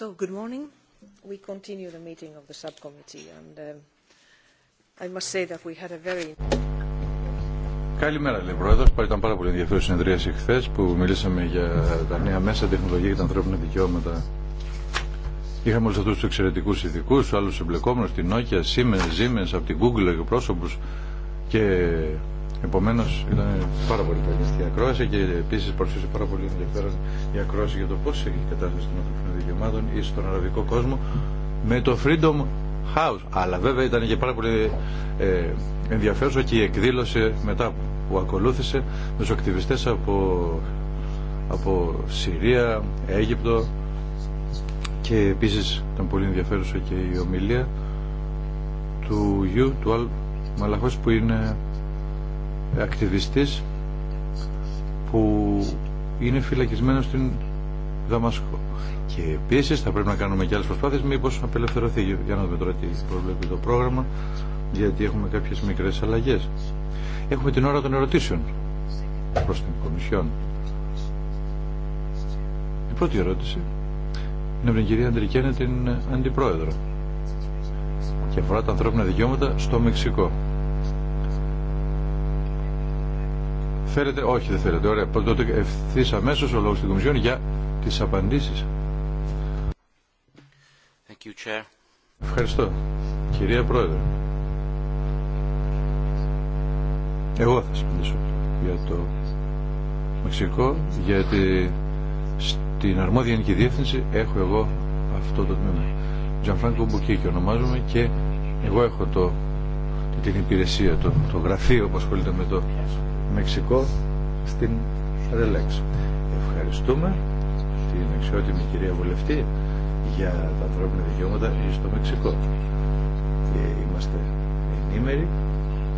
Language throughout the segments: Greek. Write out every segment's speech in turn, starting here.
good morning. We continue the meeting of the subcommittee and um, I must say that we had a very... Καλημέρα, λέει Πρόεδρος. Πάλι ήταν πάρα πολύ ενδιαφέρουσα συνεδρίαση χθε που μιλήσαμε για τα νέα μέσα, τεχνολογία και τα ανθρώπινα δικαιώματα. Είχαμε όλου αυτού του εξαιρετικού ειδικού, άλλου εμπλεκόμενου, την Nokia, Siemens, Siemens, από την Google και και Επομένω ήταν πάρα πολύ καλή η ακρόαση και επίση παρουσίασε πάρα πολύ ενδιαφέρον η ακρόαση για το πώ έχει η κατάσταση των ανθρωπίνων δικαιωμάτων ή στον αραβικό κόσμο με το Freedom House. Αλλά βέβαια ήταν και πάρα πολύ ε, ενδιαφέρουσα και η εκδήλωση μετά που ακολούθησε με του ακτιβιστέ από, από Συρία, Αίγυπτο και επίση ήταν πολύ ενδιαφέρουσα και η ομιλία του γιου του Αλ Μαλαχός που είναι ακτιβιστής που είναι φυλακισμένο στην Δαμασκό. Και επίσης θα πρέπει να κάνουμε και άλλες προσπάθειες μήπως απελευθερωθεί. Για να δούμε τώρα τι προβλέπει το πρόγραμμα γιατί έχουμε κάποιες μικρές αλλαγές. Έχουμε την ώρα των ερωτήσεων προς την Κομισιόν. Η πρώτη ερώτηση είναι από την κυρία Αντρικένε την Αντιπρόεδρο και αφορά τα ανθρώπινα δικαιώματα στο Μεξικό. Θέλετε, όχι δεν θέλετε. Ωραία. Τότε ευθύ αμέσω ο λόγο στην Κομισιόν για τι απαντήσει. Ευχαριστώ. Κυρία Πρόεδρε. Εγώ θα σας μιλήσω για το Μεξικό, γιατί στην αρμόδια ενική διεύθυνση έχω εγώ αυτό το τμήμα. Τζανφράνκο Μπουκίκη ονομάζομαι και εγώ έχω το, την υπηρεσία, το, το γραφείο που ασχολείται με το Μεξικό στην Ρελέξ. Ευχαριστούμε την αξιότιμη κυρία Βουλευτή για τα ανθρώπινα δικαιώματα στο Μεξικό. είμαστε ενήμεροι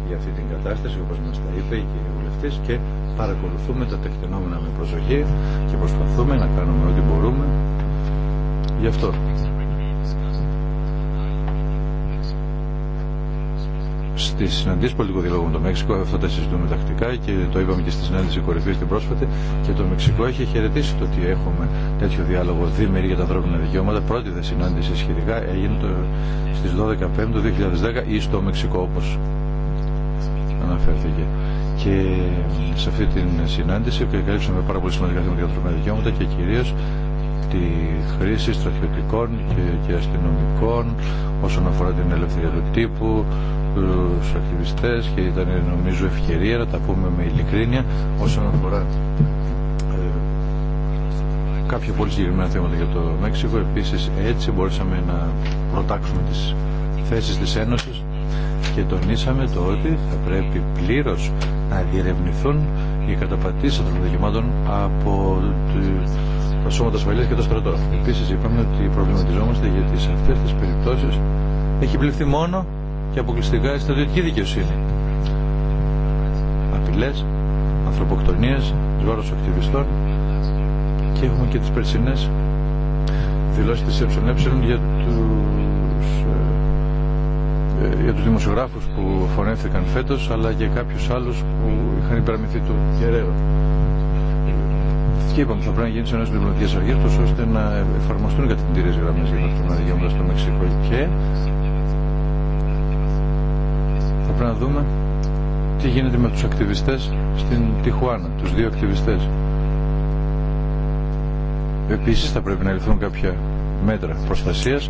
για αυτή την κατάσταση όπως μας τα είπε η κυρία βουλευτή, και παρακολουθούμε τα τεκτενόμενα με προσοχή και προσπαθούμε να κάνουμε ό,τι μπορούμε γι' αυτό. στι συναντήσεις πολιτικού διαλόγου με το Μέξικο. αυτά τα συζητούμε τακτικά και το είπαμε και στη συνάντηση κορυφή την πρόσφατη. Και το Μεξικό έχει χαιρετήσει το ότι έχουμε τέτοιο διάλογο δίμερη για τα ανθρώπινα δικαιώματα. Πρώτη δε συνάντηση σχετικά έγινε στις 12 Πέμπτου 2010 ή στο Μεξικό όπω αναφέρθηκε. Και σε αυτή την συνάντηση καλύψαμε πάρα πολύ σημαντικά θέματα για τα ανθρώπινα δικαιώματα και κυρίω τη χρήση στρατιωτικών και, αστυνομικών όσον αφορά την ελευθερία του τύπου, τους ακτιβιστές και ήταν νομίζω ευκαιρία να τα πούμε με ειλικρίνεια όσον αφορά ε, κάποια πολύ συγκεκριμένα θέματα για το Μέξικο. Επίσης έτσι μπορούσαμε να προτάξουμε τις θέσεις της Ένωσης και τονίσαμε το ότι θα πρέπει πλήρως να διερευνηθούν οι καταπατήσεις των δικαιωμάτων από τα σώματα ασφαλεία και το στρατό. Επίση είπαμε ότι προβληματιζόμαστε γιατί σε αυτέ τι περιπτώσει έχει πληφθεί μόνο και αποκλειστικά η στρατιωτική δικαιοσύνη. Απειλέ, ανθρωποκτονίε, βάρο ακτιβιστών και έχουμε και τι περσινέ δηλώσει τη ΕΕ για του ε, ε, για τους δημοσιογράφους που φωνεύτηκαν φέτος αλλά και κάποιους άλλους που είχαν υπεραμυθεί του κεραίου και είπαμε ότι θα πρέπει να γίνει σε ένα διπλωματικέ αρχέ, ώστε να εφαρμοστούν κατευθυντήριε γραμμέ για να αυτοκινητά στο Μεξικό. Και θα πρέπει να δούμε τι γίνεται με του ακτιβιστέ στην Τιχουάνα, του δύο ακτιβιστέ. Επίση θα πρέπει να ληφθούν κάποια μέτρα προστασία.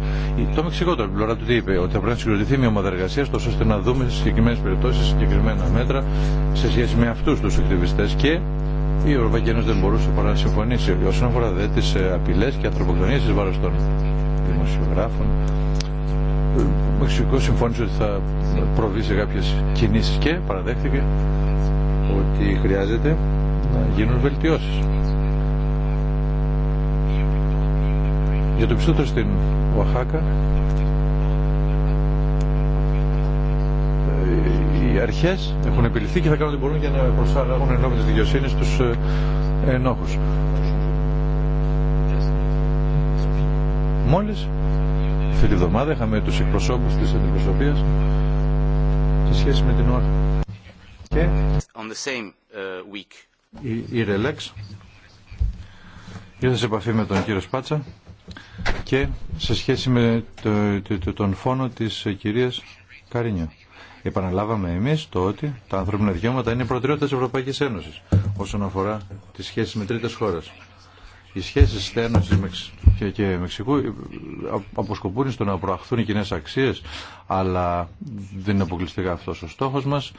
Το Μεξικό τώρα, πλευρά του τι είπε, ότι θα πρέπει να συγκροτηθεί μια ομάδα εργασία ώστε να δούμε σε συγκεκριμένε περιπτώσει, συγκεκριμένα μέτρα σε σχέση με αυτού του ακτιβιστέ και η Ευρωπαϊκή Ένωση δεν μπορούσε παρά να συμφωνήσει όσον αφορά δε τις ε, απειλές και ανθρωποκτονίες της βάρος των δημοσιογράφων. Ε, ο Μεξικό συμφώνησε ότι θα προβεί σε κάποιες κινήσεις και παραδέχτηκε ότι χρειάζεται να γίνουν βελτιώσεις. Για το πιστότερο στην Οαχάκα οι έχουν επιληθεί και θα κάνουν ό,τι μπορούν για να προσάγουν ενώπιον της δικαιοσύνη του ε, ενόχους. Μόλις αυτή τη βδομάδα είχαμε τους εκπροσώπου της αντιπροσωπεία σε σχέση με την ΟΑΧ. Και ε, η, η Ρελέξ ήρθε σε επαφή με τον κύριο Σπάτσα και σε σχέση με το, τον φόνο της ε, κυρίας Καρίνια επαναλάβαμε εμείς το ότι τα ανθρώπινα δικαιώματα είναι προτεραιότητα της Ευρωπαϊκής Ένωσης όσον αφορά τις σχέσεις με τρίτες χώρες. Οι σχέσεις Ένωση και Μεξικού αποσκοπούν στο να προαχθούν οι κοινέ αξίες, αλλά δεν είναι αποκλειστικά αυτός ο στόχος μας.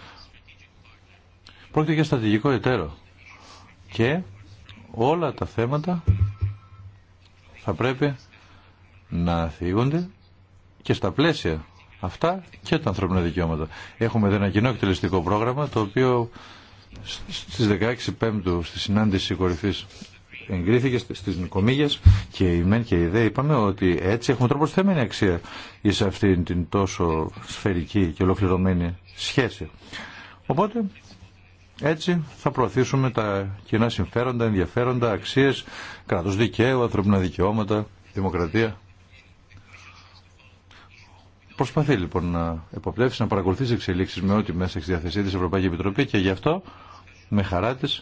Πρόκειται για στρατηγικό εταίρο. Και όλα τα θέματα θα πρέπει να θίγονται και στα πλαίσια Αυτά και τα ανθρώπινα δικαιώματα. Έχουμε ένα κοινό εκτελεστικό πρόγραμμα το οποίο στις 16 Πέμπτου στη συνάντηση κορυφής εγκρίθηκε στις νοικομίγες και η ΜΕΝ και η ΔΕ είπαμε ότι έτσι έχουμε τρόπο θεμένη αξία σε αυτήν την τόσο σφαιρική και ολοκληρωμένη σχέση. Οπότε έτσι θα προωθήσουμε τα κοινά συμφέροντα, ενδιαφέροντα, αξίες, κράτος δικαίου, ανθρώπινα δικαιώματα, δημοκρατία. Προσπαθεί λοιπόν να υποπλέψει να παρακολουθήσει εξελίξει με ό,τι μέσα έχει διαθεσία τη Ευρωπαϊκή Επιτροπή και γι' αυτό με χαρά τη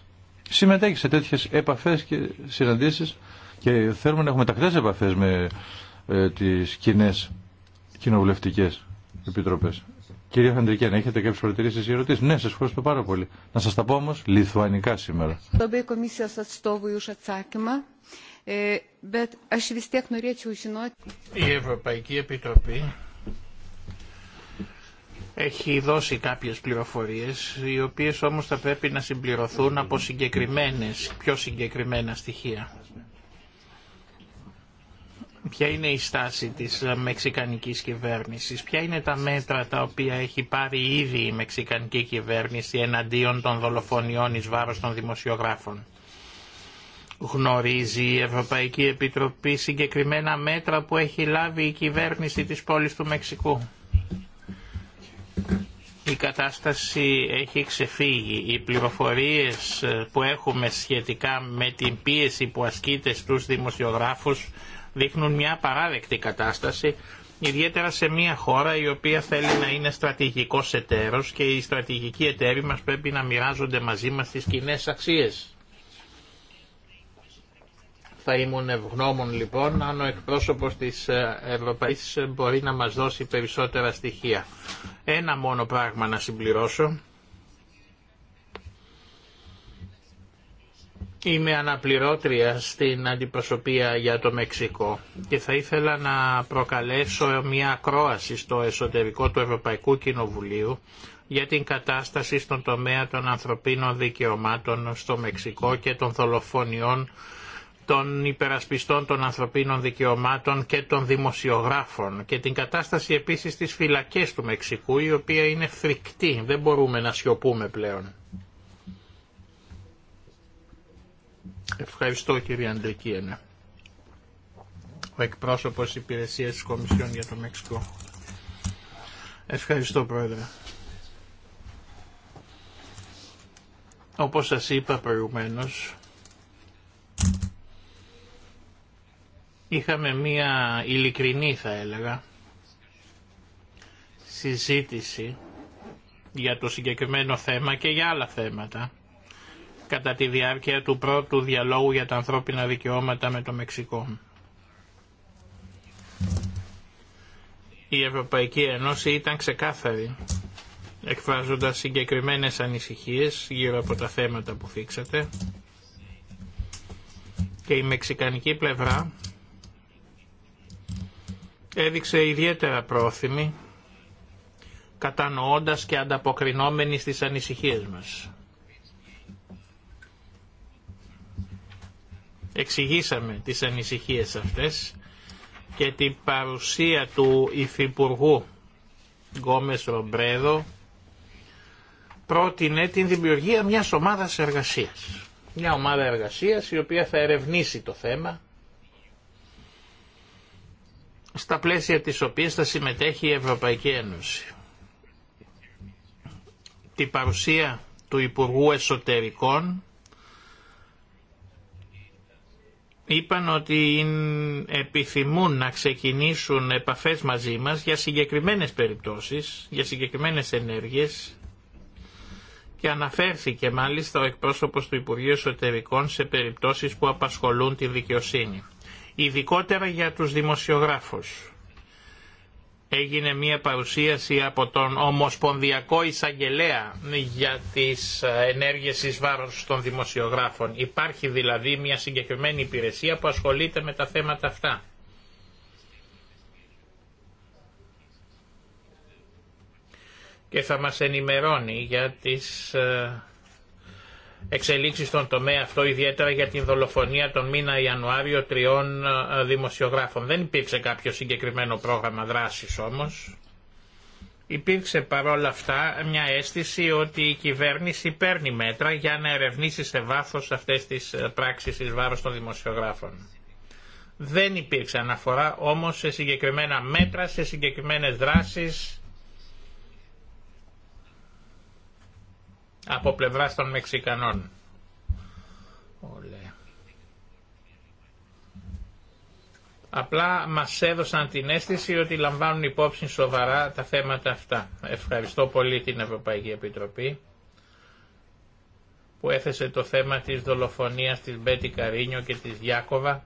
συμμετέχει σε τέτοιε επαφέ και συναντήσει και θέλουμε να έχουμε τακτέ επαφέ με ε, τις κοινέ κοινοβουλευτικέ επιτροπέ. Κυρία Χαντρικέν, έχετε κάποιε παρατηρήσει ή ερωτήσει. Ναι, σα ευχαριστώ πάρα πολύ. Να σα τα πω όμω λιθουανικά σήμερα. Э, η Ευρωπαϊκή Επιτροπή έχει δώσει κάποιες πληροφορίες, οι οποίες όμως θα πρέπει να συμπληρωθούν από συγκεκριμένες, πιο συγκεκριμένα στοιχεία. Ποια είναι η στάση της μεξικανικής κυβέρνησης, ποια είναι τα μέτρα τα οποία έχει πάρει ήδη η μεξικανική κυβέρνηση εναντίον των δολοφονιών εις βάρος των δημοσιογράφων. Γνωρίζει η Ευρωπαϊκή Επιτροπή συγκεκριμένα μέτρα που έχει λάβει η κυβέρνηση της πόλης του Μεξικού η κατάσταση έχει ξεφύγει. Οι πληροφορίες ε, που έχουμε σχετικά με την πίεση που ασκείται στους δημοσιογράφους δείχνουν μια παράδεκτη κατάσταση, ιδιαίτερα σε μια χώρα η οποία θέλει να είναι στρατηγικός εταίρος και οι στρατηγικοί εταίροι μας πρέπει να μοιράζονται μαζί μας τις κοινέ αξίες. Θα ήμουν ευγνώμων λοιπόν αν ο εκπρόσωπος της ε, Ευρωπαϊκής μπορεί να μας δώσει περισσότερα στοιχεία. Ένα μόνο πράγμα να συμπληρώσω. Είμαι αναπληρώτρια στην αντιπροσωπεία για το Μεξικό και θα ήθελα να προκαλέσω μια ακρόαση στο εσωτερικό του Ευρωπαϊκού Κοινοβουλίου για την κατάσταση στον τομέα των ανθρωπίνων δικαιωμάτων στο Μεξικό και των δολοφονιών των υπερασπιστών των ανθρωπίνων δικαιωμάτων και των δημοσιογράφων και την κατάσταση επίσης στις φυλακές του Μεξικού η οποία είναι φρικτή, δεν μπορούμε να σιωπούμε πλέον. Ευχαριστώ κύριε Αντρικίενα. Ο εκπρόσωπος υπηρεσίας της Κομισιόν για το Μεξικό. Ευχαριστώ πρόεδρε. Όπως σας είπα προηγουμένως, Είχαμε μία ειλικρινή θα έλεγα συζήτηση για το συγκεκριμένο θέμα και για άλλα θέματα κατά τη διάρκεια του πρώτου διαλόγου για τα ανθρώπινα δικαιώματα με το Μεξικό. Η Ευρωπαϊκή Ένωση ήταν ξεκάθαρη εκφράζοντας συγκεκριμένες ανησυχίες γύρω από τα θέματα που θίξατε και η μεξικανική πλευρά έδειξε ιδιαίτερα πρόθυμη, κατανοώντας και ανταποκρινόμενη στις ανησυχίες μας. Εξηγήσαμε τις ανησυχίες αυτές και την παρουσία του Υφυπουργού Γκόμες Ρομπρέδο πρότεινε την δημιουργία μιας ομάδας εργασίας. Μια ομάδα εργασίας η οποία θα ερευνήσει το θέμα στα πλαίσια της οποίας θα συμμετέχει η Ευρωπαϊκή Ένωση. Την παρουσία του Υπουργού Εσωτερικών είπαν ότι επιθυμούν να ξεκινήσουν επαφές μαζί μας για συγκεκριμένες περιπτώσεις, για συγκεκριμένες ενέργειες και αναφέρθηκε μάλιστα ο εκπρόσωπος του Υπουργείου Εσωτερικών σε περιπτώσεις που απασχολούν τη δικαιοσύνη ειδικότερα για τους δημοσιογράφους. Έγινε μία παρουσίαση από τον Ομοσπονδιακό Εισαγγελέα για τις ενέργειες εις βάρος των δημοσιογράφων. Υπάρχει δηλαδή μια συγκεκριμένη υπηρεσία που ασχολείται με τα θέματα αυτά. Και θα μας ενημερώνει για τις ε, Εξελίξει στον τομέα αυτό, ιδιαίτερα για την δολοφονία τον μήνα Ιανουάριο τριών ε, δημοσιογράφων. Δεν υπήρξε κάποιο συγκεκριμένο πρόγραμμα δράσης όμως. Υπήρξε παρόλα αυτά μια αίσθηση ότι η κυβέρνηση παίρνει μέτρα για να ερευνήσει σε βάθος αυτές τις ε, πράξει ει βάρος των δημοσιογράφων. Δεν υπήρξε αναφορά όμω σε συγκεκριμένα μέτρα, σε συγκεκριμένε δράσει. από πλευράς των Μεξικανών. Ολέ. Απλά μας έδωσαν την αίσθηση ότι λαμβάνουν υπόψη σοβαρά τα θέματα αυτά. Ευχαριστώ πολύ την Ευρωπαϊκή Επιτροπή που έθεσε το θέμα της δολοφονίας της Μπέτη Καρίνιο και της Διάκοβα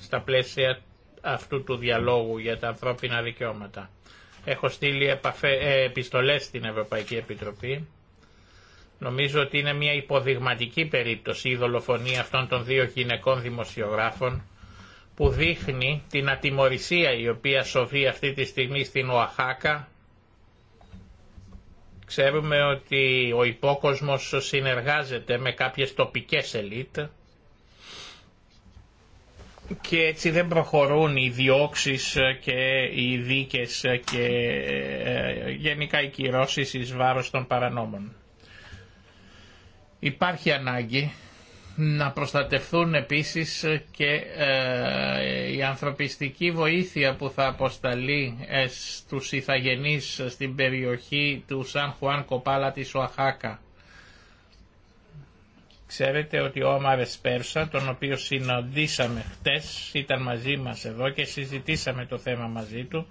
στα πλαίσια αυτού του διαλόγου για τα ανθρώπινα δικαιώματα. Έχω στείλει ε, επιστολές στην Ευρωπαϊκή Επιτροπή Νομίζω ότι είναι μια υποδειγματική περίπτωση η δολοφονία αυτών των δύο γυναικών δημοσιογράφων που δείχνει την ατιμορρησία η οποία σοβεί αυτή τη στιγμή στην Οαχάκα. Ξέρουμε ότι ο υπόκοσμος συνεργάζεται με κάποιες τοπικές ελίτ και έτσι δεν προχωρούν οι διώξεις και οι δίκες και ε, γενικά οι κυρώσεις εις βάρος των παρανόμων. Υπάρχει ανάγκη να προστατευθούν επίσης και ε, η ανθρωπιστική βοήθεια που θα αποσταλεί ε, στους ηθαγενείς στην περιοχή του Σαν Χουάν Κοπάλα της Οαχάκα. Ξέρετε ότι ο Όμαρες Πέρσα, τον οποίο συναντήσαμε χτες, ήταν μαζί μας εδώ και συζητήσαμε το θέμα μαζί του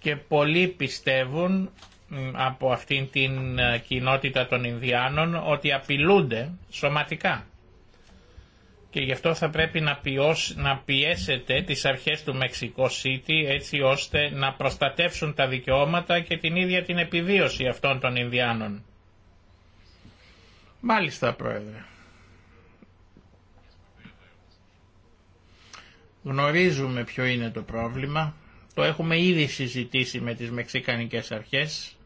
και πολλοί πιστεύουν από αυτήν την ε, κοινότητα των Ινδιάνων ότι απειλούνται σωματικά. Και γι' αυτό θα πρέπει να, να πιέσετε τις αρχές του Μεξικό City έτσι ώστε να προστατεύσουν τα δικαιώματα και την ίδια την επιβίωση αυτών των Ινδιάνων. Μάλιστα Πρόεδρε. Γνωρίζουμε ποιο είναι το πρόβλημα. Το έχουμε ήδη συζητήσει με τις Μεξικανικές Αρχές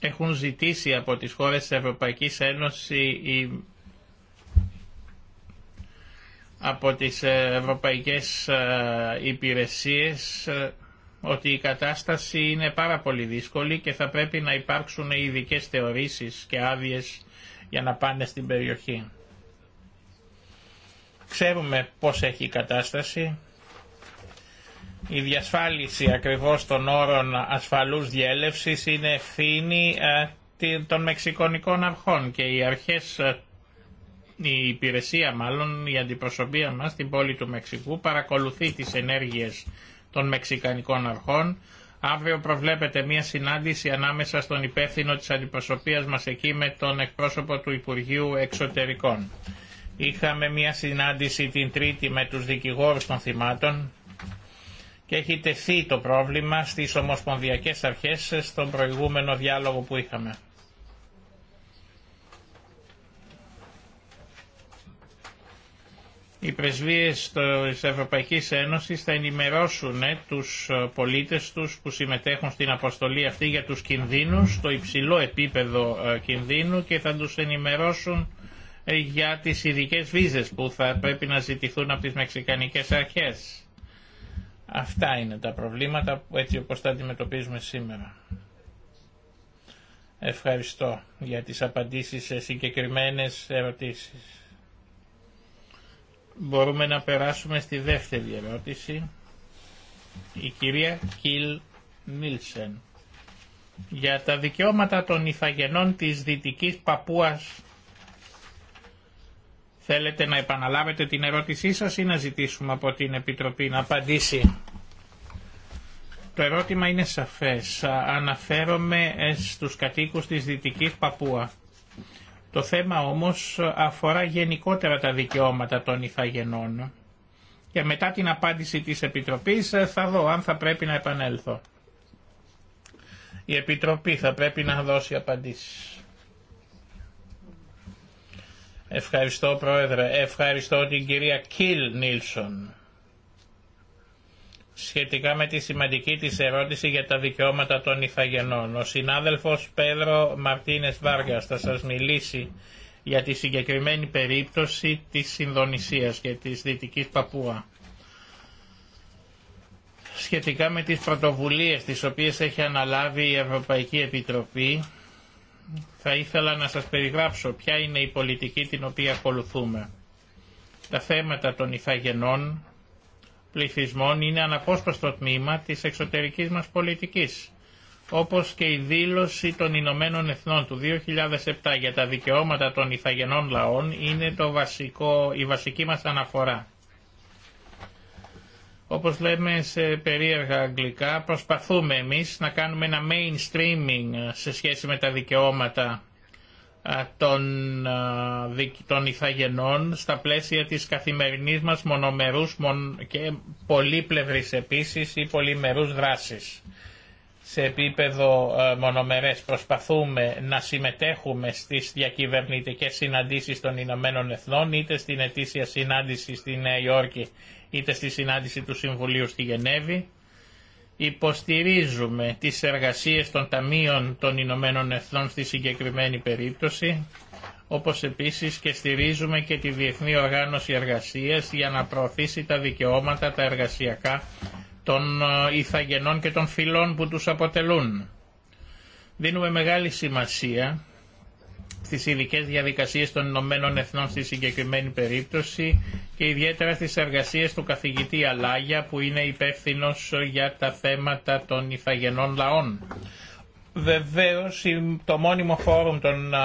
έχουν ζητήσει από τις χώρες της Ευρωπαϊκής Ένωσης από τις ε, ευρωπαϊκές ε, υπηρεσίες ε, ότι η κατάσταση είναι πάρα πολύ δύσκολη και θα πρέπει να υπάρξουν ειδικέ θεωρήσεις και άδειε για να πάνε στην περιοχή. Ξέρουμε πώς έχει η κατάσταση, η διασφάλιση ακριβώς των όρων ασφαλούς διέλευσης είναι ευθύνη ε, των μεξικονικών αρχών και οι αρχές, ε, η υπηρεσία μάλλον, η αντιπροσωπεία μας στην πόλη του Μεξικού παρακολουθεί τις ενέργειες των μεξικανικών αρχών. Αύριο προβλέπεται μια συνάντηση ανάμεσα στον υπεύθυνο της αντιπροσωπείας μας εκεί με τον εκπρόσωπο του Υπουργείου Εξωτερικών. Είχαμε μια συνάντηση την Τρίτη με τους δικηγόρους των θυμάτων έχει τεθεί το πρόβλημα στις ομοσπονδιακές αρχές στον προηγούμενο διάλογο που είχαμε. Οι πρεσβείες της Ευρωπαϊκής Ένωσης θα ενημερώσουν ε, τους ε, πολίτες τους που συμμετέχουν στην αποστολή αυτή για τους κινδύνους, το υψηλό επίπεδο ε, κινδύνου και θα τους ενημερώσουν για τις ειδικές βίζες που θα πρέπει να ζητηθούν από τις Μεξικανικές Αρχές. Αυτά είναι τα προβλήματα έτσι όπως τα αντιμετωπίζουμε σήμερα. Ευχαριστώ για τις απαντήσεις σε συγκεκριμένες ερωτήσεις. Μπορούμε να περάσουμε στη δεύτερη ερώτηση. Η κυρία Κιλ Νίλσεν. Για τα δικαιώματα των ηθαγενών της Δυτικής Παπούας Θέλετε να επαναλάβετε την ερώτησή σας ή να ζητήσουμε από την Επιτροπή να απαντήσει. Το ερώτημα είναι σαφές. Αναφέρομαι ε, στους κατοίκους της Δυτικής Παπούα. Το θέμα όμως αφορά γενικότερα τα δικαιώματα των ηθαγενών. Και μετά την απάντηση της Επιτροπής ε, θα δω αν θα πρέπει να επανέλθω. Η Επιτροπή θα πρέπει να δώσει απαντήσεις. Ευχαριστώ Πρόεδρε. Ευχαριστώ την κυρία Κιλ Νίλσον σχετικά με τη σημαντική της ερώτηση για τα δικαιώματα των ηθαγενών. Ο συνάδελφος Πέδρο Μαρτίνες Βάργας θα σας μιλήσει για τη συγκεκριμένη περίπτωση της Ινδονησίας και της Δυτικής Παπούα. Σχετικά με τις πρωτοβουλίες τις οποίες έχει αναλάβει η Ευρωπαϊκή Επιτροπή θα ήθελα να σας περιγράψω ποια είναι η πολιτική την οποία ακολουθούμε. Τα θέματα των ηθαγενών πληθυσμών είναι αναπόσπαστο τμήμα της εξωτερικής μας πολιτικής, όπως και η δήλωση των Ηνωμένων Εθνών του 2007 για τα δικαιώματα των ηθαγενών λαών είναι το βασικό, η βασική μας αναφορά. Όπως λέμε σε περίεργα αγγλικά, προσπαθούμε εμείς να κάνουμε ένα mainstreaming ε, σε σχέση με τα δικαιώματα ε, των, ε, των ηθαγενών στα πλαίσια της καθημερινής μας μονομερούς και πολύπλευρης επίσης ή πολυμερούς δράσης σε επίπεδο ε, μονομερές προσπαθούμε να συμμετέχουμε στις διακυβερνητικές συναντήσεις των Ηνωμένων Εθνών είτε στην ετήσια συνάντηση στη Νέα Υόρκη είτε στη συνάντηση του Συμβουλίου στη Γενέβη. Υποστηρίζουμε τις εργασίες των Ταμείων των Ηνωμένων Εθνών στη συγκεκριμένη περίπτωση όπως επίσης και στηρίζουμε και τη Διεθνή Οργάνωση Εργασίας για να προωθήσει τα δικαιώματα τα εργασιακά των ε, ηθαγενών και των φυλών που τους αποτελούν. Δίνουμε μεγάλη σημασία στις ειδικέ διαδικασίες των Ηνωμένων Εθνών στη συγκεκριμένη περίπτωση και ιδιαίτερα στις εργασίες του καθηγητή Αλάγια που είναι υπεύθυνο για τα θέματα των ηθαγενών λαών. Βεβαίως το μόνιμο φόρουμ των ε,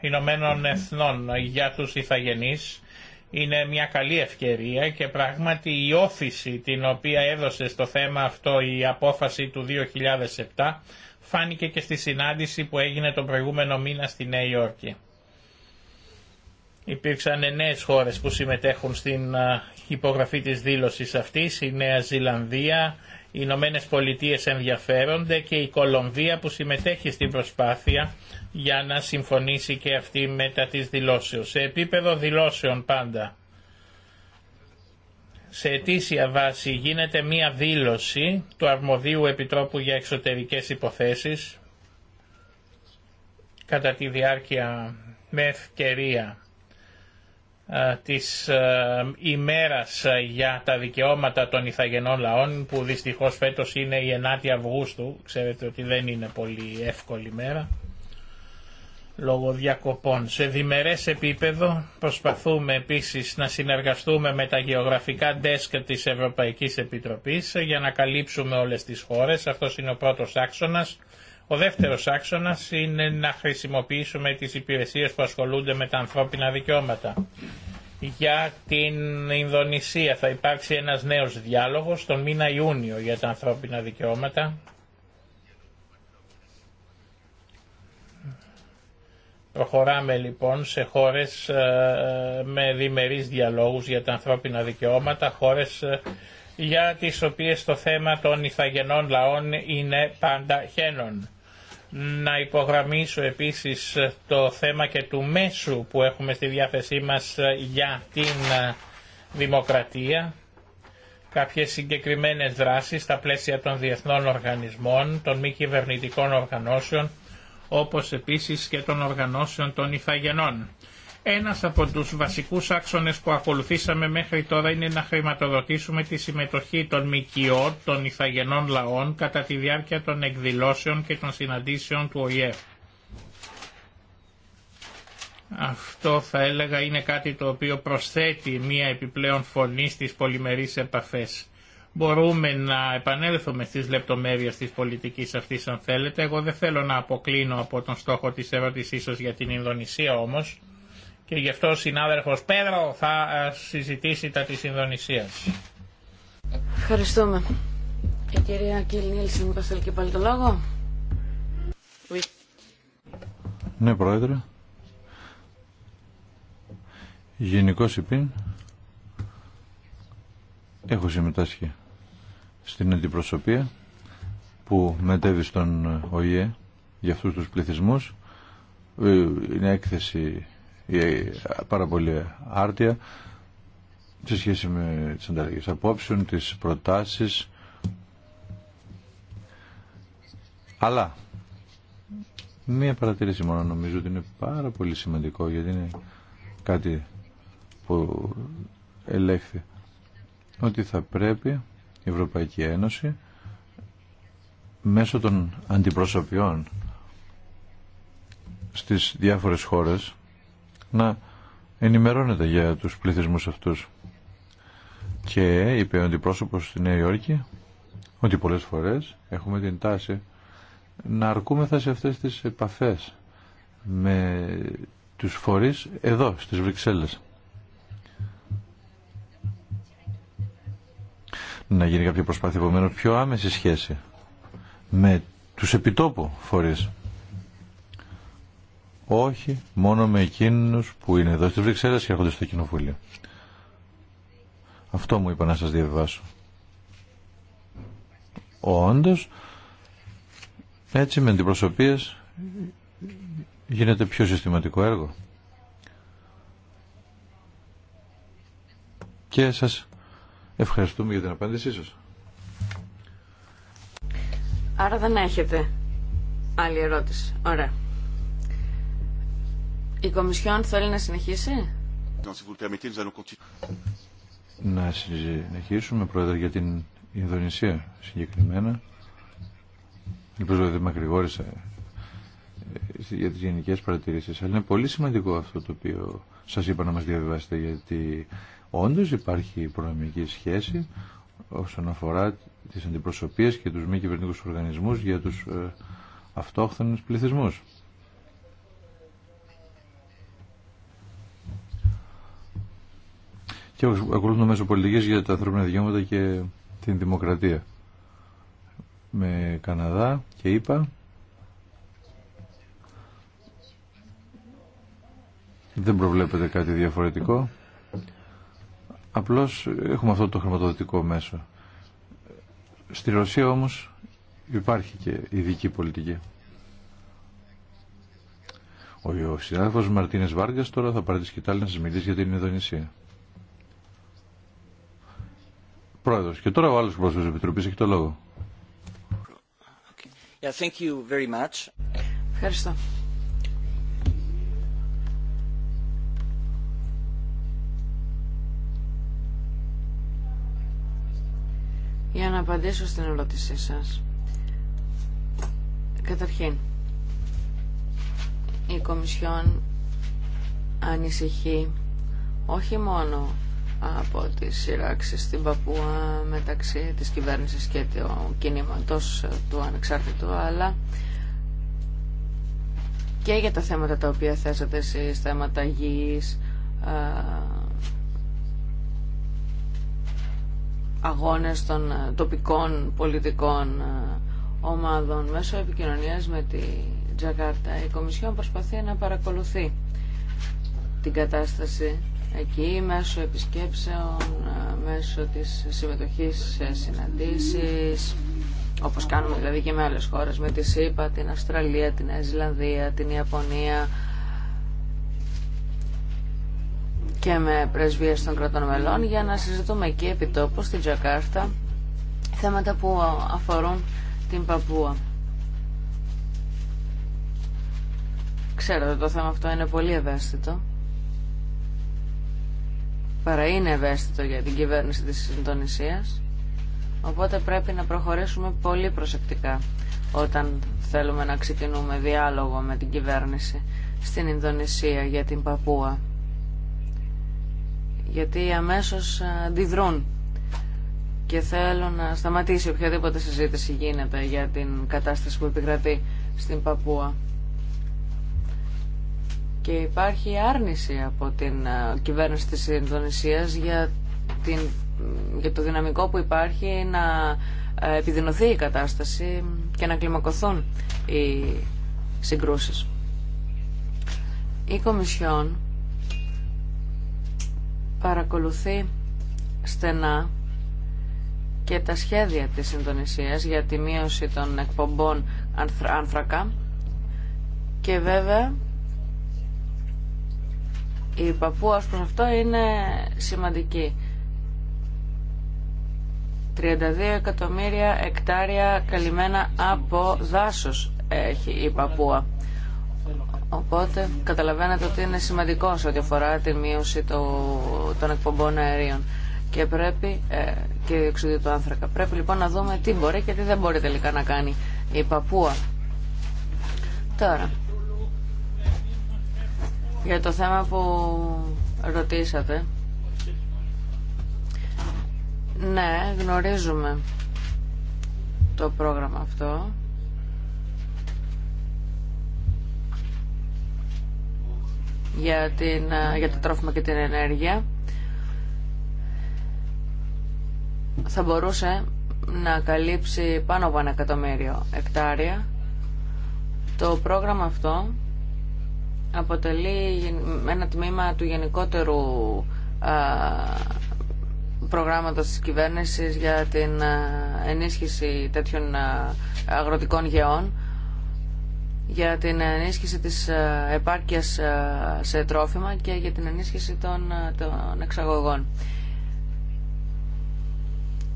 Ηνωμένων Εθνών για τους ηθαγενείς είναι μια καλή ευκαιρία και πράγματι η όθηση την οποία έδωσε στο θέμα αυτό η απόφαση του 2007 φάνηκε και στη συνάντηση που έγινε τον προηγούμενο μήνα στη Νέα Υόρκη. Υπήρξαν νέε χώρες που συμμετέχουν στην υπογραφή της δήλωσης αυτής, η Νέα Ζηλανδία, οι Ηνωμένε Πολιτείε ενδιαφέρονται και η Κολομβία που συμμετέχει στην προσπάθεια για να συμφωνήσει και αυτή μετά της δηλώσεως. Σε επίπεδο δηλώσεων πάντα, σε αιτήσια βάση γίνεται μία δήλωση του Αρμοδίου Επιτρόπου για Εξωτερικές Υποθέσεις κατά τη διάρκεια με ευκαιρία ε, της ε, ημέρας ε, για τα δικαιώματα των Ιθαγενών λαών που δυστυχώς φέτος είναι η 9η Αυγούστου ξέρετε ότι δεν είναι πολύ εύκολη μέρα λόγω διακοπών. Σε διμερές επίπεδο προσπαθούμε επίσης να συνεργαστούμε με τα γεωγραφικά desk της Ευρωπαϊκής Επιτροπής για να καλύψουμε όλες τις χώρες. Αυτός είναι ο πρώτος άξονας ο δεύτερος άξονας είναι να χρησιμοποιήσουμε τις υπηρεσίες που ασχολούνται με τα ανθρώπινα δικαιώματα. Για την Ινδονησία θα υπάρξει ένας νέος διάλογος τον μήνα Ιούνιο για τα ανθρώπινα δικαιώματα. Προχωράμε λοιπόν σε χώρες ε, με διμερείς διαλόγους για τα ανθρώπινα δικαιώματα, χώρες ε, για τις οποίες το θέμα των ηθαγενών λαών είναι πάντα χένον. Να υπογραμμίσω επίσης το θέμα και του μέσου που έχουμε στη διάθεσή μας για την ε, δημοκρατία, κάποιες συγκεκριμένες δράσεις στα πλαίσια των διεθνών οργανισμών, των μη κυβερνητικών οργανώσεων, όπως επίσης και των οργανώσεων των υφαγενών. Ένας από τους βασικούς άξονες που ακολουθήσαμε μέχρι τώρα είναι να χρηματοδοτήσουμε τη συμμετοχή των ΜΚΟ, των Ιθαγενών λαών, κατά τη διάρκεια των εκδηλώσεων και των συναντήσεων του ΟΗΕ. Αυτό θα έλεγα είναι κάτι το οποίο προσθέτει μία επιπλέον φωνή στις πολυμερείς επαφές. Μπορούμε να επανέλθουμε στις λεπτομέρειες της πολιτικής αυτής αν θέλετε. Εγώ δεν θέλω να αποκλίνω από τον στόχο της ερώτησής σας για την Ινδονησία όμως και γι' αυτό ο συνάδελφος Πέδρο θα ε, συζητήσει τα της Ινδονησίας. Ευχαριστούμε. Η κυρία Κιλ Νίλση μου θέλει και πάλι το λόγο. Oui. Ναι, Πρόεδρε. Γενικός υπήν. Έχω συμμετάσχει στην αντιπροσωπεία που μετέβη στον ΟΗΕ για αυτούς τους πληθυσμούς. Ε, είναι έκθεση πάρα πολύ άρτια σε σχέση με τις ανταλλαγές απόψεων, τις προτάσεις. Αλλά μία παρατήρηση μόνο νομίζω ότι είναι πάρα πολύ σημαντικό γιατί είναι κάτι που ελέγχθη ότι θα πρέπει η Ευρωπαϊκή Ένωση μέσω των αντιπροσωπιών στις διάφορες χώρες να ενημερώνεται για τους πληθυσμούς αυτούς. Και είπε ο αντιπρόσωπος στη Νέα Υόρκη ότι πολλές φορές έχουμε την τάση να αρκούμεθα σε αυτές τις επαφές με τους φορείς εδώ στις Βρυξέλλες. Να γίνει κάποια προσπάθεια επομένως πιο άμεση σχέση με τους επιτόπου φορείς όχι μόνο με εκείνους που είναι εδώ στη Βρυξέλλα και έρχονται στο κοινοβούλιο. Αυτό μου είπα να σα διαβάσω. Όντω, έτσι με αντιπροσωπείε γίνεται πιο συστηματικό έργο. Και σας ευχαριστούμε για την απάντησή σας. Άρα δεν έχετε άλλη ερώτηση. Ωραία. Η Κομισιόν θέλει να συνεχίσει. Να συνεχίσουμε, Πρόεδρε, για την Ινδονησία συγκεκριμένα. Ελπίζω ότι ακρηγόρησα ε, για τις γενικές παρατηρήσεις. Αλλά είναι πολύ σημαντικό αυτό το οποίο σας είπα να μας διαβιβάσετε, γιατί όντως υπάρχει προνομική σχέση όσον αφορά τις αντιπροσωπείες και τους μη κυβερνητικούς οργανισμούς για τους ε, αυτόχθονες πληθυσμούς. και ακολουθούν μέσο πολιτικής για τα ανθρώπινα δικαιώματα και την δημοκρατία. Με Καναδά και είπα δεν προβλέπεται κάτι διαφορετικό. Απλώς έχουμε αυτό το χρηματοδοτικό μέσο. Στη Ρωσία όμως υπάρχει και ειδική πολιτική. Ο συνάδελφος Μαρτίνες Βάργκας τώρα θα πάρει τη σκητάλη να σας μιλήσει για την Ινδονησία. Πρόεδρος. Και τώρα ο άλλο πρόεδρο τη Επιτροπή έχει το λόγο. Ευχαριστώ. Για να απαντήσω στην ερώτησή σας. Καταρχήν, η Κομισιόν ανησυχεί όχι μόνο από τις σειράξεις στην Παπούα μεταξύ της κυβέρνησης και του κινήματος ε, του ανεξάρτητου αλλά και για τα θέματα τα οποία θέσατε εσείς, θέματα γης, ε, αγώνες των ε, τοπικών πολιτικών ομάδων μέσω επικοινωνίας με τη Τζακάρτα. Η Κομισιόν προσπαθεί να παρακολουθεί την κατάσταση εκεί μέσω επισκέψεων, μέσω της συμμετοχής σε συναντήσεις, όπως κάνουμε δηλαδή και με άλλες χώρες, με τη ΣΥΠΑ, την Αυστραλία, την Ζηλανδία, την Ιαπωνία και με πρεσβείες των κρατών μελών για να συζητούμε εκεί επί τόπου στην Τζακάρτα θέματα που αφορούν την Παπουά. Ξέρω ότι το θέμα αυτό είναι πολύ ευαίσθητο παρά είναι ευαίσθητο για την κυβέρνηση της συντονισίας οπότε πρέπει να προχωρήσουμε πολύ προσεκτικά όταν θέλουμε να ξεκινούμε διάλογο με την κυβέρνηση στην Ινδονησία για την Παπούα γιατί αμέσως αντιδρούν και θέλουν να σταματήσει οποιαδήποτε συζήτηση γίνεται για την κατάσταση που επικρατεί στην Παπούα και υπάρχει άρνηση από την ε, κυβέρνηση της Ινδονησίας για, την, το δυναμικό που υπάρχει να ε, επιδεινωθεί η κατάσταση και να κλιμακωθούν οι συγκρούσεις. Η Κομισιόν παρακολουθεί στενά και τα σχέδια της Ινδονησίας για τη μείωση των εκπομπών ανθρακά και βέβαια η παππούα πούμε, αυτό είναι σημαντική. 32 εκατομμύρια εκτάρια καλυμμένα από δάσος έχει η παππούα. Οπότε καταλαβαίνετε ότι είναι σημαντικό σε ό,τι αφορά τη μείωση των εκπομπών αερίων και πρέπει ε, και διοξιδίου του άνθρακα. Πρέπει λοιπόν να δούμε τι μπορεί και τι δεν μπορεί τελικά να κάνει η παππούα. Τώρα, για το θέμα που ρωτήσατε. Ναι, γνωρίζουμε το πρόγραμμα αυτό. Για, την, ε, για το τρόφιμα και την ενέργεια. Θα μπορούσε να καλύψει πάνω από ένα εκατομμύριο εκτάρια. Το πρόγραμμα αυτό αποτελεί ένα τμήμα του γενικότερου προγράμματος της κυβέρνησης για την ενίσχυση τέτοιων αγροτικών γεών για την ενίσχυση της επάρκειας σε τρόφιμα και για την ενίσχυση των, των εξαγωγών.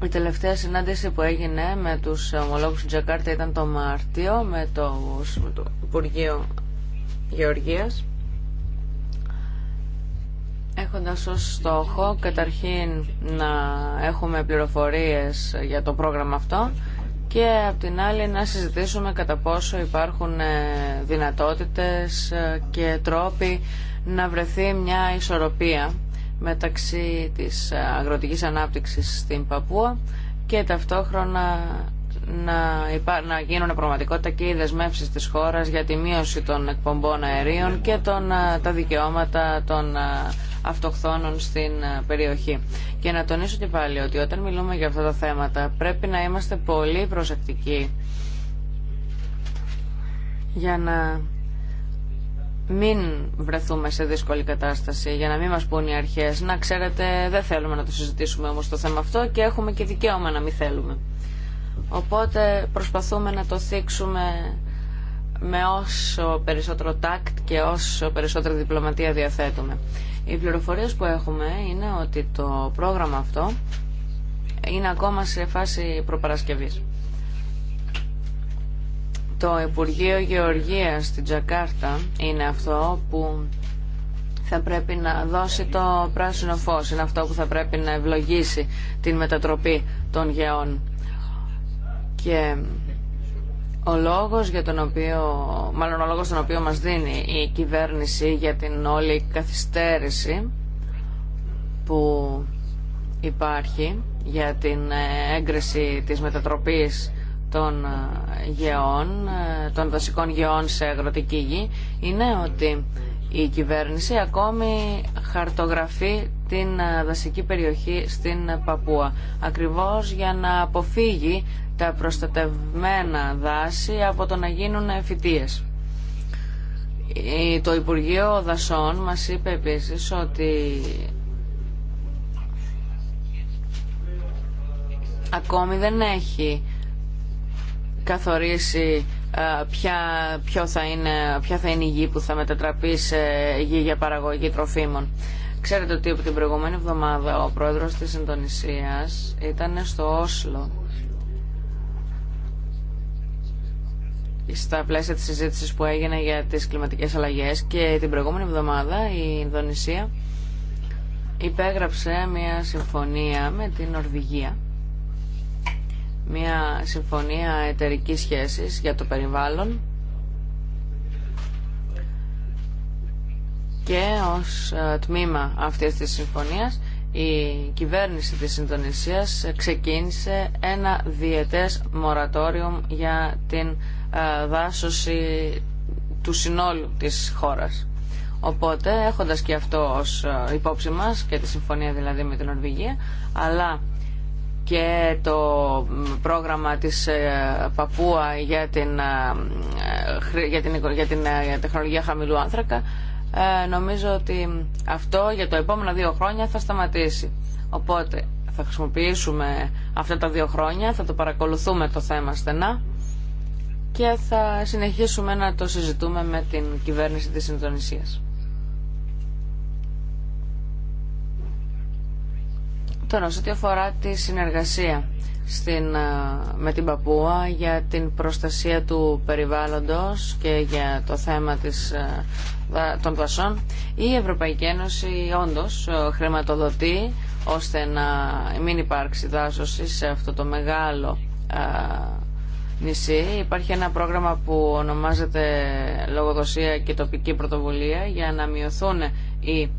Η τελευταία συνάντηση που έγινε με τους ομολόγους του Τζακάρτα ήταν το Μάρτιο με το, με το Υπουργείο Γεωργίας έχοντας ως στόχο καταρχήν να έχουμε πληροφορίες για το πρόγραμμα αυτό και απ' την άλλη να συζητήσουμε κατά πόσο υπάρχουν ε, δυνατότητες ε, και τρόποι να βρεθεί μια ισορροπία μεταξύ της ε, αγροτικής ανάπτυξης στην Παπούα και ταυτόχρονα να, να γίνουν πραγματικότητα και οι δεσμεύσει της χώρας για τη μείωση των εκπομπών αερίων και τα δικαιώματα των αυτοκτόνων στην περιοχή. Και να τονίσω και πάλι ότι όταν μιλούμε για αυτά τα θέματα πρέπει να είμαστε πολύ προσεκτικοί για να μην βρεθούμε σε δύσκολη κατάσταση για να μην μας πούν οι αρχές να ξέρετε δεν θέλουμε να το συζητήσουμε όμως το θέμα αυτό και έχουμε και δικαίωμα να μην θέλουμε. Οπότε προσπαθούμε να το θίξουμε με όσο περισσότερο τάκτ και όσο περισσότερη διπλωματία διαθέτουμε. Οι πληροφορίες που έχουμε είναι ότι το πρόγραμμα αυτό είναι ακόμα σε φάση προπαρασκευής. Το Υπουργείο Γεωργίας στην Τζακάρτα είναι αυτό που θα πρέπει να δώσει το πράσινο φως. Είναι αυτό που θα πρέπει να ευλογήσει την μετατροπή των γεών. Και ο λόγος για τον οποίο, μάλλον ο λόγος τον οποίο μας δίνει η κυβέρνηση για την όλη καθυστέρηση που υπάρχει για την ε, έγκριση της μετατροπής των ε, γεών, ε, των δασικών γεών σε αγροτική γη, είναι ότι η κυβέρνηση ακόμη χαρτογραφεί την ε, δασική περιοχή στην ε, Παπούα ακριβώς για να αποφύγει τα προστατευμένα δάση από το να γίνουν φυτίες. Το Υπουργείο Δασών μας είπε επίσης ότι ακόμη δεν έχει καθορίσει ε, ποια, θα είναι, θα είναι η γη που θα μετατραπεί σε γη για παραγωγή τροφίμων. Ξέρετε ότι από την προηγούμενη εβδομάδα ο πρόεδρος της Ινδονησίας ήταν στο Όσλο στα πλαίσια της συζήτηση που έγινε για τις κλιματικές αλλαγές και την προηγούμενη εβδομάδα η Ινδονησία υπέγραψε μια συμφωνία με την Νορβηγία μια συμφωνία εταιρική σχέσης για το περιβάλλον και ως ε, τμήμα αυτής της συμφωνίας η κυβέρνηση της Ινδονησίας ξεκίνησε ένα διετές μορατόριο για την ε, δάσωση του συνόλου της χώρας. Οπότε έχοντας και αυτό ως ε, υπόψη μας και τη συμφωνία δηλαδή με την Ορβηγία αλλά και το πρόγραμμα της ε, Παπούα ε, για την, για την, ε, για την τεχνολογία χαμηλού άνθρακα νομίζω ότι αυτό για το επόμενα δύο χρόνια θα σταματήσει. Οπότε θα χρησιμοποιήσουμε αυτά τα δύο χρόνια, θα το παρακολουθούμε το θέμα στενά και θα συνεχίσουμε να το συζητούμε με την κυβέρνηση της Ινδονησίας. Τώρα, σε ό,τι αφορά τη συνεργασία στην, με την Παπούα για την προστασία του περιβάλλοντος και για το θέμα της, των δασών, η Ευρωπαϊκή Ένωση όντως χρηματοδοτεί ώστε να μην υπάρξει δάσωση σε αυτό το μεγάλο νησί. Υπάρχει ένα πρόγραμμα που ονομάζεται Λογοδοσία και Τοπική Πρωτοβουλία για να μειωθούν οι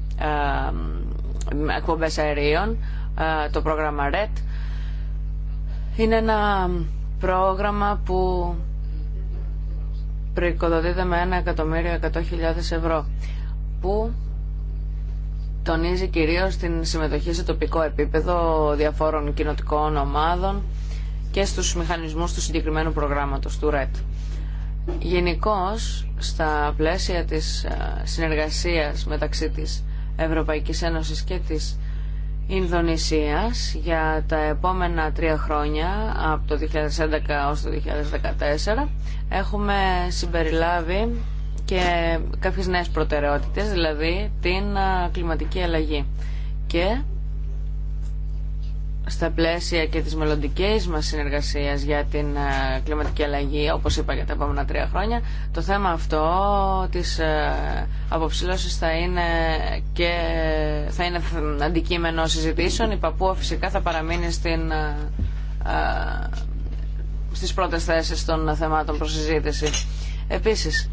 εκπομπές αερίων ε, το πρόγραμμα RED. Είναι ένα πρόγραμμα που προοικοδοτείται με 100.000 ευρώ που τονίζει κυρίως την συμμετοχή σε τοπικό επίπεδο διαφόρων κοινοτικών ομάδων και στους μηχανισμούς του συγκεκριμένου προγράμματος του RED. Γενικώ, στα πλαίσια της ε, συνεργασίας μεταξύ της Ευρωπαϊκής Ένωσης και της Ινδονησίας για τα επόμενα τρία χρόνια από το 2011 έως το 2014 έχουμε συμπεριλάβει και κάποιες νέες προτεραιότητες δηλαδή την κλιματική αλλαγή και στα πλαίσια και της μελλοντική μας συνεργασίας για την ε, κλιματική αλλαγή, όπως είπα για τα επόμενα τρία χρόνια, το θέμα αυτό της ε, αποψηλώσης θα είναι, και, θα είναι αντικείμενο συζητήσεων. Η Παππούα φυσικά θα παραμείνει στην, ε, στις πρώτες θέσεις των θεμάτων προς Επίσης,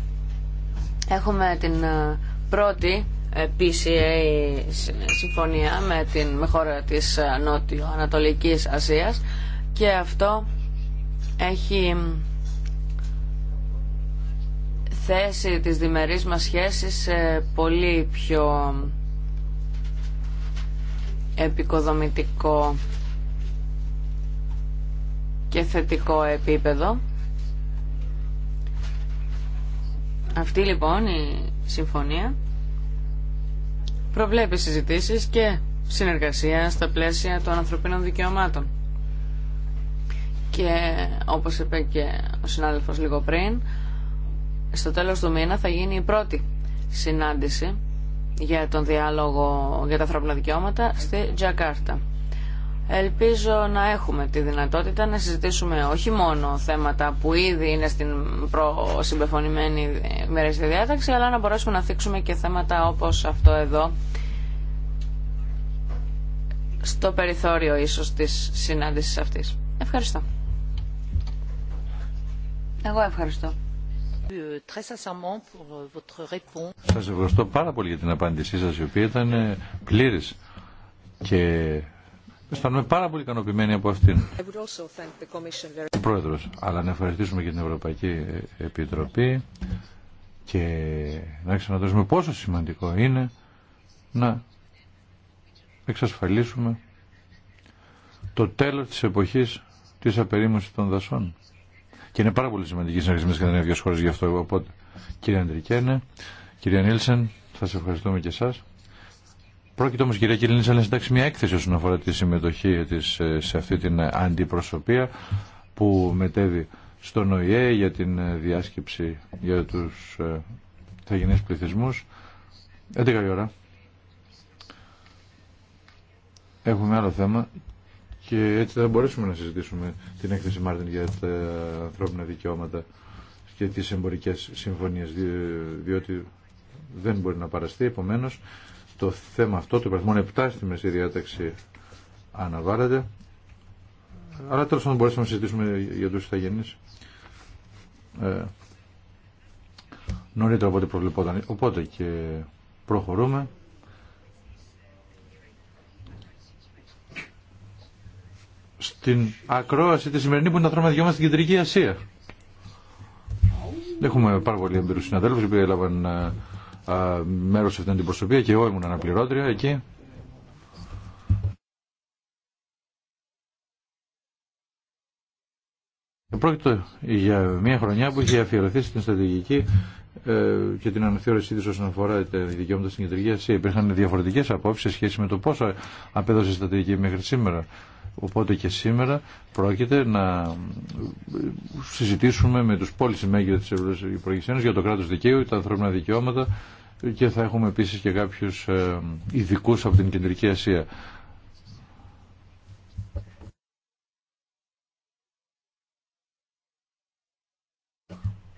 έχουμε την πρώτη PCA συμφωνία με, την, με χώρα της ε, Νότιο-Ανατολικής Ασίας και αυτό έχει θέσει της διμερείς μας σχέσεις σε πολύ πιο επικοδομητικό και θετικό επίπεδο. Αυτή λοιπόν η συμφωνία προβλέπει συζητήσεις και συνεργασία στα πλαίσια των ανθρωπίνων δικαιωμάτων. Και όπως είπε και ο συνάδελφος λίγο πριν, στο τέλος του μήνα θα γίνει η πρώτη συνάντηση για τον διάλογο για τα ανθρώπινα δικαιώματα στη Τζακάρτα. Ελπίζω να έχουμε τη δυνατότητα να συζητήσουμε όχι μόνο θέματα που ήδη είναι στην προσυμπεφωνημένη μερίστη διάταξη, αλλά να μπορέσουμε να θίξουμε και θέματα όπως αυτό εδώ, στο περιθώριο ίσως της συνάντησης αυτής. Ευχαριστώ. Εγώ ευχαριστώ. Euh, σας ευχαριστώ πάρα πολύ για την απάντησή σας, η οποία ήταν ε, πλήρης και Αισθάνομαι πάρα πολύ ικανοποιημένοι από αυτήν. Ο Πρόεδρος, αλλά να ευχαριστήσουμε και την Ευρωπαϊκή Επιτροπή και να ξαναδώσουμε πόσο σημαντικό είναι να εξασφαλίσουμε το τέλος της εποχής της απερίμωσης των δασών. Και είναι πάρα πολύ σημαντική συνεργασία με δύο χώρες γι' αυτό. Οπότε, κύριε Αντρικένε, κύριε Νίλσεν, σας ευχαριστούμε και εσάς. Πρόκειται όμω, κυρία Κυρινή, να συντάξει μια έκθεση όσον αφορά τη συμμετοχή τη ε, σε αυτή την ε, αντιπροσωπεία που μετέβει στον ΟΗΕ για την ε, διάσκεψη για του θαγενεί πληθυσμού. 11 η ώρα. Έχουμε άλλο θέμα και έτσι θα μπορέσουμε να συζητήσουμε την έκθεση Μάρτιν για τα ανθρώπινα δικαιώματα και τις εμπορικές συμφωνίες διότι δεν μπορεί να παραστεί επομένως το θέμα αυτό, το υπαριθμό 7 στη μεσή διάταξη αναβάλλεται. Αλλά τέλος πάντων μπορέσαμε να συζητήσουμε για τους ηθαγενείς. Ε, νωρίτερα από ό,τι προβλεπόταν. Οπότε και προχωρούμε. Στην ακρόαση τη σημερινή που είναι τα δυο μας στην Κεντρική Ασία. Έχουμε πάρα πολλοί εμπειρούς συναδέλφους που έλαβαν ε, μέρος αυτήν την προσωπία και εγώ ήμουν αναπληρώτρια εκεί. Πρόκειται για μια χρονιά που είχε αφιερωθεί στην στρατηγική ε, και την αναθεώρησή τη όσον αφορά τα δικαιώματα στην κεντρική Ασία. Υπήρχαν διαφορετικέ απόψει σε σχέση με το πόσο απέδωσε η στρατηγική μέχρι σήμερα. Οπότε και σήμερα πρόκειται να συζητήσουμε με τους πόλεις μέγεθος της Ευρωπαϊκής Ένωσης για το κράτος δικαίου, τα ανθρώπινα δικαιώματα και θα έχουμε επίσης και κάποιους ε, ειδικού από την Κεντρική Ασία.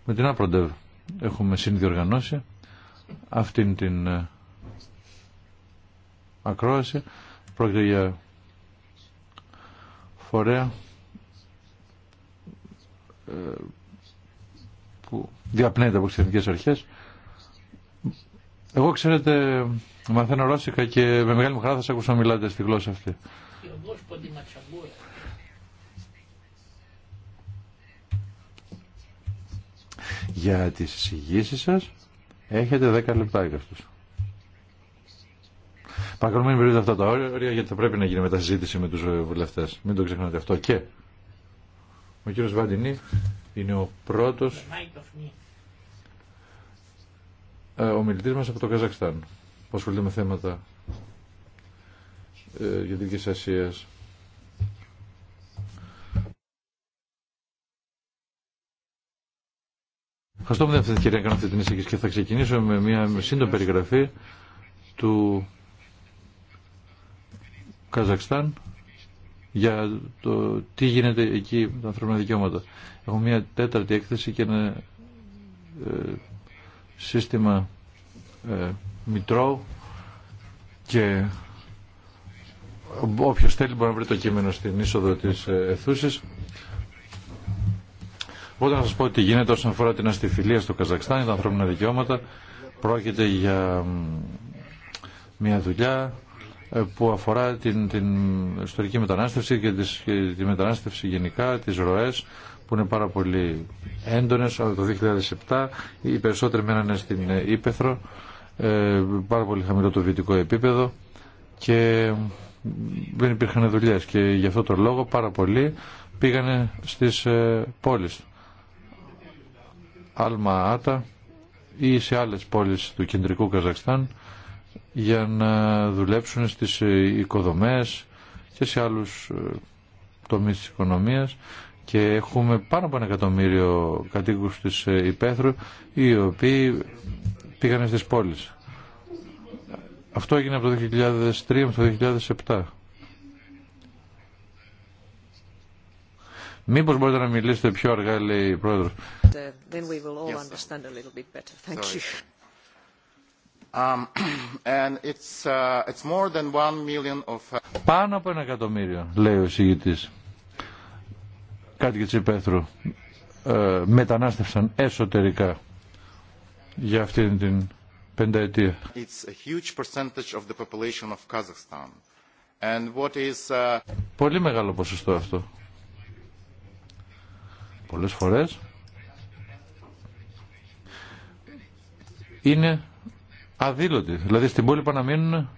Με την Απροντεύ έχουμε συνδιοργανώσει αυτήν την ε, ακρόαση. Πρόκειται για φορέα ε, που διαπνέεται από εθνικές αρχές. Εγώ, ξέρετε, μαθαίνω Ρώσικα και με μεγάλη μου χαρά θα σας ακούσω να μιλάτε στη γλώσσα αυτή. Για τις εισηγήσεις σας έχετε 10 λεπτά για αυτούς. Παρακολουθούμε αυτά τα όρια γιατί θα πρέπει να γίνει μετασυζήτηση με τους ε, βουλευτές. Μην το ξεχνάτε αυτό. Και ο κύριος Βαντινή είναι ο πρώτος ε, ομιλητής μας από το Καζακστάν που ασχολείται με θέματα ε, Κεντρικής Ασίας. Ευχαριστώ που δεν αυτή την ευκαιρία κάνω αυτή την εισήγηση και θα ξεκινήσω με μια σύντομη περιγραφή του Καζακστάν για το τι γίνεται εκεί με τα ανθρώπινα δικαιώματα. Έχω μια τέταρτη έκθεση και ένα ε, σύστημα ε, μητρώου και όποιο θέλει μπορεί να βρει το κείμενο στην είσοδο τη ε, αιθούσης. Οπότε να σας πω ότι γίνεται όσον αφορά την αστιφιλία στο Καζακστάν, τα ανθρώπινα δικαιώματα. Πρόκειται για μια δουλειά που αφορά την, την ιστορική μετανάστευση και, τις, τη μετανάστευση γενικά, τις ροές που είναι πάρα πολύ έντονες το 2007 οι περισσότεροι μένανε στην ε, Ήπεθρο ε, πάρα πολύ χαμηλό το βιωτικό επίπεδο και δεν υπήρχαν δουλειές και γι' αυτό το λόγο πάρα πολλοί πήγανε στις ε, πόλεις Άλμα Άτα ή σε άλλες πόλεις του κεντρικού Καζακστάν για να δουλέψουν στις ε, οικοδομές και σε άλλους ε, τομείς της οικονομίας και έχουμε πάνω από ένα εκατομμύριο κατοίκους της ε, Υπέθρου οι οποίοι πήγανε στις πόλεις. Αυτό έγινε από το 2003 με το 2007. Μήπως μπορείτε να μιλήσετε πιο αργά, λέει η Πρόεδρος. Πάνω από ένα εκατομμύριο, λέει ο εισηγητή. Κάτοικοι τη Υπέθρου ε, μετανάστευσαν εσωτερικά για αυτήν την πενταετία. Πολύ μεγάλο ποσοστό αυτό. Πολλές φορές είναι αδήλωτοι. Δηλαδή στην πόλη παραμείνουν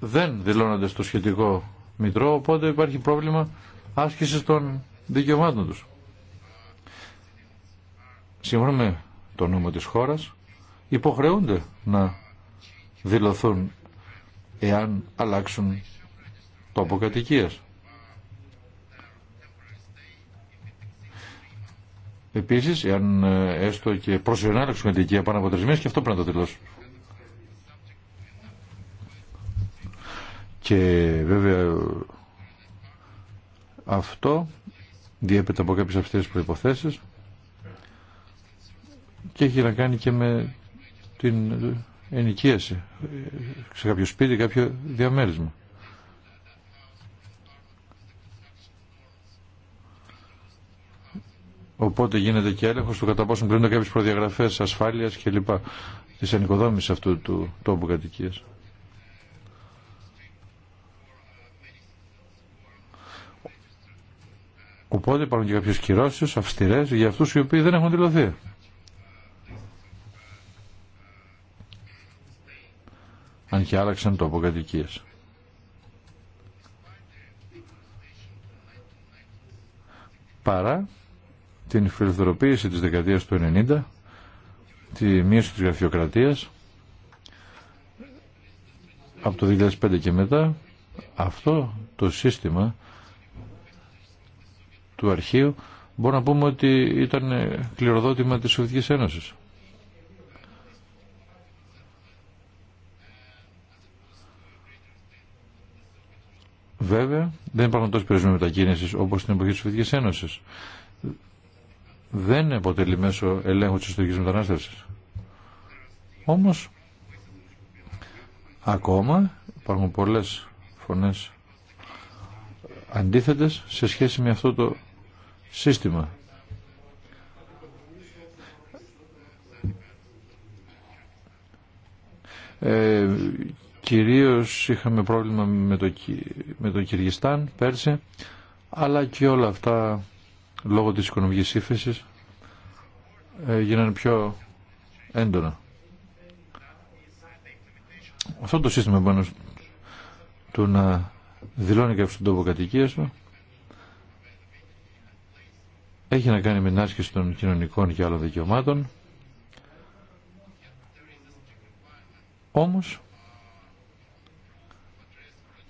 δεν δηλώνονται στο σχετικό μητρό, οπότε υπάρχει πρόβλημα άσκησης των δικαιωμάτων τους. Σύμφωνα με το νόμο της χώρας, υποχρεούνται να δηλωθούν εάν αλλάξουν τόπο κατοικίας. Επίση, εάν ε, έστω και προσωρινά την κατοικία πάνω από τρεις και αυτό πρέπει να το δηλώσουν. Και βέβαια αυτό διέπεται από κάποιες αυστηρές προϋποθέσεις και έχει να κάνει και με την ενοικίαση σε κάποιο σπίτι, κάποιο διαμέρισμα. Οπότε γίνεται και έλεγχο του κατά πόσο κρίνονται κάποιε προδιαγραφέ ασφάλεια κλπ. τη ανοικοδόμηση αυτού του τόπου κατοικία. Οπότε υπάρχουν και κάποιε κυρώσει αυστηρέ για αυτού οι οποίοι δεν έχουν δηλωθεί. Αν και άλλαξαν τόπο κατοικία. Παρά την φιλελευθερωποίηση της δεκαετίας του 90, τη μείωση της γραφειοκρατίας από το 2005 και μετά αυτό το σύστημα του αρχείου μπορώ να πούμε ότι ήταν κληροδότημα της Σοβιτικής Ένωσης. Βέβαια, δεν υπάρχουν τόσοι περιορισμοί μετακίνηση όπω στην εποχή τη Σοβιετική Ένωση δεν αποτελεί μέσω ελέγχου της ιστορικής μετανάστευσης. Όμως, ακόμα υπάρχουν πολλές φωνές αντίθετες σε σχέση με αυτό το σύστημα. Ε, κυρίως είχαμε πρόβλημα με το, με το Κυργιστάν πέρσι, αλλά και όλα αυτά λόγω της οικονομικής ύφεσης ε, γίνανε πιο έντονα. Αυτό το σύστημα πάνω του να δηλώνει και αυτόν τον τόπο κατοικίας του έχει να κάνει με την άσκηση των κοινωνικών και άλλων δικαιωμάτων όμως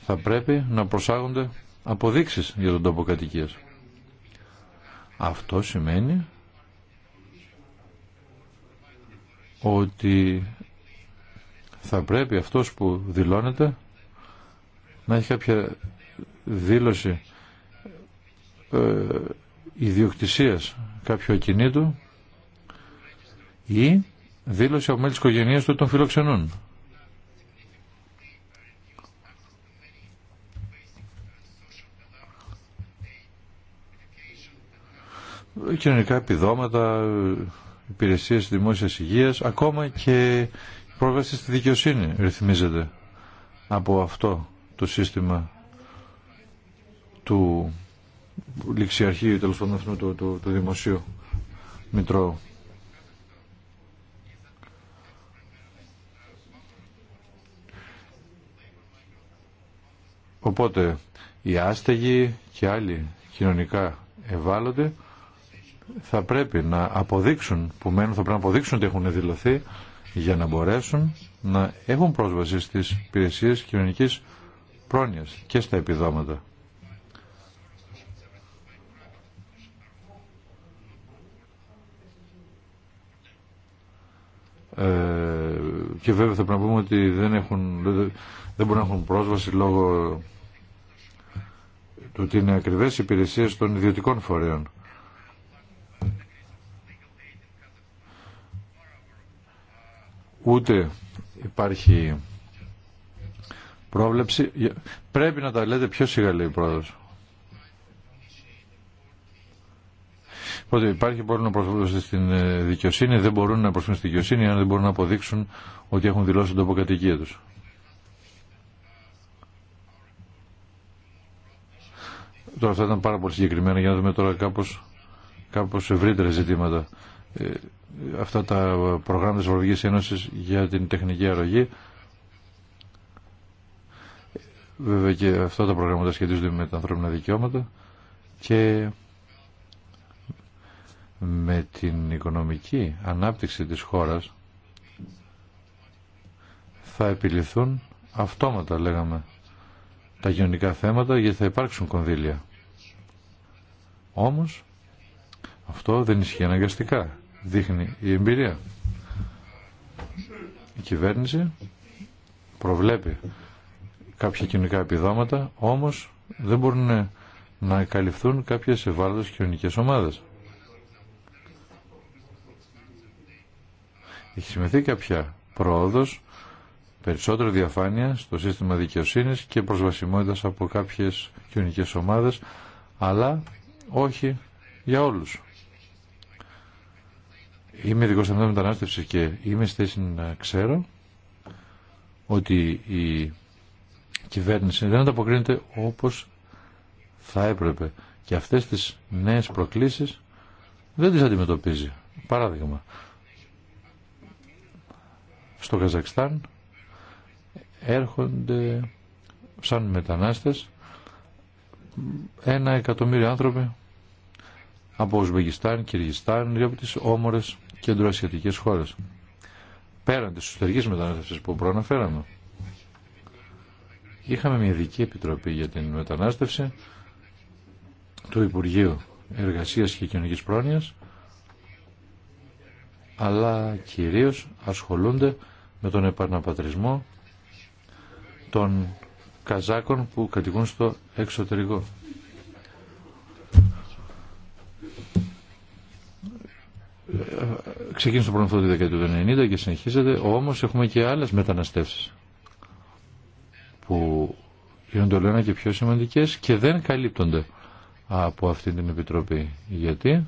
θα πρέπει να προσάγονται αποδείξεις για τον τόπο κατοικίας. Αυτό σημαίνει ότι θα πρέπει αυτός που δηλώνεται να έχει κάποια δήλωση ε, ιδιοκτησίας κάποιου ακινήτου ή δήλωση από μέλη της οικογένειας του των φιλοξενούν. κοινωνικά επιδόματα, υπηρεσίες δημόσιας υγείας, ακόμα και η πρόβαση στη δικαιοσύνη ρυθμίζεται από αυτό το σύστημα του ληξιαρχείου, τέλος πάντων του, του, του δημοσίου μητρώου. Οπότε οι άστεγοι και άλλοι κοινωνικά ευάλωτοι θα πρέπει να αποδείξουν που μένουν, θα πρέπει να αποδείξουν ότι έχουν δηλωθεί για να μπορέσουν να έχουν πρόσβαση στις υπηρεσίε κοινωνικής πρόνοιας και στα επιδόματα. Ε, και βέβαια θα πρέπει να πούμε ότι δεν, έχουν, δεν μπορούν να έχουν πρόσβαση λόγω του ότι είναι ακριβές υπηρεσίες των ιδιωτικών φορέων. ούτε υπάρχει πρόβλεψη. Πρέπει να τα λέτε πιο σιγά, λέει ο πρόεδρος. Οπότε υπάρχει να προσφέρουν στην ε, δικαιοσύνη, δεν μπορούν να προσφέρουν στην δικαιοσύνη αν δεν μπορούν να αποδείξουν ότι έχουν δηλώσει την τοποκατοικία τους. Τώρα αυτά ήταν πάρα πολύ συγκεκριμένα για να δούμε τώρα κάπως, κάπως ευρύτερα ζητήματα. Ε, αυτά τα προγράμματα της Ευρωπαϊκής Ένωσης για την τεχνική αρρωγή. Βέβαια και αυτά τα προγράμματα σχετίζονται με τα ανθρώπινα δικαιώματα και με την οικονομική ανάπτυξη της χώρας θα επιληθούν αυτόματα λέγαμε τα κοινωνικά θέματα γιατί θα υπάρξουν κονδύλια. Όμως αυτό δεν ισχύει αναγκαστικά δείχνει η εμπειρία. Η κυβέρνηση προβλέπει κάποια κοινωνικά επιδόματα, όμως δεν μπορούν να καλυφθούν κάποιες ευάλωτες κοινωνικές ομάδες. Έχει σημειωθεί κάποια πρόοδος, περισσότερη διαφάνεια στο σύστημα δικαιοσύνης και προσβασιμότητας από κάποιες κοινωνικές ομάδες, αλλά όχι για όλους. Είμαι ειδικό στα μετανάστευση και είμαι στη να ξέρω ότι η κυβέρνηση δεν ανταποκρίνεται όπως θα έπρεπε. Και αυτές τις νέες προκλήσεις δεν τις αντιμετωπίζει. Παράδειγμα, στο Καζακστάν έρχονται σαν μετανάστες ένα εκατομμύριο άνθρωποι από Ουσβεγιστάν, Κυργιστάν, δύο από τις όμορες κεντροασιατικέ χώρε. Πέραν της εσωτερικής μετανάστευση που προαναφέραμε. Είχαμε μια ειδική επιτροπή για την μετανάστευση του Υπουργείου Εργασίας και Κοινωνικής Πρόνοιας αλλά κυρίως ασχολούνται με τον επαναπατρισμό των Καζάκων που κατοικούν στο εξωτερικό. ξεκίνησε το πρώτο αυτό το δεκαετία του και συνεχίζεται, όμως έχουμε και άλλες μεταναστεύσεις που γίνονται όλο ένα και πιο σημαντικές και δεν καλύπτονται από αυτή την Επιτροπή. Γιατί?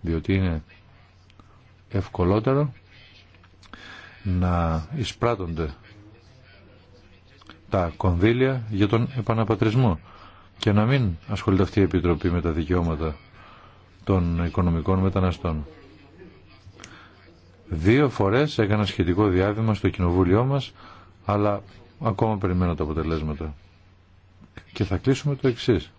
Διότι είναι ευκολότερο να εισπράττονται τα κονδύλια για τον επαναπατρισμό και να μην ασχολείται αυτή η Επιτροπή με τα δικαιώματα των οικονομικών μεταναστών. Δύο φορές έκανα σχετικό διάβημα στο κοινοβούλιο μας, αλλά ακόμα περιμένω τα αποτελέσματα. Και θα κλείσουμε το εξής.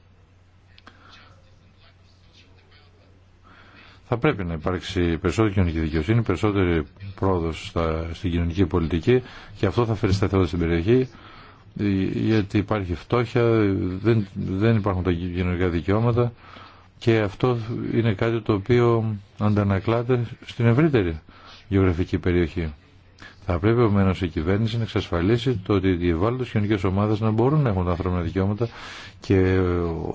Θα πρέπει να υπάρξει περισσότερη κοινωνική δικαιοσύνη, περισσότερη στα στην κοινωνική πολιτική και αυτό θα φέρει σταθερότητα στην περιοχή γιατί υπάρχει φτώχεια, δεν, δεν υπάρχουν τα κοινωνικά δικαιώματα και αυτό είναι κάτι το οποίο αντανακλάται στην ευρύτερη γεωγραφική περιοχή. Θα πρέπει επομένω η κυβέρνηση να εξασφαλίσει το ότι οι ευάλωτε κοινωνικέ ομάδε να μπορούν να έχουν τα ανθρώπινα δικαιώματα και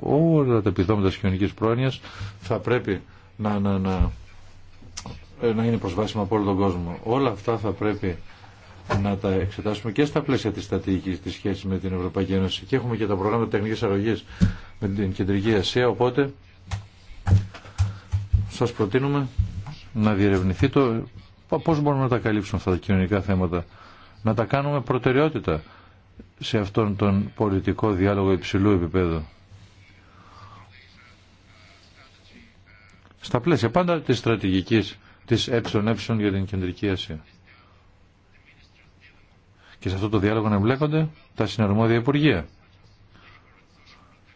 όλα τα επιδόματα τη κοινωνική πρόνοια θα πρέπει να, να, να, να είναι προσβάσιμα από όλο τον κόσμο. Όλα αυτά θα πρέπει να τα εξετάσουμε και στα πλαίσια τη στατίκη τη σχέση με την Ευρωπαϊκή Ένωση. Και έχουμε και τα προγράμματα τεχνική αρρωγή με την Κεντρική Ασία. Οπότε σα προτείνουμε να διερευνηθεί το Πώς μπορούμε να τα καλύψουμε αυτά τα κοινωνικά θέματα, να τα κάνουμε προτεραιότητα σε αυτόν τον πολιτικό διάλογο υψηλού επίπεδου. Στα πλαίσια πάντα της στρατηγικής της ΕΕ για την Κεντρική Ασία. Και σε αυτό το διάλογο να εμπλέκονται τα συναρμόδια Υπουργεία.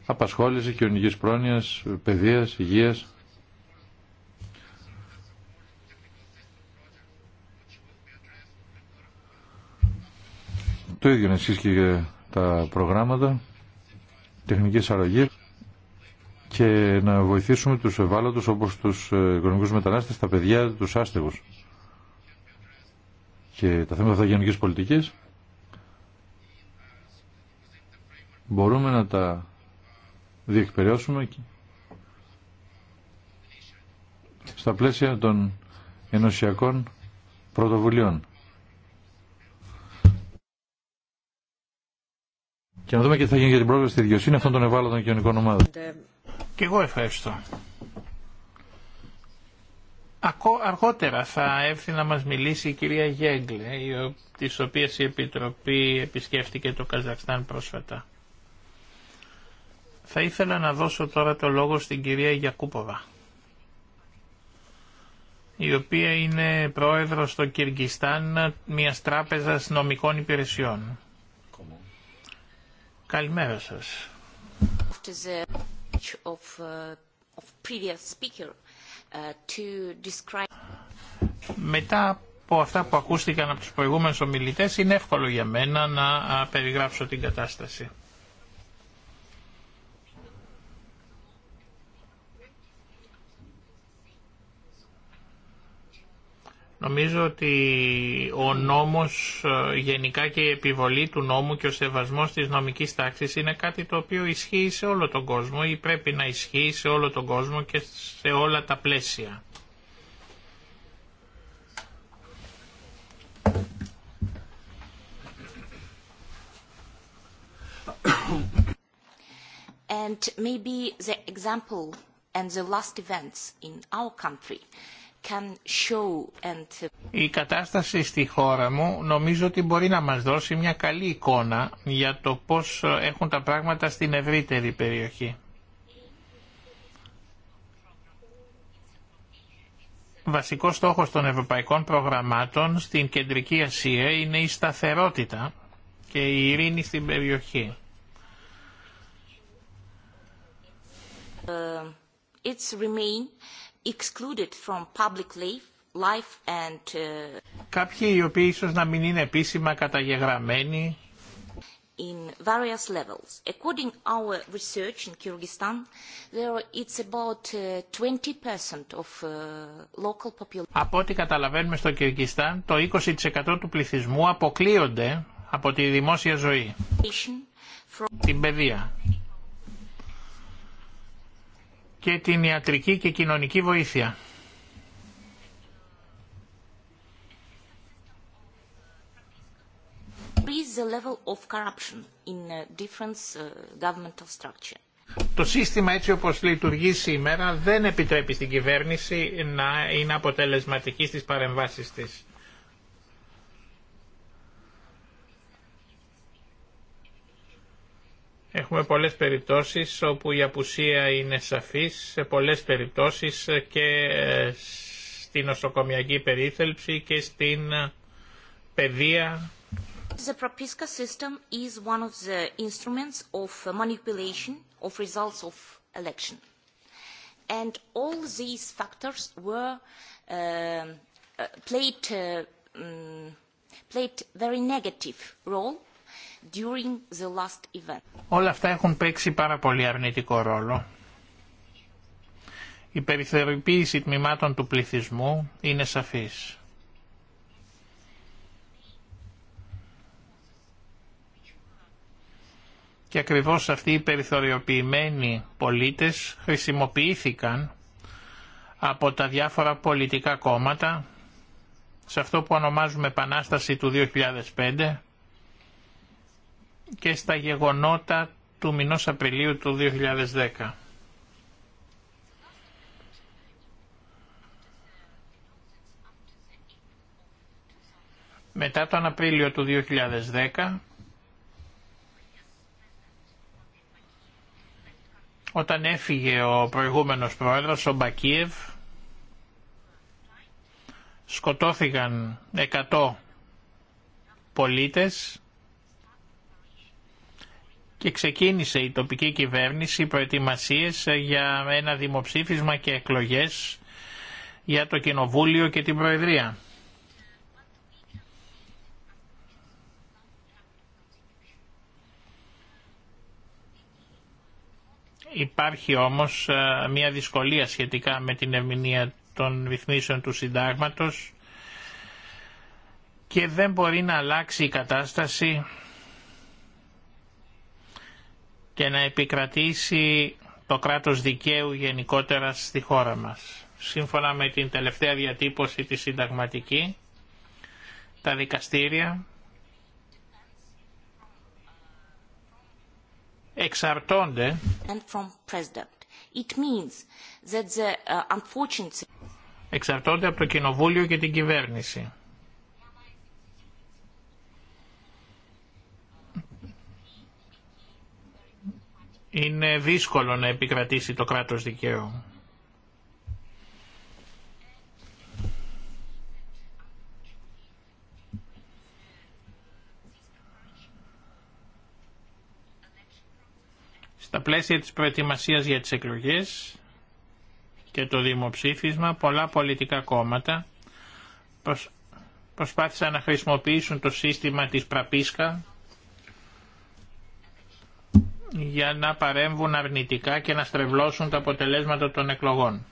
Απασχόληση κοινωνικής πρόνοια παιδεία, υγεία. Το ίδιο να ισχύει τα προγράμματα τεχνικής αρρωγή και να βοηθήσουμε τους ευάλωτους όπως τους ε, οικονομικούς μετανάστες, τα παιδιά, τους άστεγους. Και τα θέματα γενικής πολιτικής μπορούμε να τα διεκπαιρεώσουμε στα πλαίσια των ενωσιακών πρωτοβουλειών. και να δούμε και τι θα γίνει για την πρόσβαση στη δικαιοσύνη αυτών των ευάλωτων κοινωνικών ομάδων. Και εγώ ευχαριστώ. Ακό, αργότερα θα έρθει να μας μιλήσει η κυρία Γέγκλε, η, της οποίας η Επιτροπή επισκέφτηκε το Καζακστάν πρόσφατα. Θα ήθελα να δώσω τώρα το λόγο στην κυρία Γιακούποβα, η οποία είναι πρόεδρος στο Κυργιστάν μιας τράπεζας νομικών υπηρεσιών. Καλημέρα σας. Uh, uh, Μετά από αυτά που ακούστηκαν από τους προηγούμενους ομιλητές είναι εύκολο για μένα να περιγράψω την κατάσταση. Νομίζω ότι ο νόμος ε, γενικά και η επιβολή του νόμου και ο σεβασμός της νομικής τάξης είναι κάτι το οποίο ισχύει σε όλο τον κόσμο ή πρέπει να ισχύει σε όλο τον κόσμο και σε όλα τα πλαίσια. And maybe the example and the last events in our country η κατάσταση στη χώρα μου νομίζω ότι μπορεί να μας δώσει μια καλή εικόνα για το πώς ε, έχουν τα πράγματα στην ευρύτερη περιοχή. Βασικός στόχος των ευρωπαϊκών προγραμμάτων στην Κεντρική Ασία είναι η σταθερότητα και η ειρήνη στην περιοχή. Ε, it's excluded from public life and... Uh, Κάποιοι οι οποίοι ίσως να μην είναι επίσημα καταγεγραμμένοι. In various levels. According our research in Kyrgyzstan, there it's about 20% uh, of uh, local population. Από ό,τι καταλαβαίνουμε στο Κυργιστάν, το 20% του πληθυσμού αποκλείονται από τη δημόσια ζωή. From... Την παιδεία και την ιατρική και κοινωνική βοήθεια. Uh, uh, Το σύστημα έτσι όπως λειτουργεί σήμερα δεν επιτρέπει στην κυβέρνηση να είναι αποτελεσματική στις παρεμβάσεις της. Έχουμε πολλές περιπτώσεις όπου η απουσία είναι σαφής, σε πολλές περιπτώσεις και στην νοσοκομιακή περίθελψη και στην παιδεία. The Propiska system is one of the instruments of manipulation of results of election. And all these factors were played, played very negative role Όλα αυτά έχουν παίξει πάρα πολύ αρνητικό ρόλο. Η περιθωριοποίηση τμήματων του πληθυσμού είναι σαφής. Και ακριβώς αυτοί οι περιθωριοποιημένοι πολίτες χρησιμοποιήθηκαν από τα διάφορα πολιτικά κόμματα σε αυτό που ονομάζουμε Επανάσταση του 2005 και στα γεγονότα του μηνός Απριλίου του 2010. Μετά τον Απρίλιο του 2010, όταν έφυγε ο προηγούμενος πρόεδρος, ο Μπακίευ... σκοτώθηκαν 100 πολίτες και ξεκίνησε η τοπική κυβέρνηση προετοιμασίες ε, για ένα δημοψήφισμα και εκλογές για το Κοινοβούλιο και την Προεδρία. Υπάρχει όμως ε, μια δυσκολία σχετικά με την ερμηνεία των ρυθμίσεων του συντάγματος και δεν μπορεί να αλλάξει η κατάσταση και να επικρατήσει το κράτος δικαίου γενικότερα στη χώρα μας. Σύμφωνα με την τελευταία διατύπωση της συνταγματική, τα δικαστήρια εξαρτώνται uh, εξαρτώνται από το κοινοβούλιο και την κυβέρνηση. είναι δύσκολο να επικρατήσει το κράτος δικαίου. Στα πλαίσια της προετοιμασίας για τις εκλογές και το δημοψήφισμα, πολλά πολιτικά κόμματα προσπάθησαν να χρησιμοποιήσουν το σύστημα της Πραπίσκα για να παρέμβουν αρνητικά και να στρεβλώσουν τα αποτελέσματα των εκλογών.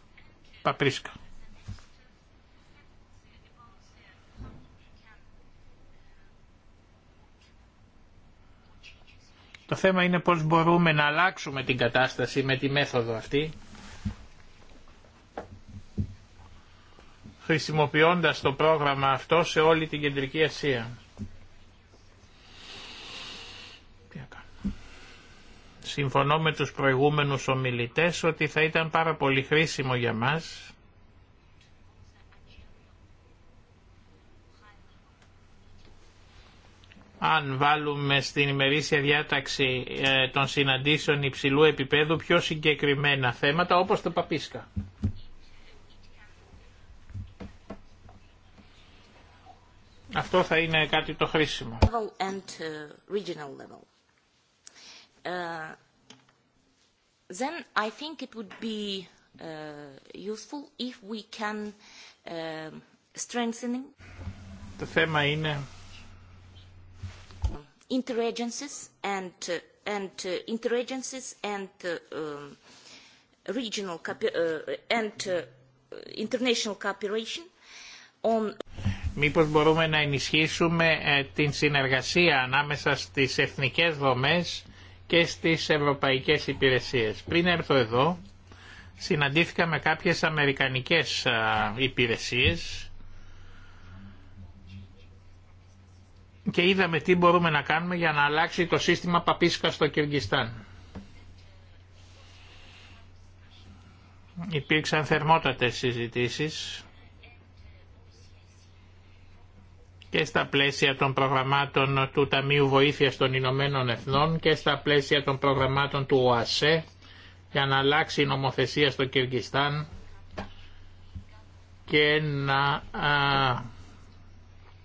Παπρίσκα. Το θέμα είναι πώς μπορούμε να αλλάξουμε την κατάσταση με τη μέθοδο αυτή, χρησιμοποιώντας το πρόγραμμα αυτό σε όλη την Κεντρική Ασία. Συμφωνώ με τους προηγούμενους ομιλητές ότι θα ήταν πάρα πολύ χρήσιμο για μας αν βάλουμε στην ημερήσια διάταξη ε, των συναντήσεων υψηλού επίπεδου πιο συγκεκριμένα θέματα όπως το παπίσκα. Αυτό θα είναι κάτι το χρήσιμο then I think it would be useful if we can strengthening the θέμα είναι interagencies and and interagencies and regional and international cooperation on Μήπως μπορούμε να ενισχύσουμε την συνεργασία ανάμεσα στις εθνικές δομές και στις ευρωπαϊκές υπηρεσίες. Πριν έρθω εδώ, συναντήθηκα με κάποιες αμερικανικές υπηρεσίες και είδαμε τι μπορούμε να κάνουμε για να αλλάξει το σύστημα παπίσκα στο Κυργιστάν. Υπήρξαν θερμότατες συζητήσεις και στα πλαίσια των προγραμμάτων του Ταμείου Βοήθειας των Ηνωμένων Εθνών και στα πλαίσια των προγραμμάτων του ΟΑΣΕ για να αλλάξει η νομοθεσία στο Κυργιστάν και να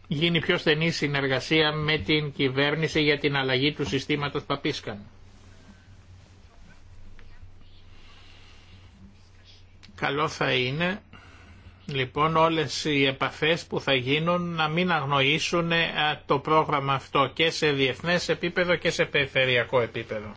γίνει πιο στενή συνεργασία με την κυβέρνηση για την αλλαγή του συστήματος Παπίσκαν. Καλό θα είναι λοιπόν όλες οι επαφές που θα γίνουν να μην αγνοήσουν ε, το πρόγραμμα αυτό και σε διεθνές επίπεδο και σε περιφερειακό επίπεδο.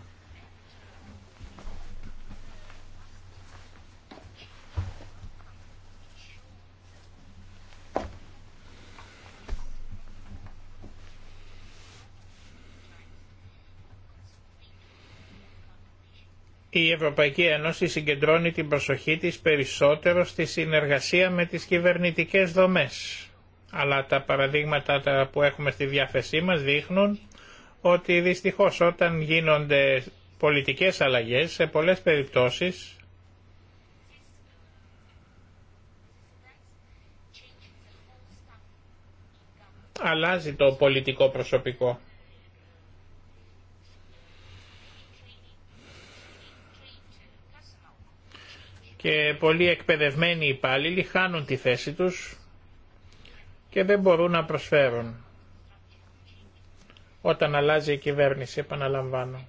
η Ευρωπαϊκή Ένωση συγκεντρώνει την προσοχή της περισσότερο στη συνεργασία με τις κυβερνητικές δομές. Αλλά τα παραδείγματα που έχουμε στη διάθεσή μας δείχνουν ότι δυστυχώς όταν γίνονται πολιτικές αλλαγές σε πολλές περιπτώσεις αλλάζει το πολιτικό προσωπικό. και πολλοί εκπαιδευμένοι υπάλληλοι χάνουν τη θέση τους και δεν μπορούν να προσφέρουν. Όταν αλλάζει η κυβέρνηση, επαναλαμβάνω.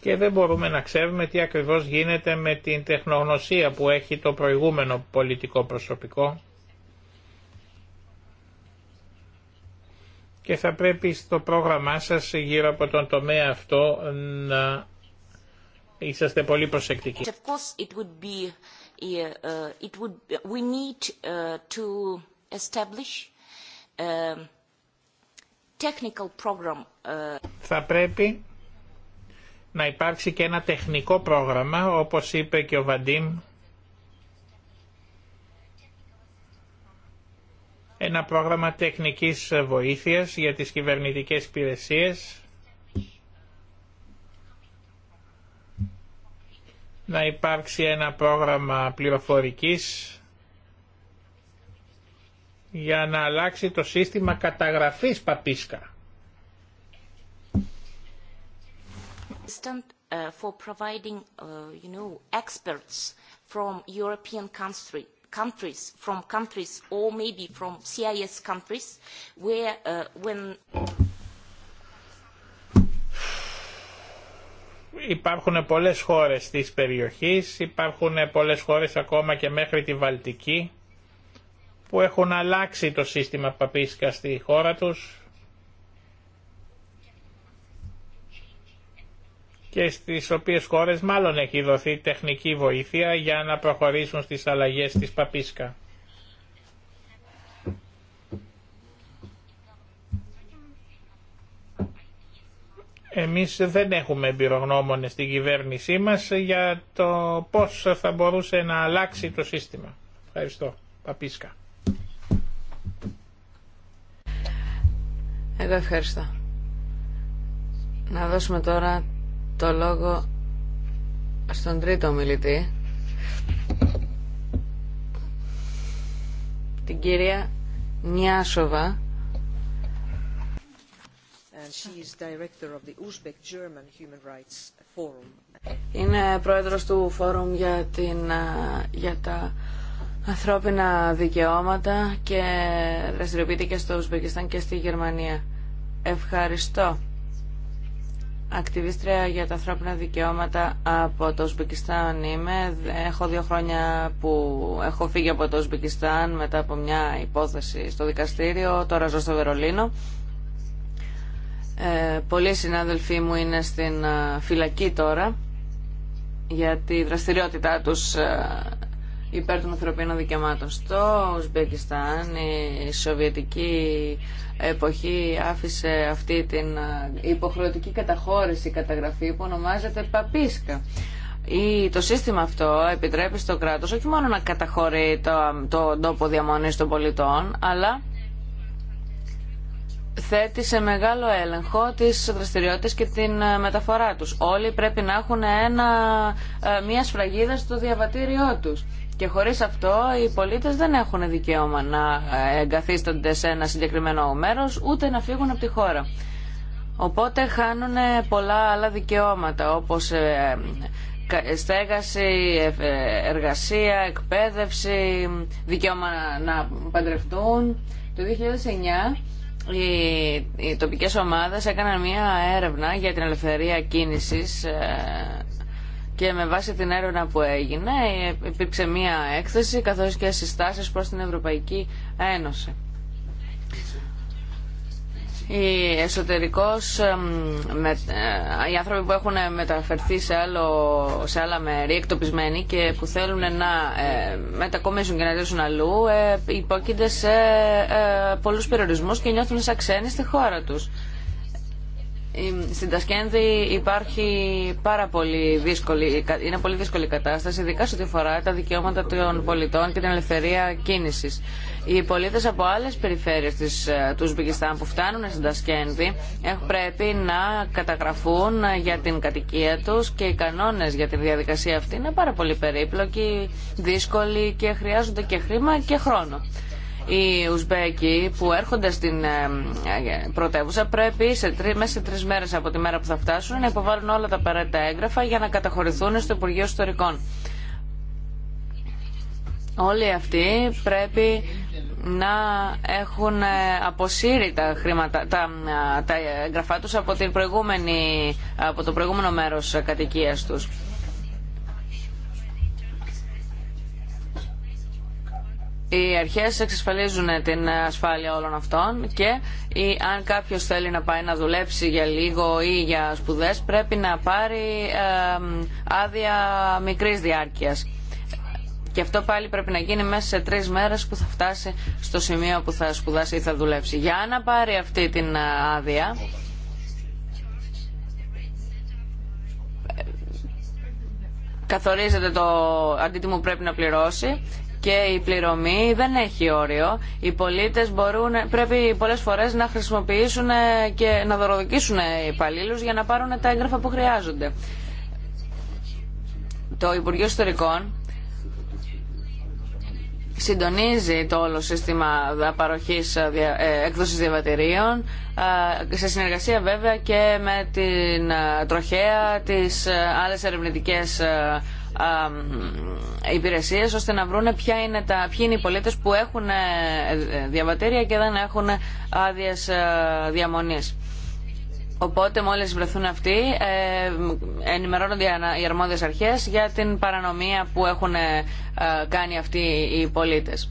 Και δεν μπορούμε να ξέρουμε τι ακριβώς γίνεται με την τεχνογνωσία που έχει το προηγούμενο πολιτικό προσωπικό και θα πρέπει στο πρόγραμμά σας γύρω από τον τομέα αυτό να είσαστε πολύ προσεκτικοί. Of Θα πρέπει να υπάρξει και ένα τεχνικό πρόγραμμα, όπως είπε και ο Βαντίμ, ένα πρόγραμμα τεχνικής βοήθειας για τις κυβερνητικές υπηρεσίες να υπάρξει ένα πρόγραμμα πληροφορικής για να αλλάξει το σύστημα καταγραφής παπίσκα. Uh, for providing, uh, you know, experts from European countries, from countries or uh, υπάρχουν πολλές χώρες της περιοχής, υπάρχουν πολλές χώρες ακόμα και μέχρι τη Βαλτική που έχουν αλλάξει το σύστημα παπίσκα στη χώρα τους και στις οποίες χώρες μάλλον έχει δοθεί τεχνική βοήθεια για να προχωρήσουν στις αλλαγές της Παπίσκα. Εμείς δεν έχουμε εμπειρογνώμονες στην κυβέρνησή μας για το πώς θα μπορούσε να αλλάξει το σύστημα. Ευχαριστώ. Παπίσκα. Εγώ ευχαριστώ. Να δώσουμε τώρα το λόγο στον τρίτο μιλητή, την κυρία Νιάσοβα. Είναι πρόεδρος του Φόρουμ για, για τα ανθρώπινα δικαιώματα και δραστηριοποιείται και στο Ουσβεκιστάν και στη Γερμανία. Ευχαριστώ ακτιβίστρια για τα ανθρώπινα δικαιώματα από το Ουσμπικιστάν είμαι. Έχω δύο χρόνια που έχω φύγει από το Ουσμπικιστάν μετά από μια υπόθεση στο δικαστήριο. Τώρα ζω στο Βερολίνο. Ε, πολλοί συνάδελφοί μου είναι στην ε, φυλακή τώρα για τη δραστηριότητά τους ε, υπέρ των ανθρωπίνων δικαιωμάτων. Στο Ουσμπεκιστάν η Σοβιετική εποχή άφησε αυτή την υποχρεωτική καταχώρηση καταγραφή που ονομάζεται Παπίσκα. Ή το σύστημα αυτό επιτρέπει στο κράτος όχι μόνο να καταχωρεί το, το τόπο διαμονής των πολιτών, αλλά θέτει σε μεγάλο έλεγχο τις δραστηριότητες και την μεταφορά τους. Όλοι πρέπει να έχουν ένα, μια σφραγίδα στο διαβατήριό τους. Και χωρίς αυτό οι πολίτες δεν έχουν δικαίωμα να ε, εγκαθίστανται σε ένα συγκεκριμένο μέρος ούτε να φύγουν από τη χώρα. Οπότε χάνουν πολλά άλλα δικαιώματα όπως ε, στέγαση, ε, εργασία, εκπαίδευση, δικαίωμα να παντρευτούν. Το 2009 οι τοπικές ομάδες έκαναν μια έρευνα για την ελευθερία κίνησης και με βάση την έρευνα που έγινε υπήρξε μία έκθεση καθώς και συστάσεις προς την Ευρωπαϊκή Ένωση. Οι, εσωτερικός, με, ε, οι άνθρωποι που έχουν μεταφερθεί σε, άλλο, σε άλλα μέρη εκτοπισμένοι και που θέλουν να ε, μετακομίσουν και να ζήσουν αλλού ε, υπόκεινται σε ε, πολλούς περιορισμούς και νιώθουν σαν ξένοι στη χώρα τους στην Τασκένδη υπάρχει πάρα πολύ δύσκολη, είναι πολύ δύσκολη κατάσταση, ειδικά σε ό,τι αφορά τα δικαιώματα των πολιτών και την ελευθερία κίνησης. Οι πολίτε από άλλε περιφέρειες της, ε, του Ουσμπικιστάν που φτάνουν στην Τασκένδη ε, πρέπει να καταγραφούν ε, για την κατοικία τους και οι κανόνες για τη διαδικασία αυτή είναι πάρα πολύ περίπλοκοι, δύσκολοι και χρειάζονται και χρήμα και χρόνο οι Ουσμπέκοι που έρχονται στην ε, πρωτεύουσα πρέπει σε μέσα σε τρει μέρε από τη μέρα που θα φτάσουν να υποβάλουν όλα τα απαραίτητα έγγραφα για να καταχωρηθούν στο Υπουργείο Ιστορικών. Όλοι αυτοί πρέπει να έχουν ε, αποσύρει τα, χρήματα, τα, ε, τα έγγραφά τους από, την προηγούμενη, από το προηγούμενο μέρος κατοικίας τους. οι αρχές εξασφαλίζουν την ασφάλεια όλων αυτών και ή αν κάποιο θέλει να πάει να δουλέψει για λίγο ή για σπουδέ, πρέπει να πάρει άδεια μικρής διάρκεια. Και αυτό πάλι πρέπει να γίνει μέσα σε τρει μέρε που θα φτάσει στο σημείο που θα σπουδάσει ή θα δουλέψει. Για να πάρει αυτή την ε, άδεια. Καθορίζεται το αντίτιμο που πρέπει να πληρώσει και η πληρωμή δεν έχει όριο. Οι πολίτες μπορούν, πρέπει πολλές φορές να χρησιμοποιήσουν ε, και να δωροδοκίσουν ε, υπαλλήλου για να πάρουν τα έγγραφα που χρειάζονται. Το Υπουργείο Ιστορικών συντονίζει το όλο σύστημα παροχής ε, έκδοσης διαβατηρίων σε συνεργασία βέβαια και με την τροχέα, τις άλλες ερευνητικές υπηρεσίε ώστε να βρούνε ποια είναι τα, ποιοι είναι οι πολίτες που έχουν ε, ε, διαβατήρια και δεν έχουν άδειε ε, διαμονής. Οπότε μόλις βρεθούν αυτοί ενημερώνονται οι αρμόδιες αρχές για την παρανομία που έχουν κάνει αυτοί οι πολίτες.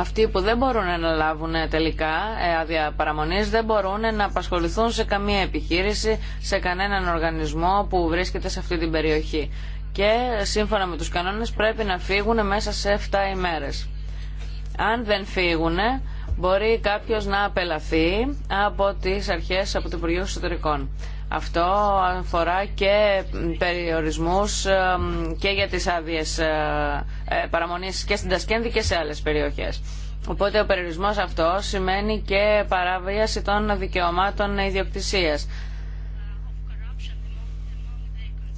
αυτοί που δεν μπορούν να λάβουν ε, τελικά ε, άδεια παραμονή δεν μπορούν να απασχοληθούν σε καμία επιχείρηση, σε κανέναν οργανισμό που βρίσκεται σε αυτή την περιοχή. Και σύμφωνα με τους κανόνες πρέπει να φύγουν μέσα σε 7 ημέρες. Αν δεν φύγουν μπορεί κάποιος να απελαθεί από τις αρχές από το Υπουργείο Εσωτερικών. Αυτό αφορά και περιορισμούς ε, και για τις άδειε ε, ε, παραμονής και στην Τασκένδη και σε άλλες περιοχές. Οπότε ο περιορισμός αυτό σημαίνει και παραβίαση των δικαιωμάτων ιδιοκτησίας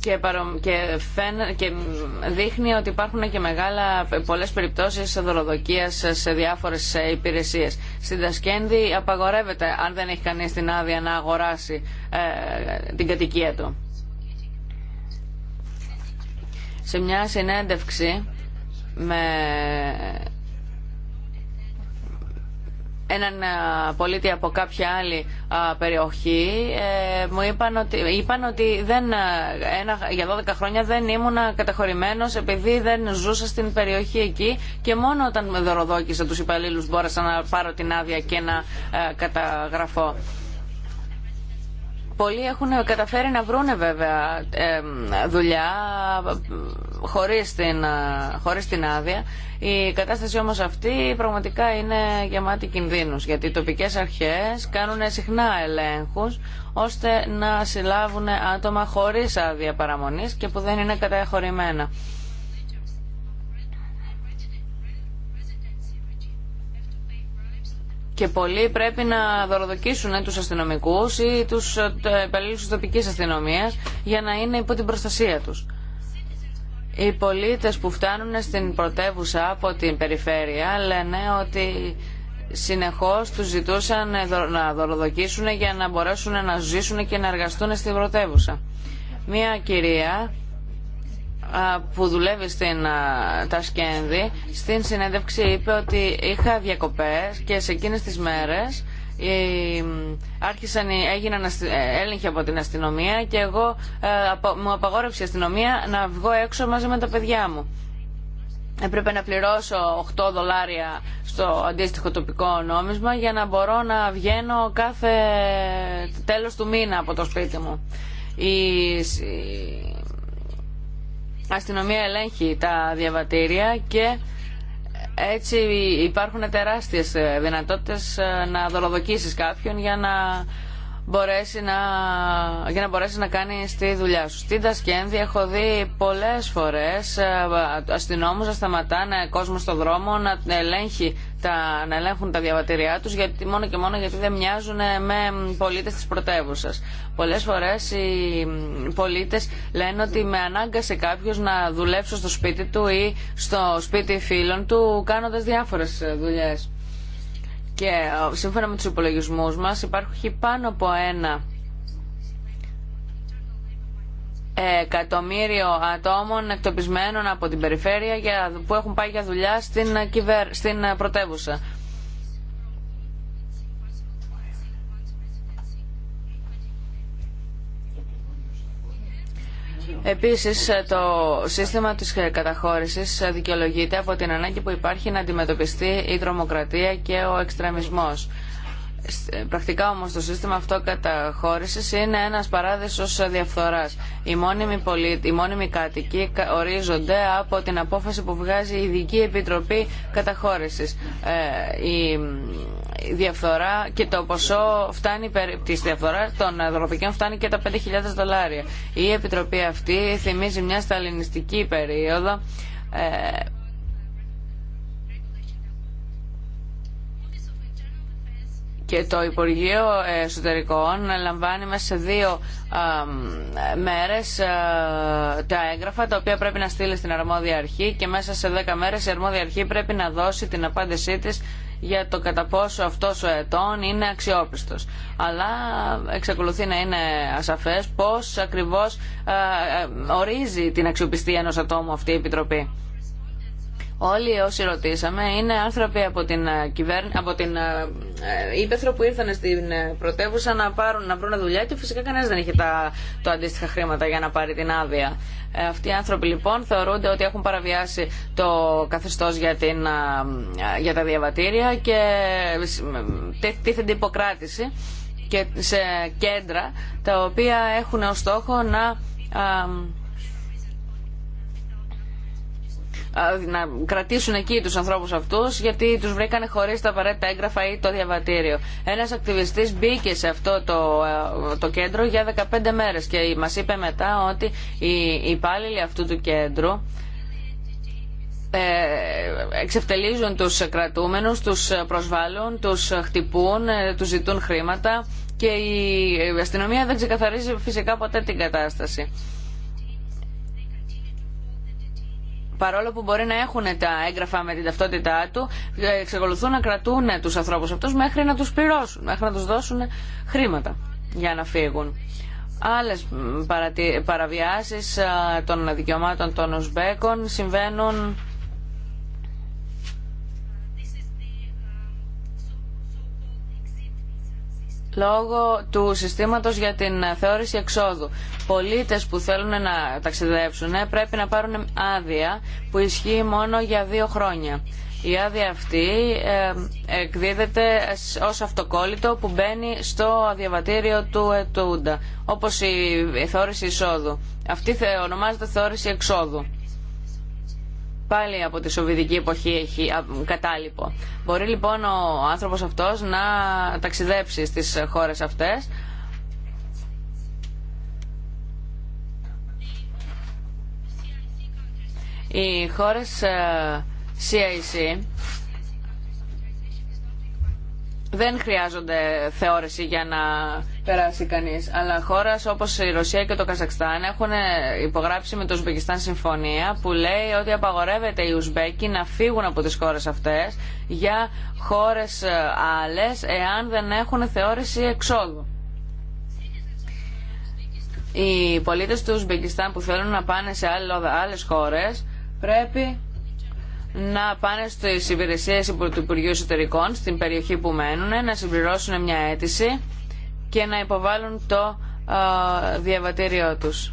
και, δείχνει ότι υπάρχουν και μεγάλα, πολλές περιπτώσεις δωροδοκίας σε διάφορες υπηρεσίες. Στην Τασκένδη απαγορεύεται αν δεν έχει κάνει την άδεια να αγοράσει ε, την κατοικία του. Σε μια συνέντευξη με έναν πολίτη από κάποια άλλη περιοχή ε, μου είπαν ότι, είπαν ότι δεν, ένα, για 12 χρόνια δεν ήμουν καταχωρημένος επειδή δεν ζούσα στην περιοχή εκεί και μόνο όταν με δωροδόκησα τους υπαλλήλους μπόρεσα να πάρω την άδεια και να καταγραφώ. Πολλοί έχουν καταφέρει να βρούνε βέβαια δουλειά χωρίς την, χωρίς την άδεια. Η κατάσταση όμως αυτή πραγματικά είναι γεμάτη κινδύνους γιατί οι τοπικές αρχές κάνουν συχνά ελέγχους ώστε να συλλάβουν άτομα χωρίς άδεια παραμονής και που δεν είναι καταχωρημένα. Και πολλοί πρέπει να δωροδοκίσουν ε, τους αστυνομικού ή τους ε, υπαλλήλου τη τοπικής αστυνομία για να είναι υπό την προστασία τους. Οι πολίτε που φτάνουν στην πρωτεύουσα από την περιφέρεια λένε ότι συνεχώ τους ζητούσαν ε, να δωροδοκίσουν για να μπορέσουν να ζήσουν και να εργαστούν στην πρωτεύουσα. Μία κυρία που δουλεύει στην Τασκένδη στην συνέντευξη είπε ότι είχα διακοπές και σε εκείνες τις μέρες άρχισαν, έγιναν ε, έλεγχοι από την αστυνομία και εγώ ε, μου απαγόρευσε η αστυνομία να βγω έξω μαζί με τα παιδιά μου. Έπρεπε να πληρώσω 8 δολάρια στο αντίστοιχο τοπικό νόμισμα για να μπορώ να βγαίνω κάθε τέλος του μήνα από το σπίτι μου αστυνομία ελέγχει τα διαβατήρια και έτσι υπάρχουν τεράστιες δυνατότητες ε, να δολοδοκίσεις κάποιον για να να, για να μπορέσει να κάνει τη δουλειά σου. Στην Τασκένδη έχω δει πολλές φορές ε, αστυνόμους να σταματάνε κόσμο στο δρόμο να, ελέγχει, τα, να ελέγχουν τα διαβατηριά του, μόνο και μόνο γιατί δεν μοιάζουν με πολίτες της πρωτεύουσα. Πολλές φορές οι πολίτες λένε ότι με ανάγκασε κάποιος να δουλέψω στο σπίτι του ή στο σπίτι φίλων του κάνοντας διάφορες δουλειέ και ε, σύμφωνα με τους υπολογισμούς μας υπάρχει πάνω από ένα εκατομμύριο ατόμων εκτοπισμένων από την περιφέρεια που έχουν πάει για δουλειά στην, ε, στην ε, πρωτεύουσα. Επίσης, ε, το σύστημα της ε, καταχώρησης ε, δικαιολογείται από την ανάγκη που υπάρχει να αντιμετωπιστεί η τρομοκρατία και ο εξτρεμισμός. Πρακτικά όμως το σύστημα αυτό καταχώρησης είναι ένας παράδεισος διαφθοράς. Οι μόνιμοι, οι μόνιμοι κάτοικοι ορίζονται από την απόφαση που βγάζει η Ειδική Επιτροπή Καταχώρησης. Ε, η διαφθορά και το ποσό φτάνει της διαφθοράς των ευρωπαϊκών φτάνει και τα 5.000 δολάρια. Η Επιτροπή αυτή θυμίζει μια σταλινιστική περίοδο ε, και το Υπουργείο Εσωτερικών λαμβάνει μέσα σε δύο μέρες ε, τα έγγραφα τα οποία πρέπει να στείλει στην αρμόδια αρχή και μέσα σε δέκα μέρες η αρμόδια αρχή πρέπει να δώσει την απάντησή της για το κατά πόσο αυτός ο ετών είναι αξιόπιστος. Αλλά εξακολουθεί να είναι ασαφές πώς ακριβώς ε, ε, ορίζει την αξιοπιστία ενός ατόμου αυτή η Επιτροπή. Όλοι όσοι ρωτήσαμε είναι άνθρωποι από την, ε, κυβέρ... από την Ήπεθρο ε, ε, που ήρθαν στην πρωτεύουσα να, πάρουν, να βρουν δουλειά και φυσικά κανένας δεν είχε τα... το αντίστοιχα χρήματα για να πάρει την άδεια. Αυτοί οι άνθρωποι λοιπόν θεωρούνται ότι έχουν παραβιάσει το καθεστώς για, για τα διαβατήρια και τίθενται υποκράτηση και σε κέντρα τα οποία έχουν ως στόχο να να κρατήσουν εκεί τους ανθρώπους αυτούς γιατί τους βρήκανε χωρί τα απαραίτητα έγγραφα ή το διαβατήριο. Ένας ακτιβιστής μπήκε σε αυτό το, το κέντρο για 15 μέρες και μα είπε μετά ότι οι υπάλληλοι αυτού του κέντρου ε, εξευτελίζουν τους κρατούμενους, τους προσβάλλουν, τους χτυπούν, ε, τους ζητούν χρήματα και η αστυνομία δεν ξεκαθαρίζει φυσικά ποτέ την κατάσταση. παρόλο που μπορεί να έχουν τα έγγραφα με την ταυτότητά του, εξακολουθούν να κρατούν τους ανθρώπους αυτούς μέχρι να τους πληρώσουν, μέχρι να τους δώσουν χρήματα για να φύγουν. Άλλες παραβιάσεις των δικαιωμάτων των Ουσμπέκων συμβαίνουν λόγω του συστήματος για την θεώρηση εξόδου. Πολίτες που θέλουν να ταξιδέψουν ε, πρέπει να πάρουν άδεια που ισχύει μόνο για δύο χρόνια. Η άδεια αυτή ε, εκδίδεται ως αυτοκόλλητο που μπαίνει στο διαβατήριο του ετούντα, όπως η θεώρηση εισόδου. Αυτή ονομάζεται θεώρηση εξόδου πάλι από τη Σοβιετική εποχή έχει κατάλοιπο. Μπορεί λοιπόν ο άνθρωπος αυτός να ταξιδέψει στις χώρες αυτές Οι χώρες CIC ε, δεν χρειάζονται θεώρηση για να περάσει κανεί. Αλλά χώρε όπω η Ρωσία και το Καζακστάν έχουν ε, υπογράψει με το Ουσμπεκιστάν συμφωνία που λέει ότι απαγορεύεται οι Ουσμπέκοι να φύγουν από τι χώρε αυτέ για χώρε άλλε εάν δεν έχουν θεώρηση εξόδου. Οι πολίτες του Ουσμπεκιστάν που θέλουν να πάνε σε άλλες χώρες πρέπει να πάνε στις υπηρεσίες του Υπουργείου Εσωτερικών στην περιοχή που μένουν, να συμπληρώσουν μια αίτηση και να υποβάλουν το διαβατήριό τους.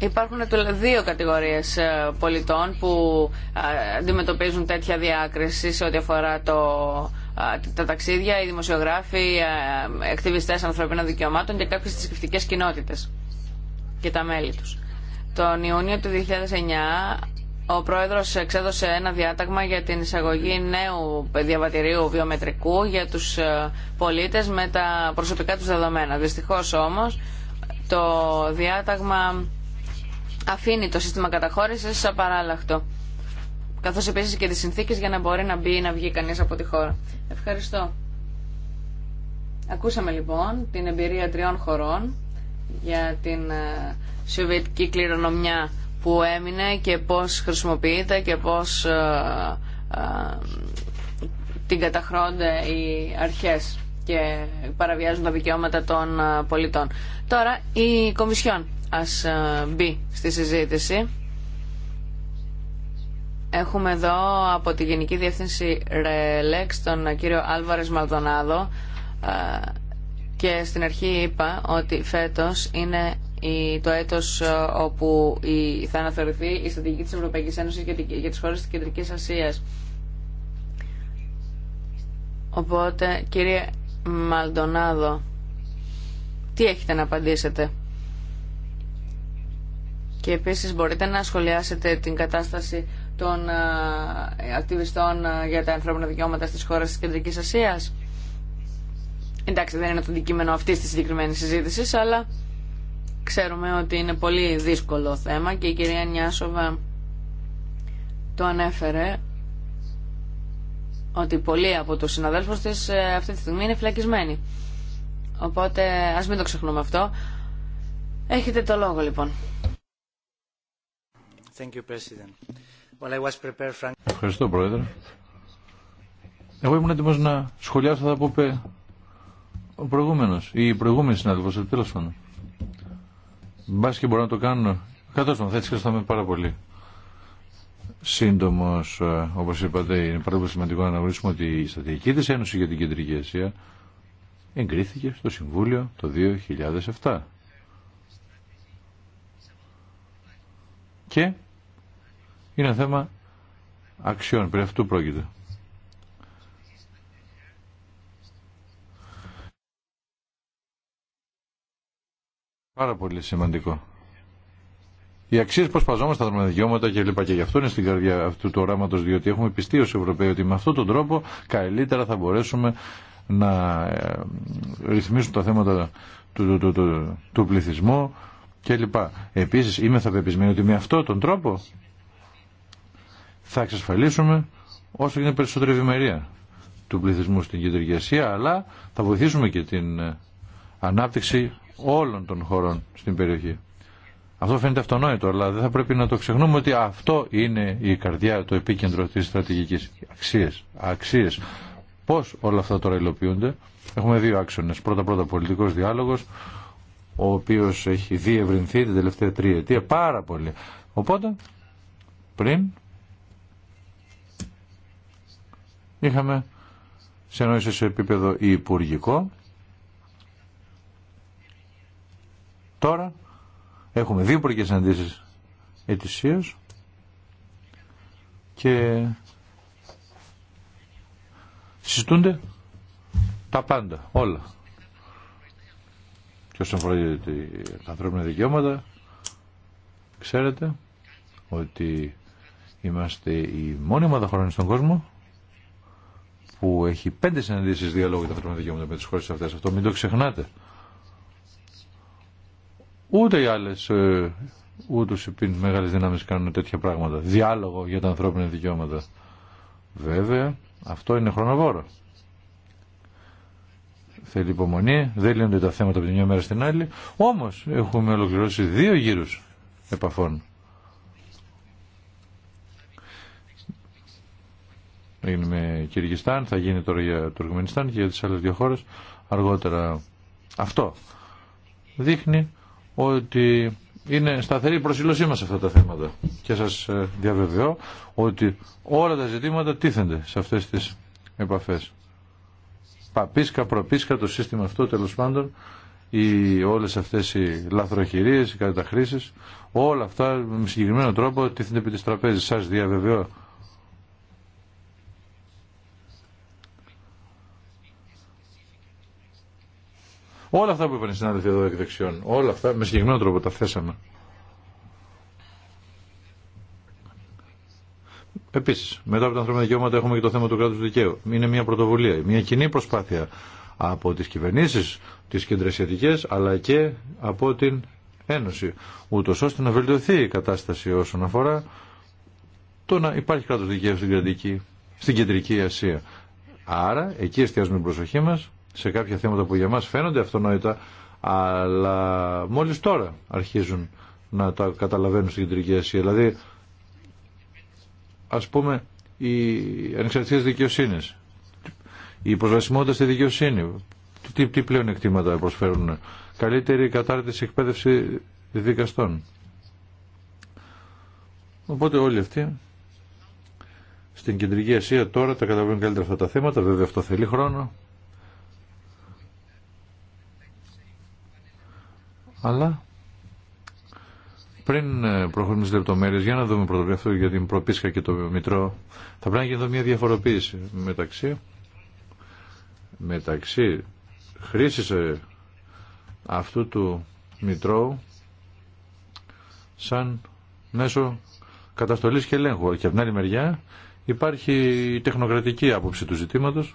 Υπάρχουν δύο κατηγορίες ε, πολιτών που αντιμετωπίζουν τέτοια διάκριση σε ό,τι αφορά το, τα ταξίδια, οι δημοσιογράφοι, οι ε, εκτιβιστές ανθρωπίνων δικαιωμάτων και κάποιες θρησκευτικέ κοινότητες και τα μέλη τους. Τον Ιούνιο του 2009 ο Πρόεδρος εξέδωσε ένα διάταγμα για την εισαγωγή νέου διαβατηρίου βιομετρικού για τους ε, πολίτες με τα προσωπικά τους δεδομένα. Δυστυχώς όμως το διάταγμα αφήνει το σύστημα καταχώρησης απαράλλαχτο. Καθώ επίσης και τις συνθήκες για να μπορεί να μπει ή να βγει κανείς από τη χώρα. Ευχαριστώ. Ακούσαμε λοιπόν την εμπειρία τριών χωρών για την ε, σοβιετική κληρονομιά που έμεινε και πώς χρησιμοποιείται και πώς ε, ε, την καταχρώνται οι αρχές και παραβιάζουν τα δικαιώματα των ε, πολιτών. Τώρα η Κομισιόν ας μπει στη συζήτηση. Έχουμε εδώ από τη Γενική Διεύθυνση ΡΕΛΕΚΣ τον κύριο Άλβαρες Μαλδονάδο και στην αρχή είπα ότι φέτος είναι το έτο ε, όπου θα αναθεωρηθεί η στρατηγική της Ευρωπαϊκής Ένωση για τις χώρες της Κεντρικής Ασία. Οπότε, κύριε Μαλτονάδο, τι έχετε να απαντήσετε. Και επίσης μπορείτε να σχολιάσετε την κατάσταση των ε, ακτιβιστών ε, για τα ανθρώπινα δικαιώματα στις χώρες της Κεντρικής Ασίας. Εντάξει, δεν είναι το αντικείμενο αυτή της συγκεκριμένης συζήτησης, αλλά Ξέρουμε ότι είναι πολύ δύσκολο θέμα και η κυρία Νιάσοβα το ανέφερε ότι πολλοί από τους συναδέλφους της ε, αυτή τη στιγμή είναι φυλακισμένοι. Οπότε ας μην το ξεχνούμε αυτό. Έχετε το λόγο λοιπόν. Thank you, Well, I was prepared... Ευχαριστώ Πρόεδρε. Εγώ ήμουν έτοιμος να σχολιάσω αυτά που είπε ο προηγούμενος ή η προηγούμενη συνάδελφος, τέλος Μπα και μπορώ να το κάνω. Καθώ τον θα έτσι πάρα πολύ. Σύντομο, ε, όπω είπατε, είναι πάρα πολύ σημαντικό να αναγνωρίσουμε ότι η στρατηγική τη Ένωση για την Κεντρική Ασία εγκρίθηκε στο Συμβούλιο το 2007. Και είναι θέμα αξιών. Περί αυτού πρόκειται. Πάρα πολύ σημαντικό. Οι αξίε που τα στα κλπ. Και γι' αυτό είναι στην καρδιά αυτού του οράματο, διότι έχουμε πιστεί ω Ευρωπαίοι ότι με αυτόν τον τρόπο καλύτερα θα μπορέσουμε να ε, ρυθμίσουμε τα θέματα του, του, του, του πληθυσμού κλπ. Επίση, είμαι θα ότι με αυτόν τον τρόπο θα εξασφαλίσουμε όσο γίνεται περισσότερη ευημερία του πληθυσμού στην Κεντρική Ασία, αλλά θα βοηθήσουμε και την ε, ανάπτυξη όλων των χωρών στην περιοχή. Αυτό φαίνεται αυτονόητο, αλλά δεν θα πρέπει να το ξεχνούμε ότι αυτό είναι η καρδιά, το επίκεντρο της στρατηγικής. Αξίες, αξίες. Πώς όλα αυτά τώρα υλοποιούνται. Έχουμε δύο άξονες. Πρώτα-πρώτα πολιτικός διάλογος, ο οποίος έχει διευρυνθεί την τελευταία τριετία πάρα πολύ. Οπότε, πριν είχαμε σε σε επίπεδο υπουργικό Τώρα έχουμε δύο υπουργικές συναντήσεις ετησίως και συζητούνται τα πάντα, όλα. Και όσον αφορά τα ανθρώπινα δικαιώματα, ξέρετε ότι είμαστε η μόνη ομάδα στον κόσμο που έχει πέντε συναντήσεις διαλόγου τα ανθρώπινα δικαιώματα με τις χώρες αυτές. Αυτό μην το ξεχνάτε. Ούτε οι άλλε ούτω οι μεγάλε δυνάμει κάνουν τέτοια πράγματα. Διάλογο για τα ανθρώπινα δικαιώματα. Βέβαια, αυτό είναι χρονοβόρο. Θέλει υπομονή, δεν λύνονται τα θέματα από τη μια μέρα στην άλλη. Όμω έχουμε ολοκληρώσει δύο γύρου επαφών. Έγινε με θα γίνει τώρα για Τουρκμενιστάν και για τις άλλες δύο χώρες αργότερα. Αυτό δείχνει ότι είναι σταθερή η προσήλωσή μας σε αυτά τα θέματα και σας ε, διαβεβαιώ ότι όλα τα ζητήματα τίθενται σε αυτές τις επαφές. Παπίσκα, προπίσκα το σύστημα αυτό τέλος πάντων οι, όλες αυτές οι λαθροχειρίες, οι καταχρήσεις όλα αυτά με συγκεκριμένο τρόπο τίθενται επί της τραπέζης. Σας διαβεβαιώ Όλα αυτά που είπαν οι συνάδελφοι εδώ εκ δεξιών, όλα αυτά με συγκεκριμένο τρόπο τα θέσαμε. Επίση, μετά από τα ανθρώπινα δικαιώματα έχουμε και το θέμα του κράτου δικαίου. Είναι μια πρωτοβουλία, μια κοινή προσπάθεια από τι κυβερνήσει, τι κεντρεσιατικέ, αλλά και από την Ένωση. Ούτω ώστε να βελτιωθεί η κατάσταση όσον αφορά το να υπάρχει κράτο δικαίου στην, στην κεντρική Ασία. Άρα, εκεί εστιάζουμε την προσοχή μα σε κάποια θέματα που για μας φαίνονται αυτονόητα, αλλά μόλις τώρα αρχίζουν να τα καταλαβαίνουν στην Κεντρική Ασία. Δηλαδή, ας πούμε, οι ανεξαρτητές δικαιοσύνης, η προσβασιμότητα στη δικαιοσύνη, τι, τι πλέον εκτίματα προσφέρουν, καλύτερη κατάρτιση εκπαίδευση δικαστών. Οπότε όλοι αυτοί στην Κεντρική Ασία τώρα τα καταλαβαίνουν καλύτερα αυτά τα θέματα, βέβαια αυτό θέλει χρόνο, Αλλά πριν ε, προχωρήσουμε στις λεπτομέρειες, για να δούμε πρώτα αυτό για την προπίσκα και το μητρό, θα πρέπει να γίνει εδώ μια διαφοροποίηση μεταξύ, μεταξύ χρήσης ε, αυτού του μητρώου σαν μέσο καταστολής και ελέγχου. Και από την άλλη μεριά υπάρχει η τεχνοκρατική άποψη του ζητήματος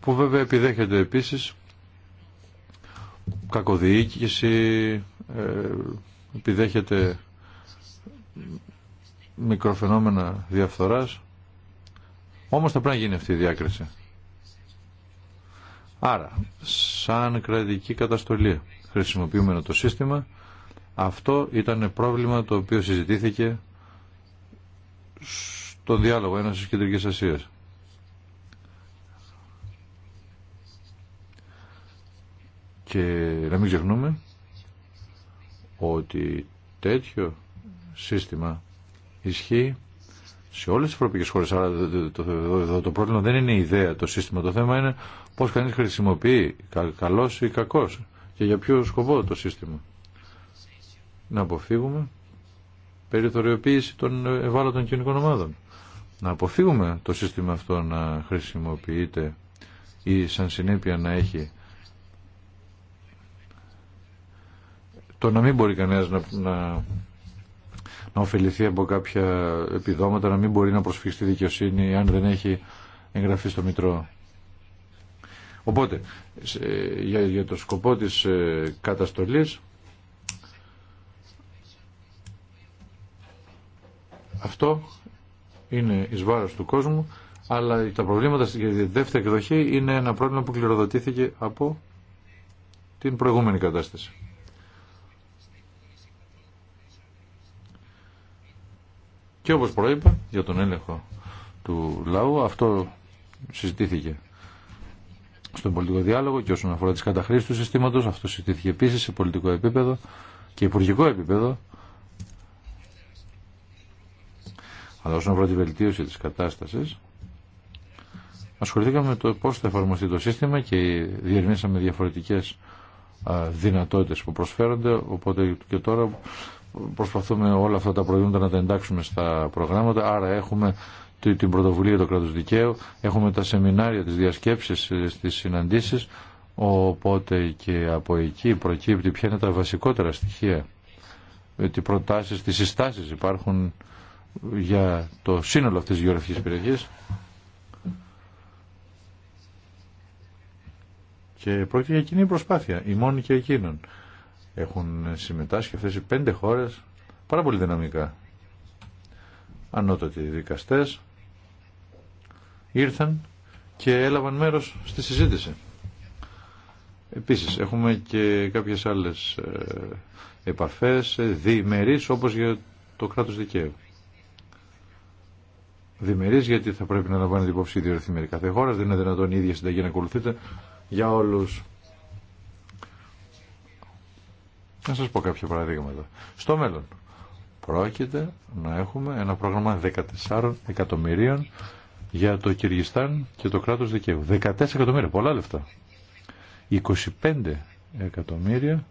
που βέβαια επιδέχεται επίσης κακοδιοίκηση, ε, επιδέχεται μικροφαινόμενα διαφθοράς. Όμως θα πρέπει να γίνει αυτή η διάκριση. Άρα, σαν κρατική καταστολή χρησιμοποιούμενο το σύστημα, αυτό ήταν πρόβλημα το οποίο συζητήθηκε στον διάλογο ένας της Κεντρικής Και να μην ξεχνούμε ότι τέτοιο σύστημα ισχύει σε όλες τις ευρωπαϊκές χώρες. Άρα το, το, το, πρόβλημα δεν είναι η ιδέα, το σύστημα. Το θέμα είναι πώς κανείς χρησιμοποιεί, καλός ή κακός και για ποιο σκοπό το σύστημα. Να αποφύγουμε περιθωριοποίηση των ευάλωτων κοινωνικών ομάδων. Να αποφύγουμε το σύστημα αυτό να χρησιμοποιείται ή σαν συνέπεια να έχει το να μην μπορεί κανένας να, να, να ωφεληθεί από κάποια επιδόματα, να μην μπορεί να προσφύγει στη δικαιοσύνη αν δεν έχει εγγραφεί στο Μητρό. Οπότε, για, για το σκοπό της ε, καταστολής, αυτό είναι εις βάρος του κόσμου, αλλά τα προβλήματα για τη δεύτερη εκδοχή είναι ένα πρόβλημα που κληροδοτήθηκε από την προηγούμενη κατάσταση. Και όπως προείπα για τον έλεγχο του λαού αυτό συζητήθηκε στον πολιτικό διάλογο και όσον αφορά τις καταχρήσεις του συστήματος αυτό συζητήθηκε επίσης σε πολιτικό επίπεδο και υπουργικό επίπεδο αλλά όσον αφορά τη βελτίωση της κατάστασης ασχοληθήκαμε με το πώς θα εφαρμοστεί το σύστημα και διερμήσαμε διαφορετικές δυνατότητες που προσφέρονται οπότε και τώρα προσπαθούμε όλα αυτά τα προϊόντα να τα εντάξουμε στα προγράμματα, άρα έχουμε την πρωτοβουλία του κράτους δικαίου, έχουμε τα σεμινάρια, τις διασκέψεις, ε, τις συναντήσεις, οπότε και από εκεί προκύπτει ποια είναι τα βασικότερα στοιχεία, ε, τι προτάσεις, τι συστάσεις υπάρχουν για το σύνολο αυτής της γεωγραφικής περιοχής. Και πρόκειται για κοινή προσπάθεια, η μόνη και εκείνων. Έχουν συμμετάσχει αυτές οι πέντε χώρες πάρα πολύ δυναμικά. Ανώτατοι δικαστές ήρθαν και έλαβαν μέρος στη συζήτηση. Επίσης έχουμε και κάποιες άλλες ε, επαφές ε, διημερείς όπως για το κράτος δικαίου. Διμερείς γιατί θα πρέπει να λαμβάνετε υπόψη η μερικά κάθε χώρα, δεν είναι δυνατόν η ίδια συνταγή να ακολουθείτε για όλους. Να σας πω κάποια παραδείγματα. Στο μέλλον πρόκειται να έχουμε ένα πρόγραμμα 14 εκατομμυρίων για το Κυργιστάν και το κράτος δικαίου. 14 εκατομμύρια, πολλά λεφτά. 25 εκατομμύρια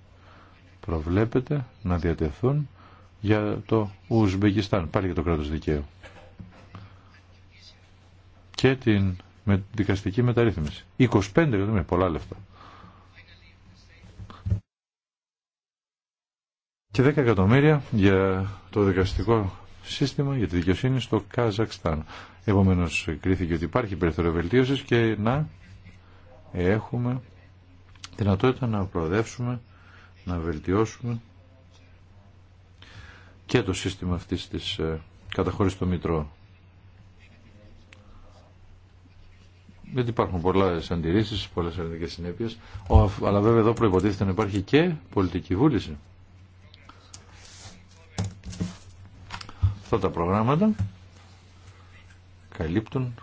προβλέπεται να διατεθούν για το Ουσμπεκιστάν, πάλι για το κράτος δικαίου. Και την δικαστική μεταρρύθμιση. 25 εκατομμύρια, πολλά λεφτά. 10 εκατομμύρια για το δικαστικό σύστημα για τη δικαιοσύνη στο Καζακστάν. Επομένω, κρίθηκε ότι υπάρχει περιθώριο βελτίωση και να έχουμε δυνατότητα να προοδεύσουμε, να βελτιώσουμε και το σύστημα αυτή τη ε, καταχώρηση στο Μητρό. Γιατί υπάρχουν πολλέ αντιρρήσει, πολλέ αρνητικέ συνέπειε. Αλλά βέβαια εδώ προποτίθεται να υπάρχει και πολιτική βούληση. αυτά τα προγράμματα καλύπτουν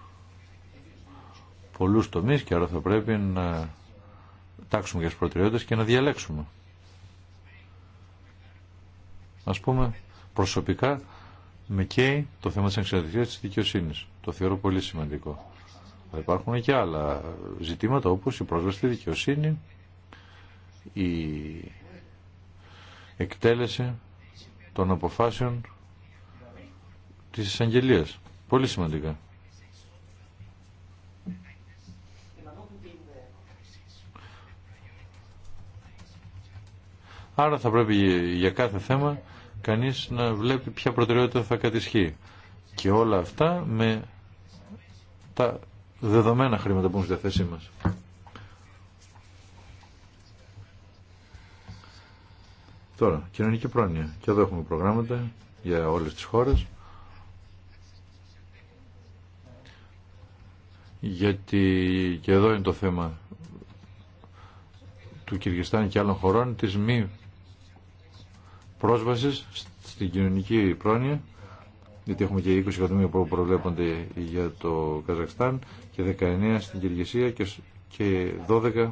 πολλούς τομείς και άρα θα πρέπει να τάξουμε για τις προτεραιότητες και να διαλέξουμε. Ας πούμε προσωπικά με καίει το θέμα της εξαρτησίας της δικαιοσύνης. Το θεωρώ πολύ σημαντικό. Θα υπάρχουν και άλλα ζητήματα όπως η πρόσβαση στη δικαιοσύνη, η εκτέλεση των αποφάσεων της εισαγγελίας. Πολύ σημαντικά. Άρα θα πρέπει για κάθε θέμα κανείς να βλέπει ποια προτεραιότητα θα κατησχύει. Και όλα αυτά με τα δεδομένα χρήματα που έχουν στη θέση μας. Τώρα, κοινωνική πρόνοια. Και εδώ έχουμε προγράμματα για όλες τις χώρες. γιατί και εδώ είναι το θέμα του Κυργιστάν και άλλων χωρών της μη πρόσβασης στην κοινωνική πρόνοια γιατί έχουμε και 20 εκατομμύρια που προβλέπονται για το Καζακστάν και 19 στην Κυργισία και 12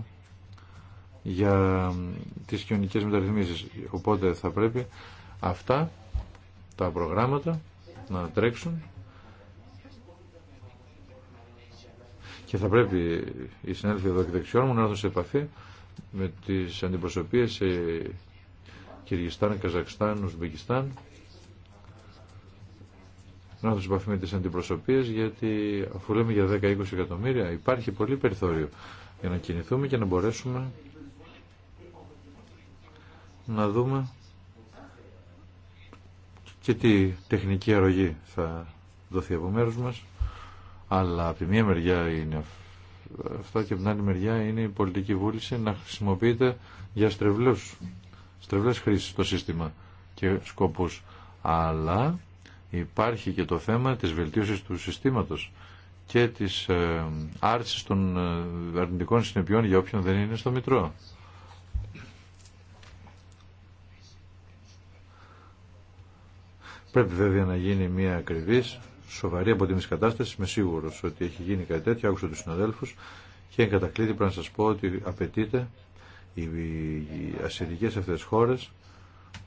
για τις κοινωνικές μεταρρυθμίσεις. Οπότε θα πρέπει αυτά τα προγράμματα να τρέξουν Και θα πρέπει οι συνάδελφοι εδώ και δεξιόν μου να έρθουν σε επαφή με τις αντιπροσωπείες σε Κυργιστάν, Καζακστάν, Ουσμπεκιστάν να έρθουν σε επαφή με τις αντιπροσωπείες γιατί αφού λέμε για 10-20 εκατομμύρια υπάρχει πολύ περιθώριο για να κινηθούμε και να μπορέσουμε να δούμε και τι τεχνική αρρωγή θα δοθεί από μέρους μας. Αλλά από τη μία μεριά είναι αυτά και από την άλλη μεριά είναι η πολιτική βούληση να χρησιμοποιείται για στρεβλούς, στρεβλές χρήσεις το σύστημα και σκοπούς. Αλλά υπάρχει και το θέμα της βελτίωσης του συστήματος και της ε, άρσης των ε, αρνητικών συνεπειών για όποιον δεν είναι στο Μητρό. Πρέπει βέβαια να γίνει μια ακριβής σοβαρή αποτίμηση κατάσταση. Είμαι σίγουρο ότι έχει γίνει κάτι τέτοιο. Άκουσα του συναδέλφου και εν κατακλείδη πρέπει να σα πω ότι απαιτείται οι ασιατικέ αυτέ χώρε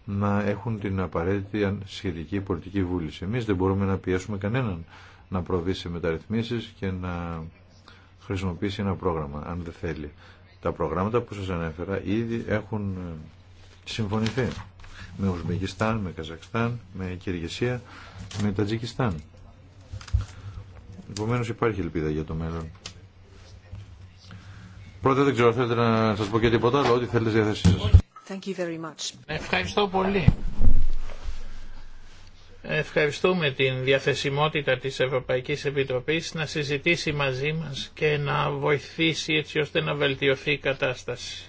να έχουν την απαραίτητη σχετική πολιτική βούληση. Εμεί δεν μπορούμε να πιέσουμε κανέναν να προβεί σε μεταρρυθμίσει και να χρησιμοποιήσει ένα πρόγραμμα, αν δεν θέλει. Τα προγράμματα που σα ανέφερα ήδη έχουν ε, συμφωνηθεί με Ουσμπεκιστάν, με Καζακστάν, με Κυριασία, με Τατζικιστάν. Επομένω υπάρχει ελπίδα για το μέλλον. Πρώτα δεν ξέρω, θέλετε να σας πω και τίποτα άλλο, ό,τι θέλετε στη Ευχαριστώ πολύ. Ευχαριστούμε την διαθεσιμότητα της Ευρωπαϊκής Επιτροπής να συζητήσει μαζί μας και να βοηθήσει έτσι ώστε να βελτιωθεί η κατάσταση.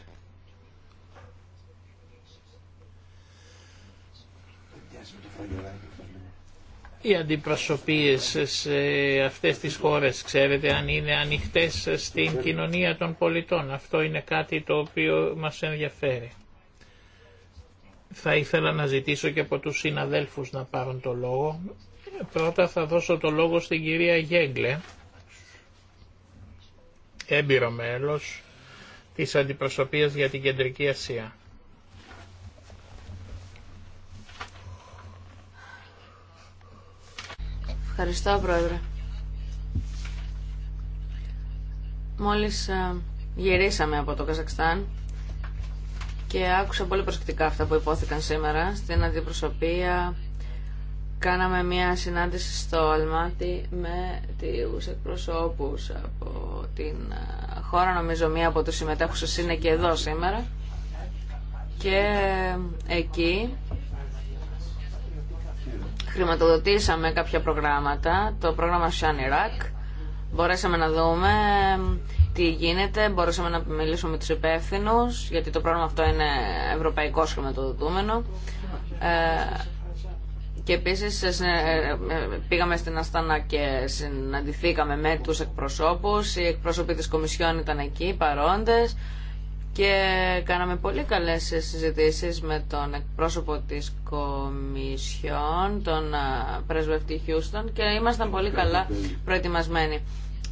Οι αντιπροσωπείες σε αυτές τις χώρες, ξέρετε, αν είναι ανοιχτές στην κοινωνία των πολιτών. Αυτό είναι κάτι το οποίο μας ενδιαφέρει. Θα ήθελα να ζητήσω και από τους συναδέλφους να πάρουν το λόγο. Πρώτα θα δώσω το λόγο στην κυρία Γέγκλε, έμπειρο μέλος της Αντιπροσωπείας για την Κεντρική Ασία. Ευχαριστώ, Πρόεδρε. Μόλις ε, γυρίσαμε από το Καζακστάν και άκουσα πολύ προσεκτικά αυτά που υπόθηκαν σήμερα. Στην αντιπροσωπεία κάναμε μια συνάντηση στο Αλμάτι με τους εκπροσώπους από την ε, χώρα. Νομίζω μία από τους συμμετέχουσες είναι και εδώ σήμερα. Και ε, εκεί χρηματοδοτήσαμε κάποια προγράμματα, το πρόγραμμα Σάν Iraq Μπορέσαμε να δούμε τι γίνεται, μπορέσαμε να μιλήσουμε με τους υπεύθυνου, γιατί το πρόγραμμα αυτό είναι ευρωπαϊκό χρηματοδοτούμενο. Ε, και επίσης ε, ε, πήγαμε στην Αστάνα και συναντηθήκαμε με τους εκπροσώπους. Οι εκπρόσωποι της Κομισιόν ήταν εκεί παρόντες και κάναμε πολύ καλές συζητήσεις με τον εκπρόσωπο της Κομισιόν, τον πρεσβευτή Χιούστον και ήμασταν πολύ καλά προετοιμασμένοι.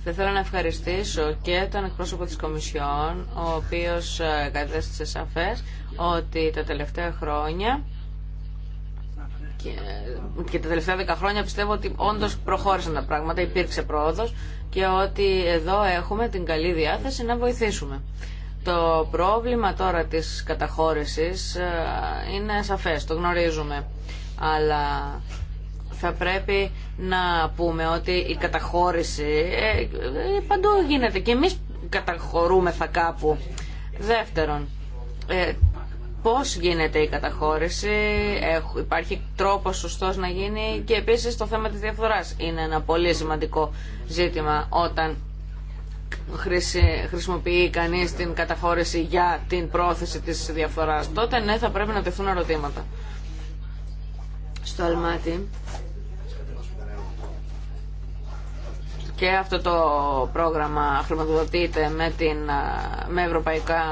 Θα θέλω να ευχαριστήσω και τον εκπρόσωπο της Κομισιόν, ο οποίος κατέστησε σαφές ότι τα τελευταία χρόνια και, και τα τελευταία δέκα χρόνια πιστεύω ότι όντως προχώρησαν τα πράγματα, υπήρξε πρόοδος και ότι εδώ έχουμε την καλή διάθεση να βοηθήσουμε. Το πρόβλημα τώρα της καταχώρησης ε, είναι σαφές, το γνωρίζουμε. Αλλά θα πρέπει να πούμε ότι η καταχώρηση ε, ε, παντού γίνεται και εμείς θα κάπου. Δεύτερον, πώς γίνεται η καταχώρηση, υπάρχει τρόπος σωστός να γίνει και επίσης το θέμα της διαφθοράς είναι ένα πολύ σημαντικό ζήτημα όταν χρησιμοποιεί κανεί την καταχώρηση για την πρόθεση της διαφοράς. τότε ναι θα πρέπει να τεθούν ερωτήματα. Στο Αλμάτι και αυτό το πρόγραμμα χρηματοδοτείται με, την, με ευρωπαϊκά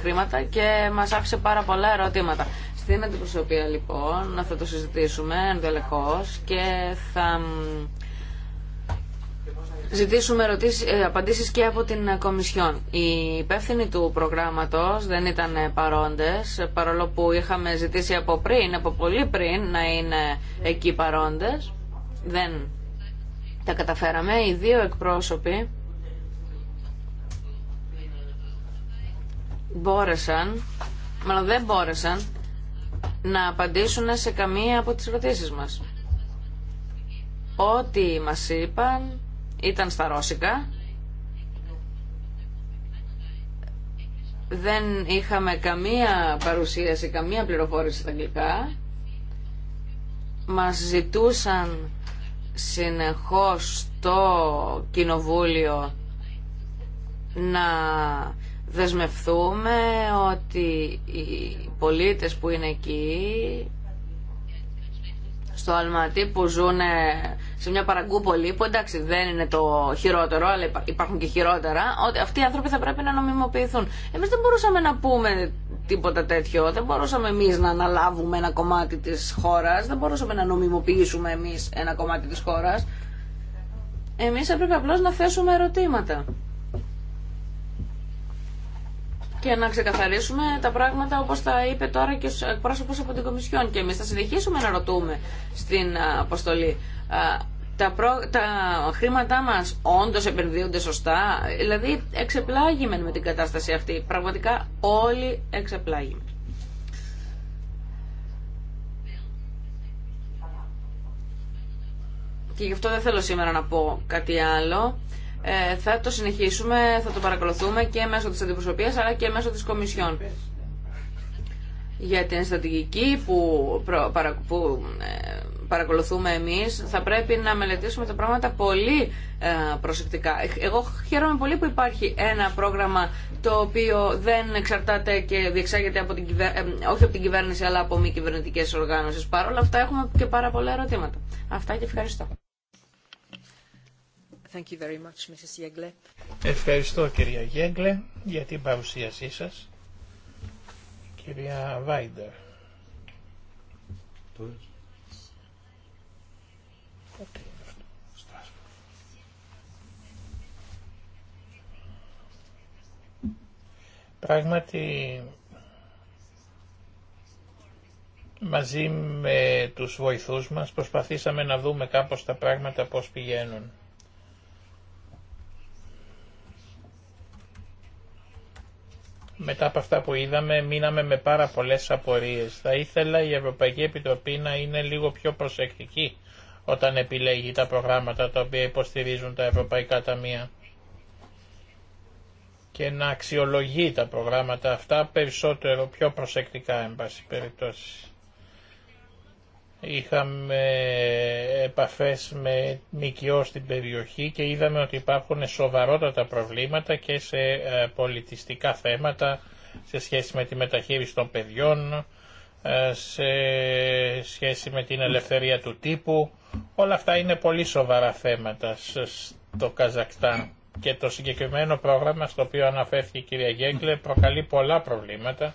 χρήματα και μας άφησε πάρα πολλά ερωτήματα. Στην αντιπροσωπεία λοιπόν θα το συζητήσουμε ενδελεχώς και θα ζητήσουμε ερωτήσεις, ε, απαντήσεις και από την Κομισιόν. Οι υπεύθυνοι του προγράμματος δεν ήταν παρόντες, παρόλο που είχαμε ζητήσει από πριν, από πολύ πριν, να είναι εκεί παρόντες. Δεν τα καταφέραμε. Οι δύο εκπρόσωποι μπόρεσαν, μάλλον δεν μπόρεσαν, να απαντήσουν σε καμία από τις ερωτήσεις μας. Ό,τι μας είπαν ήταν στα ρώσικα. Δεν είχαμε καμία παρουσίαση, καμία πληροφόρηση στα αγγλικά. Μας ζητούσαν συνεχώς το κοινοβούλιο να δεσμευθούμε ότι οι πολίτες που είναι εκεί στο Αλματί που ζουν σε μια παραγκούπολη που εντάξει δεν είναι το χειρότερο αλλά υπάρχουν και χειρότερα ότι αυτοί οι άνθρωποι θα πρέπει να νομιμοποιηθούν. Εμείς δεν μπορούσαμε να πούμε τίποτα τέτοιο, δεν μπορούσαμε εμείς να αναλάβουμε ένα κομμάτι της χώρας, δεν μπορούσαμε να νομιμοποιήσουμε εμείς ένα κομμάτι της χώρας. Εμείς έπρεπε απλώς να θέσουμε ερωτήματα και να ξεκαθαρίσουμε τα πράγματα όπως τα είπε τώρα και ο εκπρόσωπος από την Κομισιόν. Και εμείς θα συνεχίσουμε να ρωτούμε στην ε, αποστολή. Ε, τα, τα χρήματά μας όντως επενδύονται σωστά. Δηλαδή εξεπλάγημεν με την κατάσταση αυτή. Πραγματικά όλοι εξεπλάγημεν. Και γι' αυτό δεν θέλω σήμερα να πω κάτι άλλο. Ε, θα το συνεχίσουμε, θα το παρακολουθούμε και μέσω της αντιπροσωπείας αλλά και μέσω της Κομισιόν. Για την στρατηγική που, ε, παρακολουθούμε εμείς θα πρέπει να μελετήσουμε τα πράγματα πολύ ε, προσεκτικά. Εγώ χαίρομαι πολύ που υπάρχει ένα πρόγραμμα το οποίο δεν εξαρτάται και διεξάγεται από την όχι από την κυβέρνηση αλλά από μη κυβερνητικές οργάνωσεις. Παρ' όλα αυτά έχουμε και πάρα πολλά ερωτήματα. Αυτά και ευχαριστώ. Ευχαριστώ κυρία Γέγκλε για την παρουσίασή σας. Κυρία Βάιντερ. Πράγματι μαζί με τους βοηθούς μας προσπαθήσαμε να δούμε κάπως τα πράγματα πώς πηγαίνουν. μετά από αυτά που είδαμε μείναμε με πάρα πολλές απορίες. Θα ήθελα η Ευρωπαϊκή Επιτροπή να είναι λίγο πιο προσεκτική όταν επιλέγει τα προγράμματα τα οποία υποστηρίζουν τα Ευρωπαϊκά Ταμεία και να αξιολογεί τα προγράμματα αυτά περισσότερο πιο προσεκτικά εν πάση περιπτώσει είχαμε επαφές με νοικιό στην περιοχή και είδαμε ότι υπάρχουν σοβαρότατα προβλήματα και σε ε, πολιτιστικά θέματα σε σχέση με τη μεταχείριση των παιδιών, ε, σε σχέση με την ελευθερία του τύπου. Όλα αυτά είναι πολύ σοβαρά θέματα στο Καζακστάν και το συγκεκριμένο πρόγραμμα στο οποίο αναφέρθηκε η κυρία Γέγκλε προκαλεί πολλά προβλήματα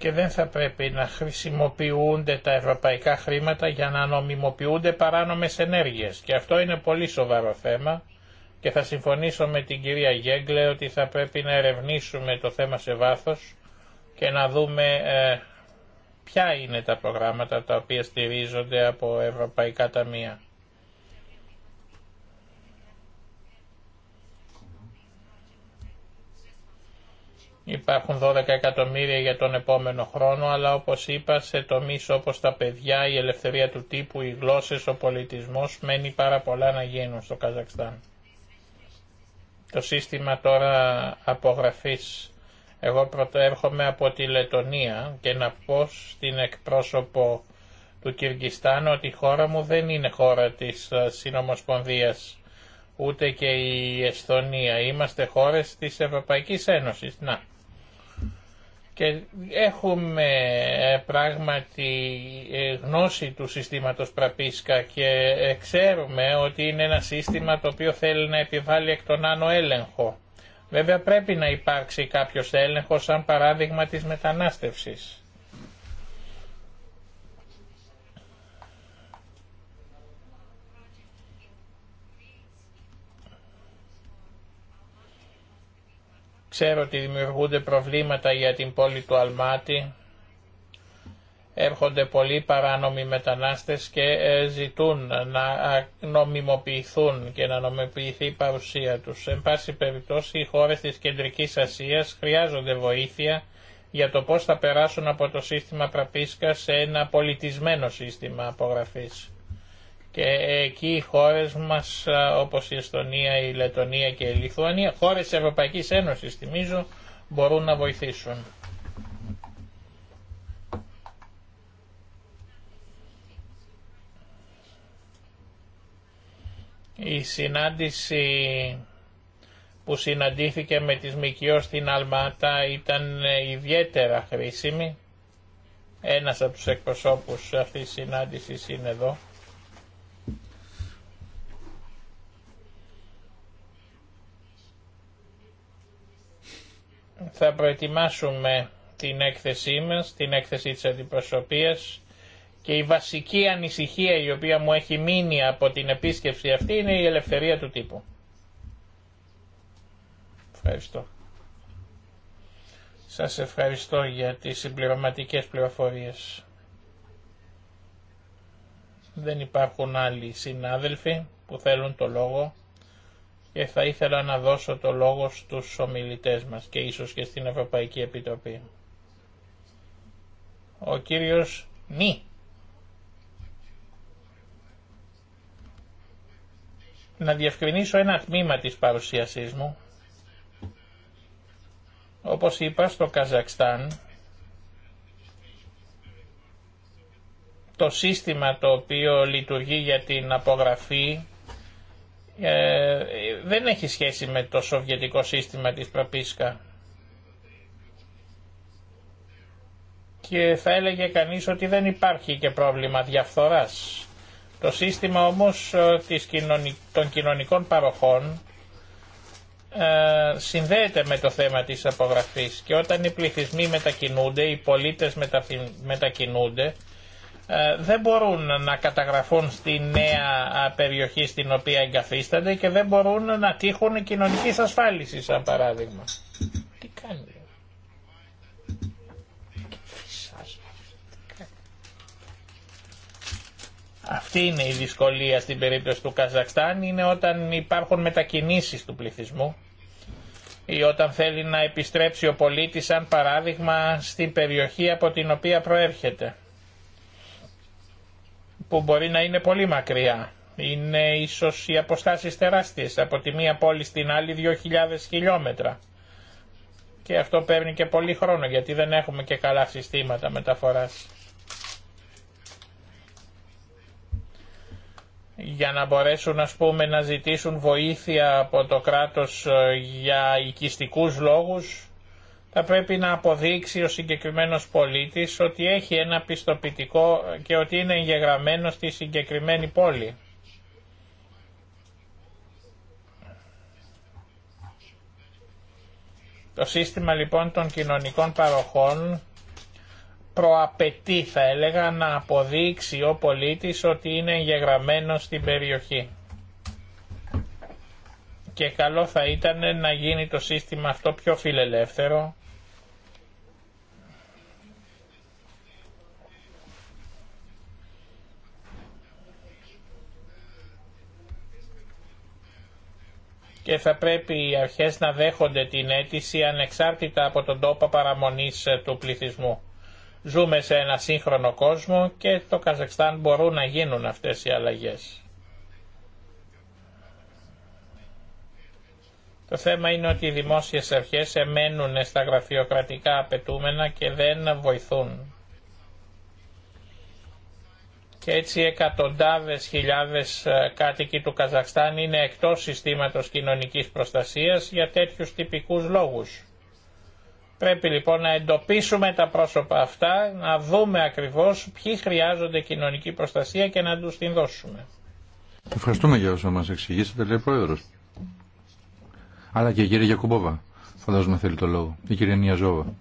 και δεν θα πρέπει να χρησιμοποιούνται τα ευρωπαϊκά χρήματα για να νομιμοποιούνται παράνομες ενέργειες. Και αυτό είναι πολύ σοβαρό θέμα και θα συμφωνήσω με την κυρία Γέγκλε ότι θα πρέπει να ερευνήσουμε το θέμα σε βάθος και να δούμε ε, ποια είναι τα προγράμματα τα οποία στηρίζονται από ευρωπαϊκά ταμεία. Υπάρχουν 12 εκατομμύρια για τον επόμενο χρόνο, αλλά όπως είπα σε τομείς όπως τα παιδιά, η ελευθερία του τύπου, οι γλώσσες, ο πολιτισμός, μένει πάρα πολλά να γίνουν στο Καζακστάν. Το σύστημα τώρα απογραφής. Εγώ πρωτοέρχομαι από τη Λετωνία και να πω στην εκπρόσωπο του Κυργιστάν ότι η χώρα μου δεν είναι χώρα της ε, Συνομοσπονδίας ούτε και η Εσθονία. Είμαστε χώρες της Ευρωπαϊκής Ένωσης. Να. Και έχουμε ε, πράγματι ε, γνώση του συστήματος Πραπίσκα και ε, ξέρουμε ότι είναι ένα σύστημα το οποίο θέλει να επιβάλλει εκ των άνω έλεγχο. Βέβαια πρέπει να υπάρξει κάποιος έλεγχος σαν παράδειγμα της μετανάστευσης. Ξέρω ότι δημιουργούνται προβλήματα για την πόλη του Αλμάτι. Έρχονται πολλοί παράνομοι μετανάστες και ε, ζητούν να νομιμοποιηθούν και να νομιμοποιηθεί η παρουσία τους. Εν πάση περιπτώσει οι χώρες της Κεντρικής Ασίας χρειάζονται βοήθεια για το πώς θα περάσουν από το σύστημα πραπίσκα σε ένα πολιτισμένο σύστημα απογραφής και εκεί οι χώρες μας όπως η Εστονία, η Λετωνία και η Λιθουανία, χώρες της Ευρωπαϊκής Ένωσης θυμίζω, μπορούν να βοηθήσουν. Η συνάντηση που συναντήθηκε με τις ΜΚΙΟ στην Αλμάτα ήταν ε, ιδιαίτερα χρήσιμη. Ένας από τους εκπροσώπους αυτής της συνάντησης είναι εδώ. θα προετοιμάσουμε την έκθεσή μας, την έκθεση της αντιπροσωπείας και η βασική ανησυχία η οποία μου έχει μείνει από την επίσκεψη αυτή είναι η ελευθερία του τύπου. Ευχαριστώ. Σας ευχαριστώ για τις συμπληρωματικές πληροφορίες. Δεν υπάρχουν άλλοι συνάδελφοι που θέλουν το λόγο και ε, θα ήθελα να δώσω το λόγο στους ομιλητές μας και ίσως και στην Ευρωπαϊκή Επιτροπή. Ο κύριος Νι. Να διευκρινίσω ένα τμήμα της παρουσίασής μου. Όπως είπα στο Καζακστάν, το σύστημα το οποίο λειτουργεί για την απογραφή ε, δεν έχει σχέση με το σοβιετικό σύστημα της Παπίσκα. Και θα έλεγε κανείς ότι δεν υπάρχει και πρόβλημα διαφθοράς. Το σύστημα όμως ε, της των κοινωνικών παροχών ε, συνδέεται με το θέμα της απογραφής και όταν οι πληθυσμοί μετακινούνται, οι πολίτες μετακινούνται, ε, δεν μπορούν να καταγραφούν στη νέα περιοχή στην οποία εγκαθίστανται και δεν μπορούν να τύχουν κοινωνικής ασφάλισης, σαν παράδειγμα. Τι κάνει. Αυτή είναι η δυσκολία στην περίπτωση του Καζακστάν, είναι όταν υπάρχουν μετακινήσεις του πληθυσμού ή όταν θέλει να επιστρέψει ο πολίτης σαν παράδειγμα στην περιοχή από την οποία προέρχεται που μπορεί να είναι πολύ μακριά. Είναι ίσως οι αποστάσεις τεράστιες, από τη μία πόλη στην άλλη 2.000 χιλιόμετρα. Και αυτό παίρνει και πολύ χρόνο γιατί δεν έχουμε και καλά συστήματα μεταφοράς. για να μπορέσουν ας πούμε να ζητήσουν βοήθεια από το κράτος ε, για οικιστικούς λόγους θα πρέπει να αποδείξει ο συγκεκριμένος πολίτης ότι έχει ένα πιστοποιητικό και ότι είναι εγγεγραμμένο στη συγκεκριμένη πόλη. Το σύστημα λοιπόν των κοινωνικών παροχών προαπαιτεί θα έλεγα να αποδείξει ο πολίτης ότι είναι εγγεγραμμένο στην περιοχή. Και καλό θα ήταν να γίνει το σύστημα αυτό πιο φιλελεύθερο και θα πρέπει οι αρχές να δέχονται την αίτηση ανεξάρτητα από τον τόπο παραμονής ε, του πληθυσμού. Ζούμε σε ένα σύγχρονο κόσμο και το Καζακστάν μπορούν να γίνουν αυτές οι αλλαγές. Το θέμα είναι ότι οι δημόσιες αρχές εμένουν στα γραφειοκρατικά απαιτούμενα και δεν βοηθούν έτσι εκατοντάδες χιλιάδες ε, κάτοικοι του Καζακστάν είναι εκτός συστήματος κοινωνικής προστασίας για τέτοιους τυπικούς λόγους. Πρέπει λοιπόν να εντοπίσουμε τα πρόσωπα αυτά, να δούμε ακριβώς ποιοι χρειάζονται κοινωνική προστασία και να τους την δώσουμε. Ευχαριστούμε για όσα μας εξηγήσατε, λέει ο Πρόεδρος. Αλλά και η κυρία Γιακουμπόβα, φαντάζομαι θέλει το λόγο, η κυρία Νιαζόβα.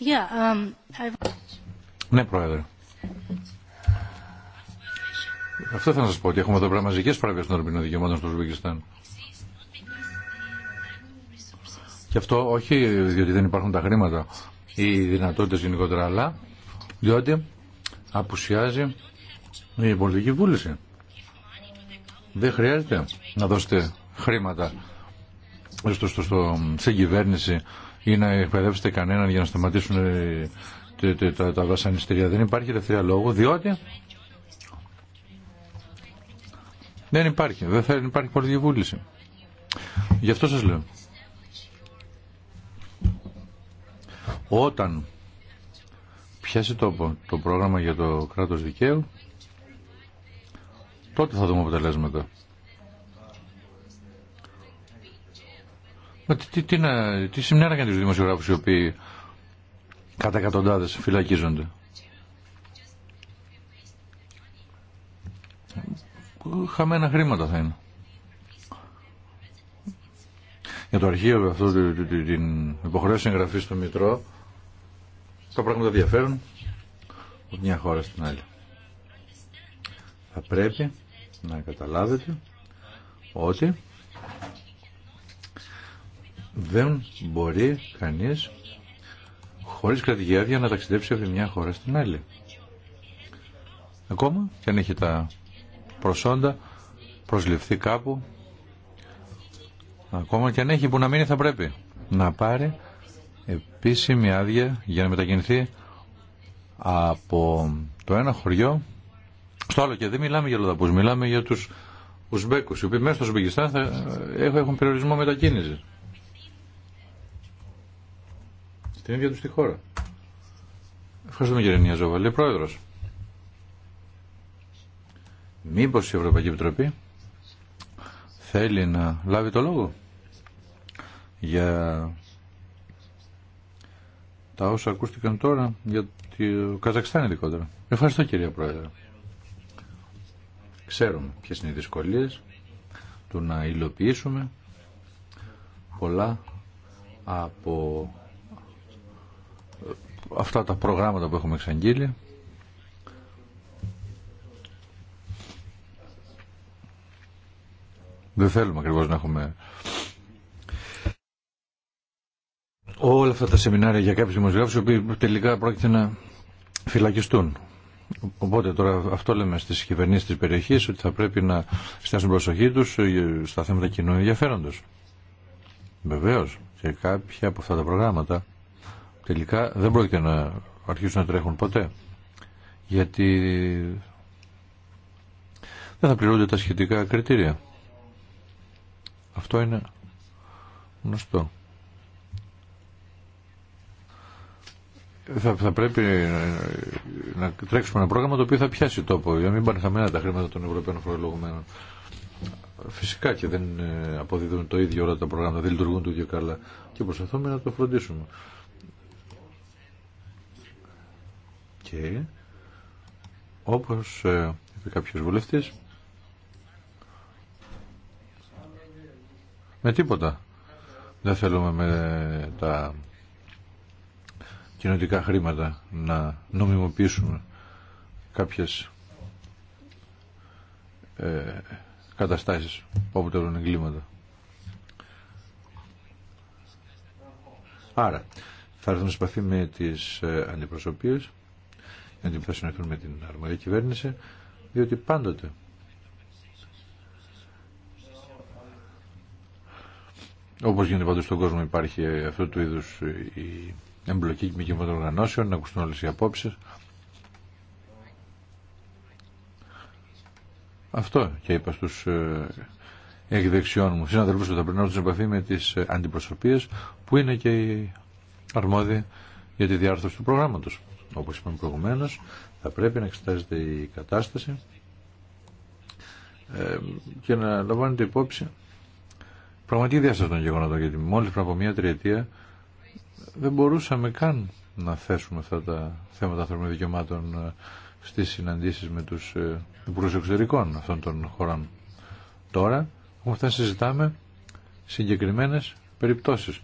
Yeah, um, ναι, Πρόεδρε. Αυτό θα σα πω ότι έχουμε εδώ μαζικέ πράγματα των ανθρωπίνων δικαιωμάτων στο Ουσβεκιστάν. Και αυτό όχι διότι δεν υπάρχουν τα χρήματα ή οι δυνατότητε γενικότερα, αλλά διότι απουσιάζει η πολιτική βούληση. Δεν χρειάζεται να δώσετε χρήματα στο, στην κυβέρνηση ή να εκπαιδεύσετε κανέναν για να σταματήσουν τα, βασανιστήρια. Δεν υπάρχει ελευθερία λόγου, διότι δεν υπάρχει. Δεν θα υπάρχει πολιτική βούληση. Γι' αυτό σας λέω. Όταν πιάσει τόπο το πρόγραμμα για το κράτος δικαίου, τότε θα δούμε αποτελέσματα. Μα τι, τι, τι, να, τι, τους δημοσιογράφους οι οποίοι Κατά εκατοντάδες φυλακίζονται. Χαμένα χρήματα θα είναι. Για το αρχείο αυτό την υποχρέωση εγγραφή στο Μητρό τα πράγματα διαφέρουν από μια χώρα στην άλλη. Θα πρέπει να καταλάβετε ότι δεν μπορεί κανείς χωρίς κρατική άδεια να ταξιδέψει από τη μια χώρα στην άλλη. Ακόμα και αν έχει τα προσόντα, προσληφθεί κάπου, ακόμα και αν έχει που να μείνει θα πρέπει να πάρει επίσημη άδεια για να μετακινηθεί από το ένα χωριό στο άλλο και δεν μιλάμε για λοδαπούς, μιλάμε για τους Ουσμπέκους, οι οποίοι μέσα στο Ουσμπεκιστάν ε, έχουν περιορισμό μετακίνησης. Την ίδια του τη χώρα. Ευχαριστούμε κύριε Νιαζόβα. Λέει πρόεδρος. Μήπως η Ευρωπαϊκή Επιτροπή θέλει να λάβει το λόγο για τα όσα ακούστηκαν τώρα για το Καζακστάν ειδικότερα. Ευχαριστώ κύριε Πρόεδρε. Ξέρουμε ποιες είναι οι δυσκολίες του να υλοποιήσουμε πολλά από αυτά τα προγράμματα που έχουμε εξαγγείλει δεν θέλουμε ακριβώς να έχουμε όλα αυτά τα σεμινάρια για κάποιους δημοσιογράφους οι οποίοι τελικά πρόκειται να φυλακιστούν. Οπότε τώρα αυτό λέμε στις κυβερνήσεις της περιοχής ότι θα πρέπει να στάσουν προσοχή τους στα θέματα κοινού ενδιαφέροντος. Βεβαίως και κάποια από αυτά τα προγράμματα τελικά δεν πρόκειται να αρχίσουν να τρέχουν ποτέ. Γιατί δεν θα πληρούνται τα σχετικά κριτήρια. Αυτό είναι γνωστό. Θα, πρέπει να τρέξουμε ένα πρόγραμμα το οποίο θα πιάσει τόπο για να μην πάνε χαμένα τα χρήματα των Ευρωπαίων φορολογουμένων. Φυσικά και δεν ε, αποδίδουν το ίδιο όλα τα προγράμματα, δεν λειτουργούν το ίδιο καλά και προσπαθούμε να το φροντίσουμε. και όπως ε, είπε κάποιος βουλευτής με τίποτα δεν θέλουμε με τα κοινωτικά χρήματα να νομιμοποιήσουμε κάποιες ε, καταστάσεις που αποτελούν εγκλήματα. Άρα, θα έρθουμε σε επαφή με τις ε, γιατί με την αρμόδια κυβέρνηση, διότι πάντοτε Όπω γίνεται παντού στον κόσμο υπάρχει αυτού του είδους η εμπλοκή μη κυβερνών οργανώσεων, να ακουστούν όλες οι απόψεις. Αυτό και είπα στους ε, εκδεξιών μου Συναδέλφου που θα πρέπει να σε επαφή με τις ε, αντιπροσωπείες που είναι και οι αρμόδιοι για τη διάρθρωση του προγράμματος. Όπως είπαμε προηγουμένως, θα πρέπει να εξετάζεται η κατάσταση ε, και να λαμβάνεται υπόψη πραγματική διάσταση των γεγονότων, γιατί μόλις πριν από μία τριετία δεν μπορούσαμε καν να θέσουμε αυτά τα θέματα ανθρώπινων δικαιωμάτων ε, στις συναντήσεις με τους ε, υπουργούς εξωτερικών αυτών των χωρών. Τώρα όμως θα συζητάμε συγκεκριμένες περιπτώσεις.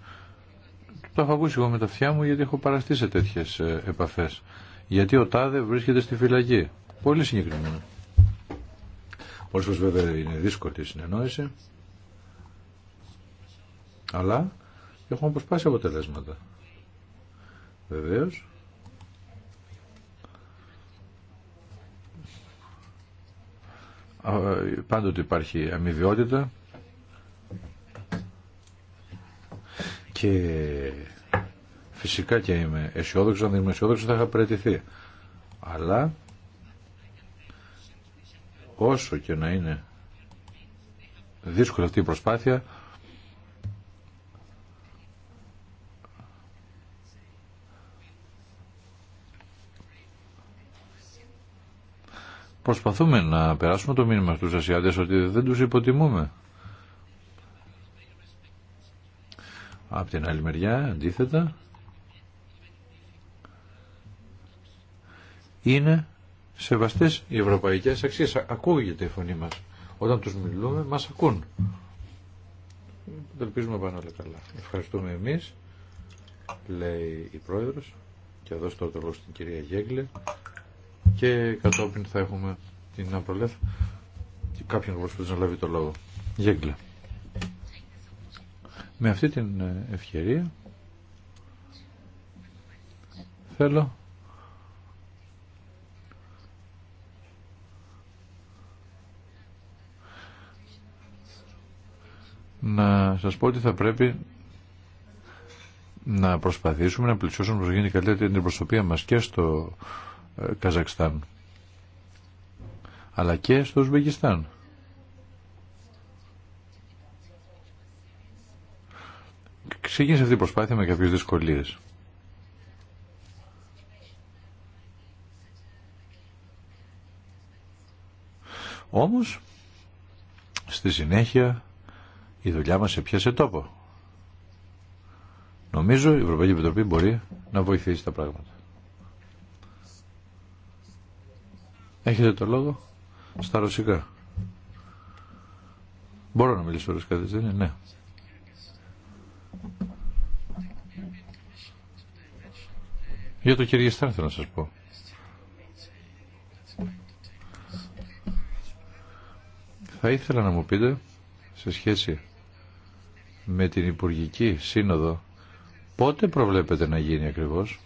Το έχω ακούσει εγώ με τα αυτιά μου γιατί έχω παραστεί σε τέτοιε επαφέ. Γιατί ο Τάδε βρίσκεται στη φυλακή. Πολύ συγκεκριμένα. Όσο βέβαια είναι δύσκολη η συνεννόηση. Αλλά έχουμε αποσπάσει αποτελέσματα. Βεβαίω. Πάντοτε υπάρχει αμοιβιότητα. Και φυσικά και είμαι αισιόδοξο, αν δεν είμαι αισιόδοξο θα είχα παραιτηθεί. Αλλά όσο και να είναι δύσκολη αυτή η προσπάθεια προσπαθούμε να περάσουμε το μήνυμα στους Ασιάτες ότι δεν τους υποτιμούμε. Από την άλλη μεριά, αντίθετα, είναι σεβαστές οι ευρωπαϊκές αξίες. Ακούγεται η φωνή μας. Όταν τους μιλούμε, μας ακούν. Ελπίζουμε πάνω όλα καλά. Ευχαριστούμε εμείς, λέει η Πρόεδρος, και εδώ στο λόγο στην κυρία Γέγκλε, και κατόπιν θα έχουμε την Απρολέθ και κάποιον προσπαθεί να λάβει το λόγο. Γέγκλε. Με αυτή την ε, ευκαιρία θέλω να σας πω ότι θα πρέπει να προσπαθήσουμε να πλησιώσουμε όπως γίνει καλύτερη την προσωπία μας και στο ε, Καζακστάν αλλά και στο Ουσβεκιστάν. ξεκίνησε αυτή η προσπάθεια με κάποιες δυσκολίες. Όμως, στη συνέχεια, η δουλειά μας έπιασε τόπο. Νομίζω η Ευρωπαϊκή Επιτροπή μπορεί να βοηθήσει τα πράγματα. Έχετε το λόγο στα ρωσικά. Μπορώ να μιλήσω ρωσικά, δεν είναι, ναι. Για το Κυριεστάν θέλω να σας πω. Θα ήθελα να μου πείτε σε σχέση με την Υπουργική Σύνοδο πότε προβλέπετε να γίνει ακριβώς.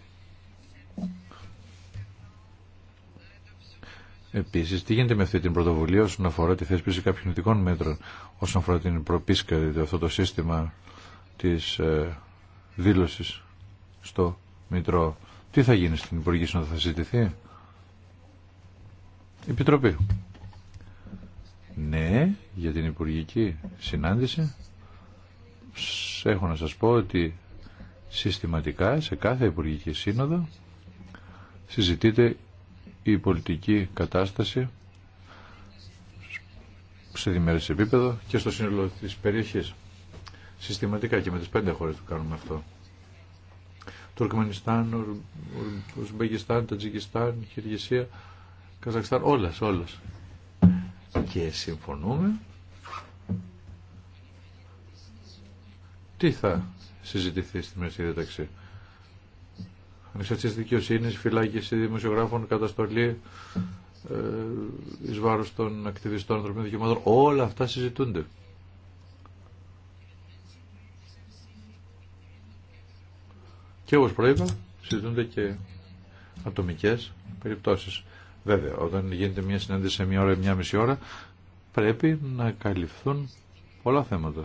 Επίσης, τι γίνεται με αυτή την πρωτοβουλία όσον αφορά τη θέσπιση κάποιων ειδικών μέτρων, όσον αφορά την προπίσκα, δηλαδή αυτό το σύστημα της ε, δήλωσης στο Μητρό. Τι θα γίνει στην Υπουργή Συνόδο, θα συζητηθεί. Επιτροπή. Ναι, για την Υπουργική Συνάντηση. Έχω να σας πω ότι συστηματικά σε κάθε Υπουργική Σύνοδο συζητείται η πολιτική κατάσταση σε διμερές επίπεδο και στο σύνολο της περιοχής. Συστηματικά και με τις πέντε χώρες που κάνουμε αυτό. Τουρκμανιστάν, Ουσμπεκιστάν, Τατζικιστάν, Χιργισία, Καζακστάν, όλες, όλες. Και συμφωνούμε τι θα συζητηθεί στη Μεσή Διαταξή. Ανεξαρτήσεις δικαιοσύνη, φυλάκιση δημοσιογράφων, καταστολή ε, εις βάρος των ακτιβιστών ανθρωπίνων δικαιωμάτων. Όλα αυτά συζητούνται. Και όπως προείπα, συζητούνται και ατομικές περιπτώσεις. Βέβαια, όταν γίνεται μια συνάντηση σε μια ώρα ή μια μισή ώρα, πρέπει να καλυφθούν πολλά θέματα.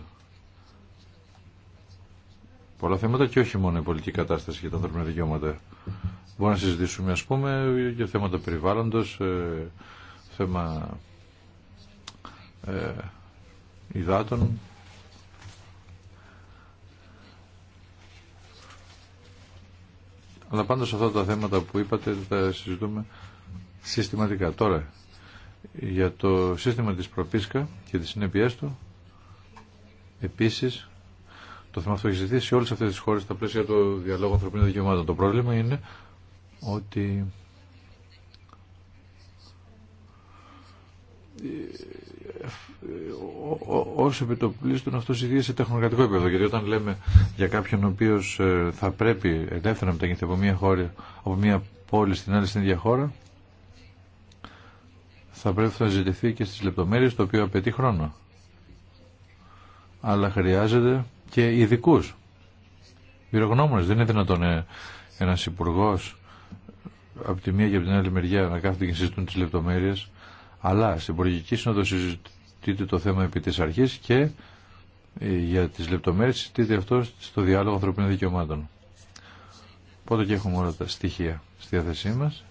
Πολλά θέματα και όχι μόνο η πολιτική κατάσταση και τα ανθρώπινα δικαιώματα. Μπορούμε να συζητήσουμε, ας πούμε, για θέματα περιβάλλοντος, ε, θέμα ε, υδάτων Αλλά πάντως αυτά τα θέματα που είπατε τα συζητούμε συστηματικά. Τώρα, για το σύστημα της προπίσκα και τις συνέπειές του, επίσης, το θέμα αυτό έχει ζητήσει σε όλες αυτές τις χώρες στα πλαίσια του διαλόγου ανθρωπίνων δικαιωμάτων. Το πρόβλημα είναι ότι ω επιτοπλίστων αυτό ιδίω σε τεχνοκρατικό επίπεδο. Γιατί όταν λέμε για κάποιον ο οποίο ε, θα πρέπει ελεύθερα να μετακινηθεί από μια χώρα, από μια πόλη στην άλλη στην ίδια χώρα, θα πρέπει να ζητηθεί και στι λεπτομέρειε το οποίο απαιτεί χρόνο. Αλλά χρειάζεται και ειδικού. Βυρογνώμονε. Δεν είναι δυνατόν ε, ένα υπουργό ε, από τη μία και από την άλλη μεριά να κάθεται και συζητούν τι λεπτομέρειε αλλά στην Υπουργική Σύνοδο συζητείται το θέμα επί της αρχής και ε, για τις λεπτομέρειες συζητείται αυτό στο διάλογο ανθρωπίνων δικαιωμάτων. Πότε και έχουμε όλα τα στοιχεία στη διάθεσή μας.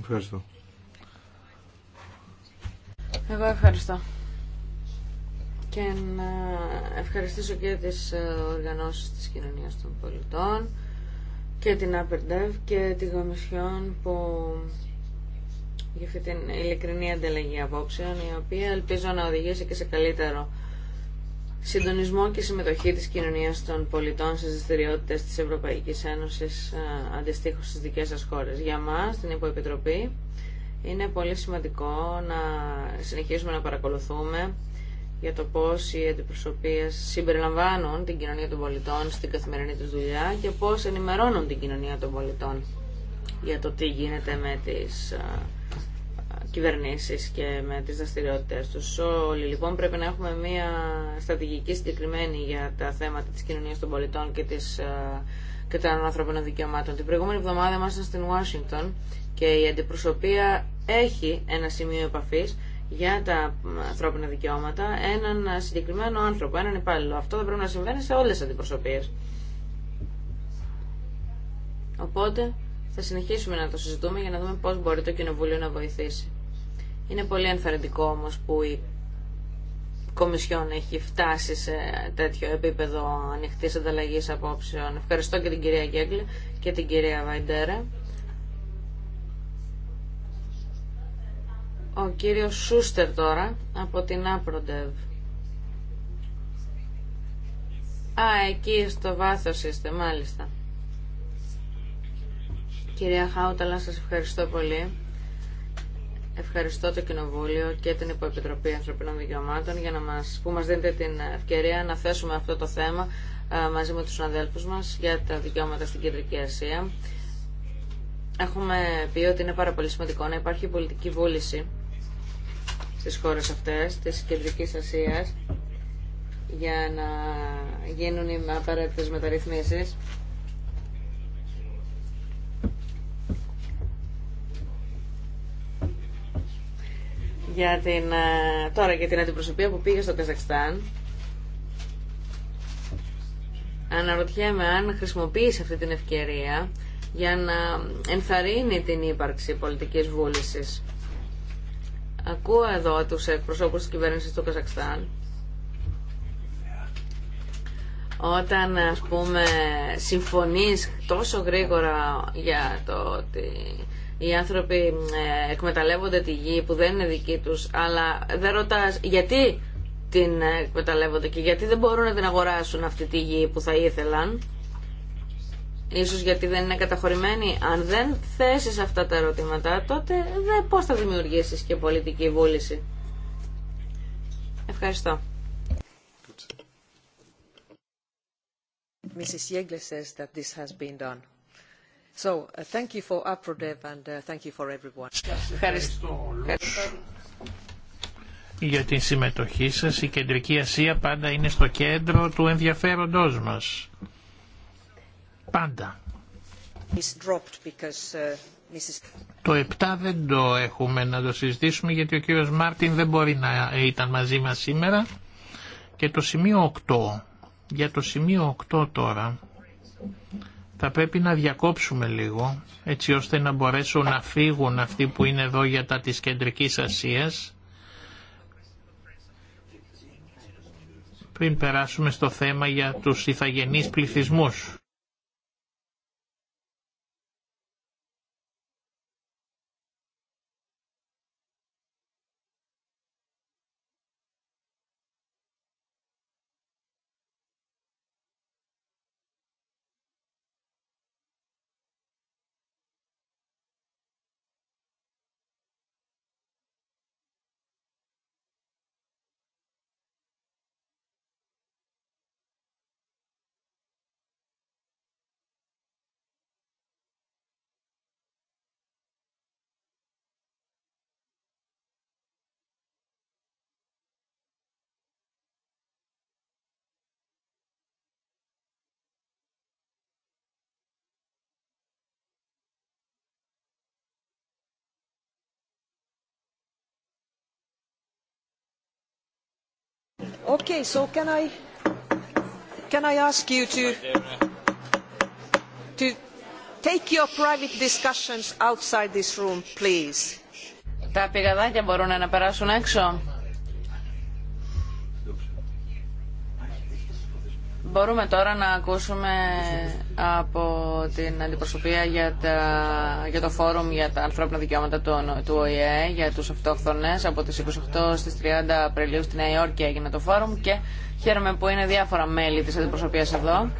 Ευχαριστώ. Εγώ ευχαριστώ και να ευχαριστήσω και τις ε, οργανώσεις της κοινωνίας των πολιτών και την Απερντεύ και τη Κομισιόν που για αυτή την ειλικρινή ανταλλαγή απόψεων η οποία ελπίζω να οδηγήσει και σε καλύτερο συντονισμό και συμμετοχή της κοινωνίας των πολιτών στις δραστηριότητε της Ευρωπαϊκής Ένωσης ε, αντιστοίχως στις δικές σας χώρες. Για μας, την Υποεπιτροπή, είναι πολύ σημαντικό να συνεχίσουμε να παρακολουθούμε για το πώ οι αντιπροσωπείε συμπεριλαμβάνουν την κοινωνία των πολιτών στην καθημερινή του δουλειά και πώ ενημερώνουν την κοινωνία των πολιτών για το τι γίνεται με τι κυβερνήσει και με τι δραστηριότητε του. Όλοι λοιπόν πρέπει να έχουμε μια στρατηγική συγκεκριμένη για τα θέματα τη κοινωνία των πολιτών και, της, και των ανθρωπίνων δικαιωμάτων. Την προηγούμενη εβδομάδα ήμασταν στην Ουάσιγκτον και η αντιπροσωπεία έχει ένα σημείο επαφής για τα ανθρώπινα δικαιώματα έναν συγκεκριμένο άνθρωπο, έναν υπάλληλο. Αυτό δεν πρέπει να συμβαίνει σε όλες τις αντιπροσωπείες. Οπότε θα συνεχίσουμε να το συζητούμε για να δούμε πώς μπορεί το Κοινοβούλιο να βοηθήσει. Είναι πολύ ενθαρρυντικό όμως που η Κομισιόν έχει φτάσει σε τέτοιο επίπεδο ανοιχτή ανταλλαγή απόψεων. Ευχαριστώ και την κυρία Γκέγκλη και την κυρία Βαϊντέρα. Ο κύριος Σούστερ τώρα από την Άπροντεβ. Α, εκεί στο βάθος είστε, μάλιστα. Κυρία Χάουταλα, σας ευχαριστώ πολύ. Ευχαριστώ το Κοινοβούλιο και την Υποεπιτροπή Ανθρωπίνων Δικαιωμάτων για να μας, που μας δίνετε την ευκαιρία να θέσουμε αυτό το θέμα μαζί με τους αδέλφους μας για τα δικαιώματα στην Κεντρική Ασία. Έχουμε πει ότι είναι πάρα πολύ σημαντικό να υπάρχει πολιτική βούληση στις χώρες αυτές της Κεντρικής Ασίας για να γίνουν οι απαραίτητες μεταρρυθμίσεις. Για την, ε, τώρα για την αντιπροσωπεία που πήγε στο Καζακστάν αναρωτιέμαι αν χρησιμοποιήσει αυτή την ευκαιρία για να ενθαρρύνει την ύπαρξη πολιτικής βούλησης Ακούω εδώ τους εκπροσώπους της κυβέρνησης του Καζακστάν όταν ας πούμε συμφωνείς τόσο γρήγορα για το ότι οι άνθρωποι ε, εκμεταλλεύονται τη γη που δεν είναι δική τους αλλά δεν ρωτάς γιατί την εκμεταλλεύονται και γιατί δεν μπορούν να την αγοράσουν αυτή τη γη που θα ήθελαν ίσως γιατί δεν είναι καταχωρημένοι, αν δεν θέσεις αυτά τα ερωτήματα, τότε δε, πώς θα δημιουργήσεις και πολιτική βούληση. Ευχαριστώ. Mrs. says that this has been done. So, uh, thank you for APRODEV and uh, thank you for everyone. Ευχαριστώ. για την συμμετοχή σας. Η Κεντρική Ασία πάντα είναι στο κέντρο του ενδιαφέροντός μας. Πάντα. Uh, το 7 δεν το έχουμε να το συζητήσουμε γιατί ο κύριος Μάρτιν δεν μπορεί να ήταν μαζί μας σήμερα. Και το σημείο 8, για το σημείο 8 τώρα, θα πρέπει να διακόψουμε λίγο έτσι ώστε να μπορέσουν να φύγουν αυτοί που είναι εδώ για τα της Κεντρικής Ασίας πριν περάσουμε στο θέμα για τους ηθαγενείς πληθυσμούς. Okay, so can I can I ask you to to take your private discussions outside this room, please. Τα πηγαδάκια μπορούν να περάσουν έξω. Μπορούμε τώρα να ακούσουμε από την αντιπροσωπεία για, τα, για το φόρουμ για τα ανθρώπινα δικαιώματα του, του ΟΗΕ για τους αυτόχθονες από τις 28 στις 30 Απριλίου στην Νέα Υόρκη έγινε το φόρουμ και χαίρομαι που είναι διάφορα μέλη της αντιπροσωπείας εδώ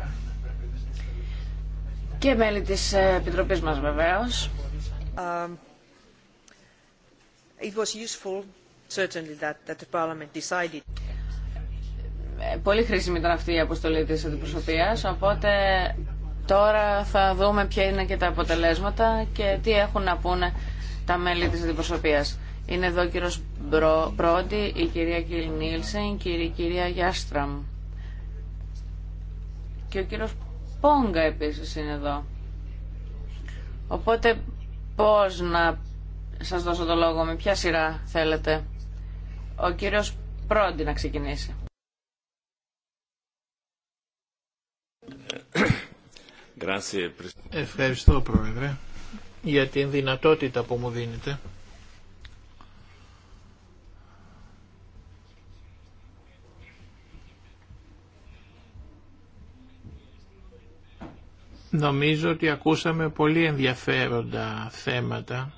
και μέλη της Επιτροπής μας βεβαίως. Um, πολύ χρήσιμη ήταν αυτή η αποστολή της αντιπροσωπείας, οπότε τώρα θα δούμε ποια είναι και τα αποτελέσματα και τι έχουν να πούνε τα μέλη της αντιπροσωπείας. Είναι εδώ ο κύριος Πρόντι, η κυρία Κιλ Νίλσεν και η κυρία Γιάστραμ. Και ο κύριος Πόγκα επίσης είναι εδώ. Οπότε πώς να σας δώσω το λόγο, με ποια σειρά θέλετε. Ο κύριος Πρόντι να ξεκινήσει. Ευχαριστώ Πρόεδρε για την δυνατότητα που μου δίνετε. Νομίζω ότι ακούσαμε πολύ ενδιαφέροντα θέματα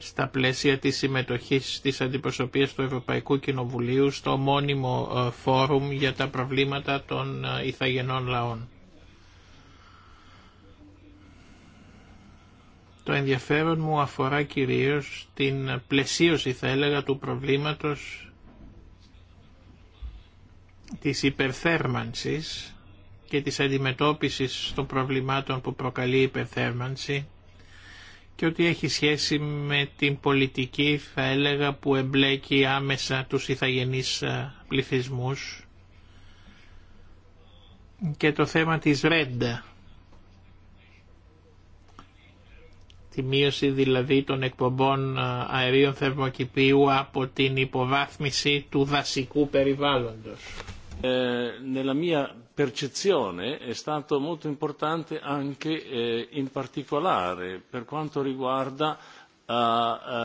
στα πλαίσια της συμμετοχής της αντιπροσωπείας του Ευρωπαϊκού Κοινοβουλίου στο μόνιμο ε, φόρουμ για τα προβλήματα των Ιθαγενών ε, λαών. Το ενδιαφέρον μου αφορά κυρίως την πλαισίωση θα έλεγα του προβλήματος της υπερθέρμανσης και της αντιμετώπισης των προβλημάτων που προκαλεί η υπερθέρμανση και ότι έχει σχέση με την πολιτική, θα έλεγα, που εμπλέκει άμεσα τους ηθαγενείς ε, πληθυσμούς και το θέμα της ρέντα. Τη μείωση δηλαδή των εκπομπών ε, αερίων θερμοκηπίου από την υποβάθμιση του δασικού περιβάλλοντος. Ε, percezione è stato molto importante anche eh, in particolare per quanto riguarda eh, eh,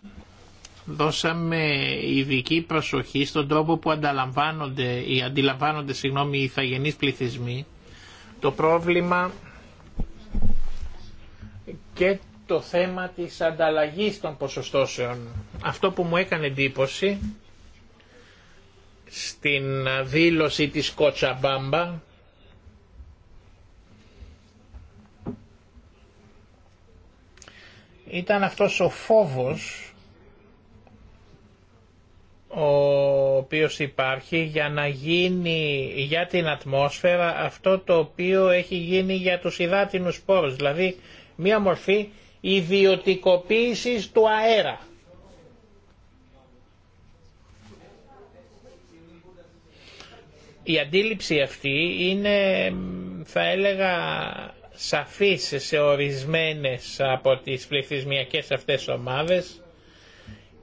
δώσαμε ειδική προσοχή στον τρόπο που ανταλαμβάνονται ή αντιλαμβάνονται συγγνώμη, οι ηθαγενείς πληθυσμοί το πρόβλημα και το θέμα της ανταλλαγής των ποσοστώσεων. Αυτό που μου έκανε εντύπωση στην δήλωση της Κοτσαμπάμπα ήταν αυτός ο φόβος ο οποίος υπάρχει για να γίνει για την ατμόσφαιρα αυτό το οποίο έχει γίνει για τους υδάτινους πόρους, δηλαδή μία μορφή ιδιωτικοποίησης του αέρα. Η αντίληψη αυτή είναι θα έλεγα σαφής σε ορισμένες από τις πληθυσμιακές αυτές ομάδες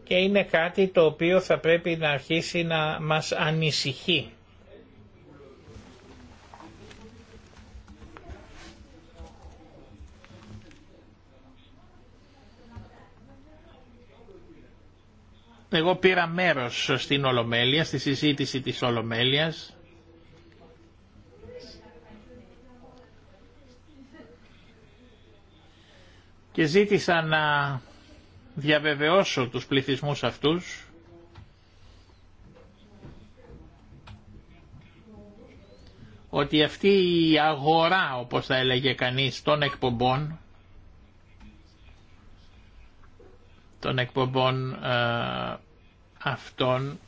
και είναι κάτι το οποίο θα πρέπει να αρχίσει να μας ανησυχεί. Εγώ πήρα μέρος στην Ολομέλεια, στη συζήτηση της Ολομέλειας και ζήτησα να διαβεβαιώσω τους πληθυσμούς αυτούς ότι αυτή η αγορά, όπως θα έλεγε κανείς, των εκπομπών των εκπομπών ε, αυτών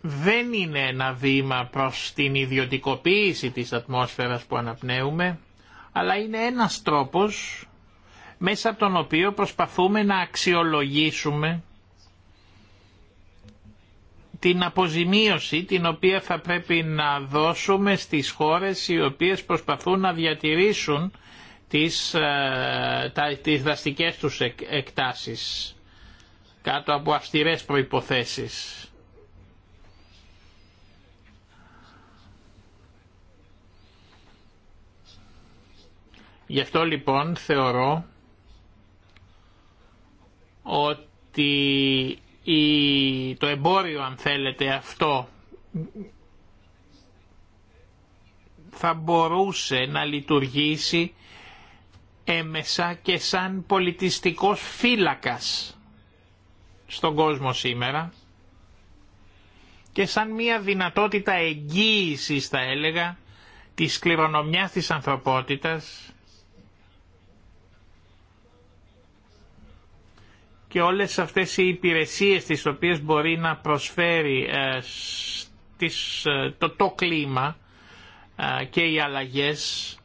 δεν είναι ένα βήμα προς την ιδιωτικοποίηση της ατμόσφαιρας που αναπνέουμε αλλά είναι ένας τρόπος μέσα από τον οποίο προσπαθούμε να αξιολογήσουμε την αποζημίωση την οποία θα πρέπει να δώσουμε στις χώρες οι οποίες προσπαθούν να διατηρήσουν τις, ε, τα, τις δραστικές τους εκτάσεις κάτω από αυστηρές προϋποθέσεις. Γι' αυτό λοιπόν θεωρώ ότι η, το εμπόριο αν θέλετε αυτό θα μπορούσε να λειτουργήσει έμεσα και σαν πολιτιστικός φύλακας στον κόσμο σήμερα και σαν μια δυνατότητα εγγύησης θα έλεγα της κληρονομιάς της ανθρωπότητας και όλες αυτές οι υπηρεσίες τις οποίες μπορεί να προσφέρει ε, ε, το, το κλίμα ε, και οι αλλαγές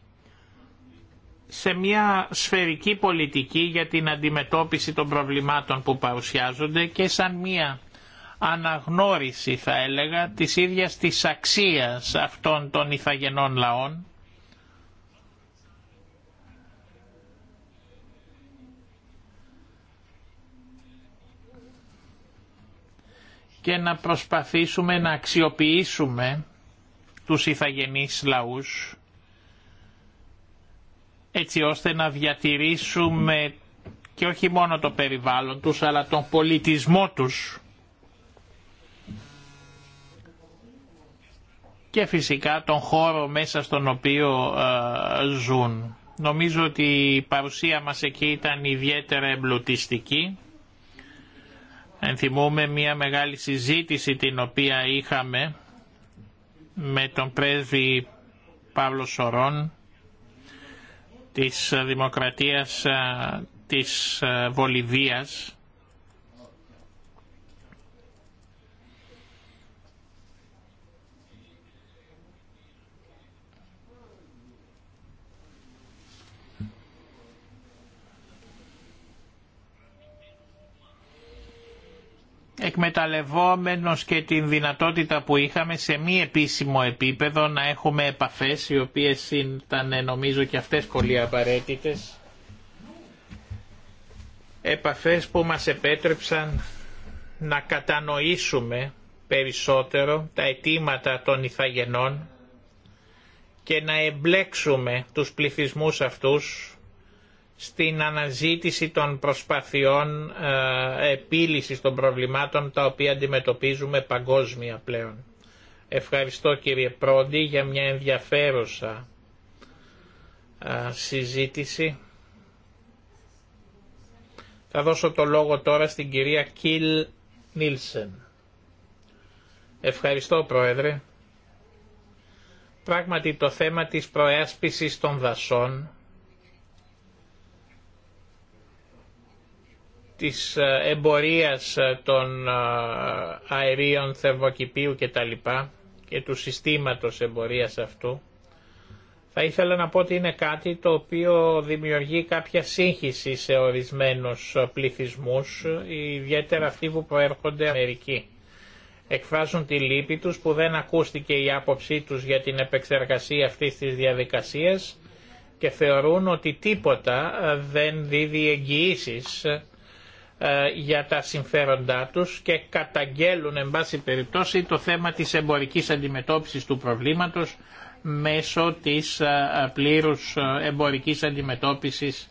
σε μια σφαιρική πολιτική για την αντιμετώπιση των προβλημάτων που παρουσιάζονται και σαν μια αναγνώριση θα έλεγα της ίδιας της αξίας αυτών των ηθαγενών λαών και να προσπαθήσουμε να αξιοποιήσουμε τους ηθαγενείς λαούς έτσι ώστε να διατηρήσουμε και όχι μόνο το περιβάλλον τους αλλά τον πολιτισμό τους και φυσικά τον χώρο μέσα στον οποίο ε, ζουν. Νομίζω ότι η παρουσία μας εκεί ήταν ιδιαίτερα εμπλουτιστική Ενθυμούμε μια μεγάλη συζήτηση την οποία είχαμε με τον πρέσβη Παύλο Σορών της Δημοκρατίας ε, της ε, Βολιβίας εκμεταλλευόμενος και την δυνατότητα που είχαμε σε μη επίσημο επίπεδο να έχουμε επαφές οι οποίες ήταν νομίζω και αυτές πολύ απαραίτητες επαφές που μας επέτρεψαν να κατανοήσουμε περισσότερο τα αιτήματα των ηθαγενών και να εμπλέξουμε τους πληθυσμούς αυτούς στην αναζήτηση των προσπαθειών ε, επίλυσης των προβλημάτων τα οποία αντιμετωπίζουμε παγκόσμια πλέον. Ευχαριστώ κύριε Πρόντι για μια ενδιαφέρουσα ε, συζήτηση. Θα δώσω το λόγο τώρα στην κυρία Κιλ Νίλσεν. Ευχαριστώ Πρόεδρε. Πράγματι το θέμα της προέσπισης των δασών της ε, εμπορίας ε, των ε, αερίων θερμοκηπίου και τα λοιπά και του συστήματος εμπορίας αυτού θα ήθελα να πω ότι είναι κάτι το οποίο δημιουργεί κάποια σύγχυση σε ορισμένους πληθυσμούς ιδιαίτερα αυτοί που προέρχονται Αμερική. Εκφράζουν τη λύπη τους που δεν ακούστηκε η άποψή τους για την επεξεργασία αυτής της διαδικασίας και θεωρούν ότι τίποτα δεν δίδει εγγυήσεις ε, για τα συμφέροντά τους και καταγγέλουν εν πάση περιπτώσει το θέμα της εμπορικής αντιμετώπισης του προβλήματος μέσω της ε, πλήρους ε, εμπορικής αντιμετώπισης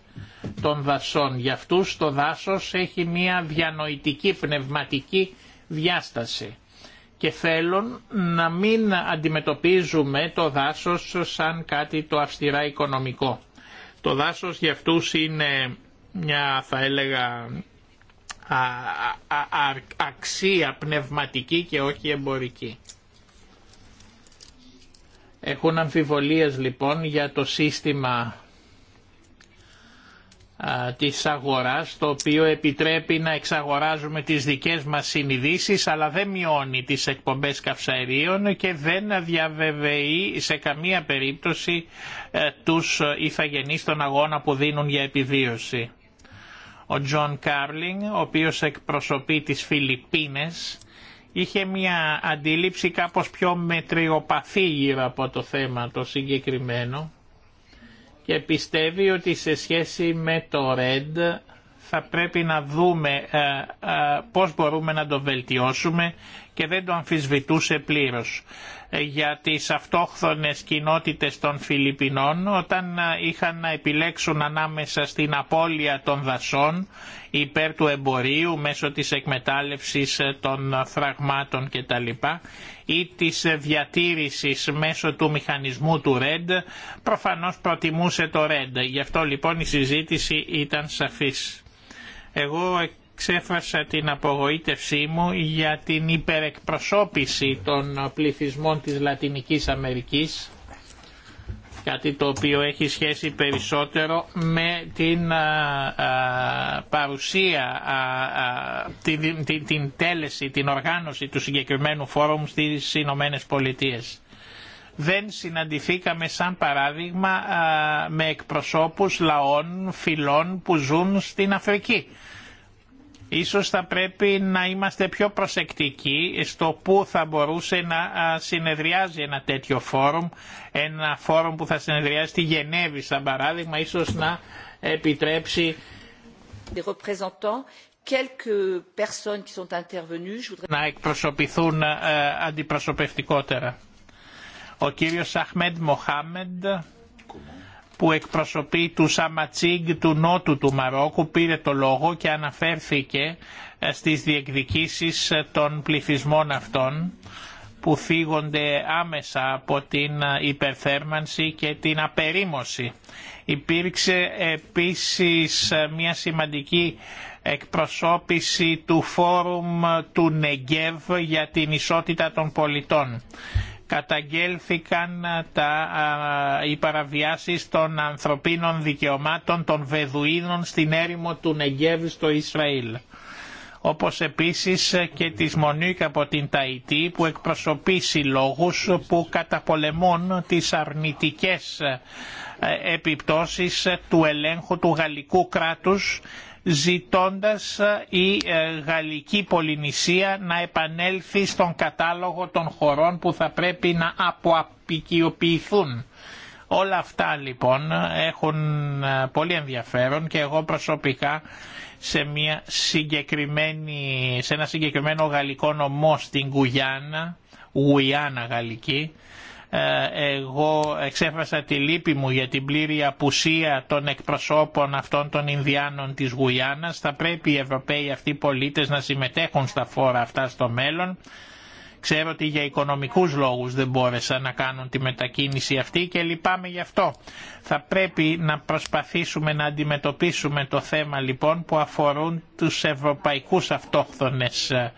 των δασών. Για αυτούς το δάσος έχει μια διανοητική πνευματική διάσταση και θέλουν να μην αντιμετωπίζουμε το δάσος σαν κάτι το αυστηρά οικονομικό. Το δάσος για αυτούς είναι μια θα έλεγα αξία πνευματική και όχι εμπορική. Έχουν αμφιβολίες λοιπόν για το σύστημα της αγοράς το οποίο επιτρέπει να εξαγοράζουμε τις δικές μας συνειδήσεις αλλά δεν μειώνει τις εκπομπές καυσαερίων και δεν διαβεβαιεί σε καμία περίπτωση ε, τους ηθαγενείς των αγώνα που δίνουν για επιβίωση. Ο Τζον Κάρλινγκ, ο οποίος εκπροσωπεί τις Φιλιππίνες, είχε μια αντίληψη κάπως πιο μετριοπαθή γύρω από το θέμα το συγκεκριμένο και πιστεύει ότι σε σχέση με το RED θα πρέπει να δούμε ε, ε, πώς μπορούμε να το βελτιώσουμε και δεν το αμφισβητούσε πλήρως για τις αυτόχθονες κοινότητες των Φιλιππινών όταν ε, είχαν να επιλέξουν ανάμεσα στην απώλεια των δασών υπέρ του εμπορίου μέσω της εκμετάλλευσης ε, των φραγμάτων κτλ ή της διατήρησης μέσω του μηχανισμού του ΡΕΝΤ προφανώς προτιμούσε το ΡΕΝΤ. Γι' αυτό λοιπόν η συζήτηση ήταν σαφής. Εγώ ξέφρασα την απογοήτευσή μου για την υπερεκπροσώπηση των πληθυσμών της Λατινικής Αμερικής κάτι το οποίο έχει σχέση περισσότερο με την παρουσία, την, τέλεση, την οργάνωση του συγκεκριμένου φόρουμ στις Ηνωμένε Πολιτείες. Δεν συναντηθήκαμε σαν παράδειγμα με εκπροσώπους λαών, φυλών που ζουν στην Αφρική Ίσως θα πρέπει να είμαστε πιο προσεκτικοί στο πού θα μπορούσε να συνεδριάζει ένα τέτοιο φόρουμ, ένα φόρουμ που θα συνεδριάζει στη Γενέβη, σαν παράδειγμα, ίσως να επιτρέψει να εκπροσωπηθούν αντιπροσωπευτικότερα. Ο κύριος Αχμέντ Μοχάμεντ που εκπροσωπεί του Σαματσίγκ του Νότου του Μαρόκου πήρε το λόγο και αναφέρθηκε ε, στις διεκδικήσεις ε, των πληθυσμών αυτών που φύγονται άμεσα από την ε, υπερθέρμανση και την απερίμωση. Υπήρξε επίσης μια σημαντική εκπροσώπηση του Φόρουμ του Νεγκεύ για την ισότητα των πολιτών καταγγέλθηκαν ε, τα, ε, οι παραβιάσεις των ανθρωπίνων δικαιωμάτων των Βεδουίνων στην έρημο του Νεγκέβ στο Ισραήλ. Όπως επίσης ε, και της Μονίκ από την Ταϊτή που εκπροσωπεί συλλόγους που καταπολεμούν τις αρνητικές επιπτώσεις του ελέγχου του γαλλικού κράτους ζητώντας ε, η ε, γαλλική πολυνησία να επανέλθει στον κατάλογο των χωρών που θα πρέπει να αποαπικιοποιηθούν. Όλα αυτά λοιπόν έχουν ε, πολύ ενδιαφέρον και εγώ προσωπικά σε, μια συγκεκριμένη, σε ένα συγκεκριμένο γαλλικό νομό στην Γουιάννα, Γουιάννα γαλλική, ε, εγώ εξέφρασα τη λύπη μου για την πλήρη απουσία των εκπροσώπων αυτών των Ινδιάνων της Γουιάνας. Θα πρέπει οι Ευρωπαίοι αυτοί πολίτες να συμμετέχουν στα φόρα αυτά στο μέλλον. Ξέρω ότι για οικονομικούς λόγους δεν μπόρεσαν να κάνουν τη μετακίνηση αυτή και λυπάμαι γι' αυτό. Θα πρέπει να προσπαθήσουμε να αντιμετωπίσουμε το θέμα λοιπόν που αφορούν τους ευρωπαϊκούς αυτόχθονες ε,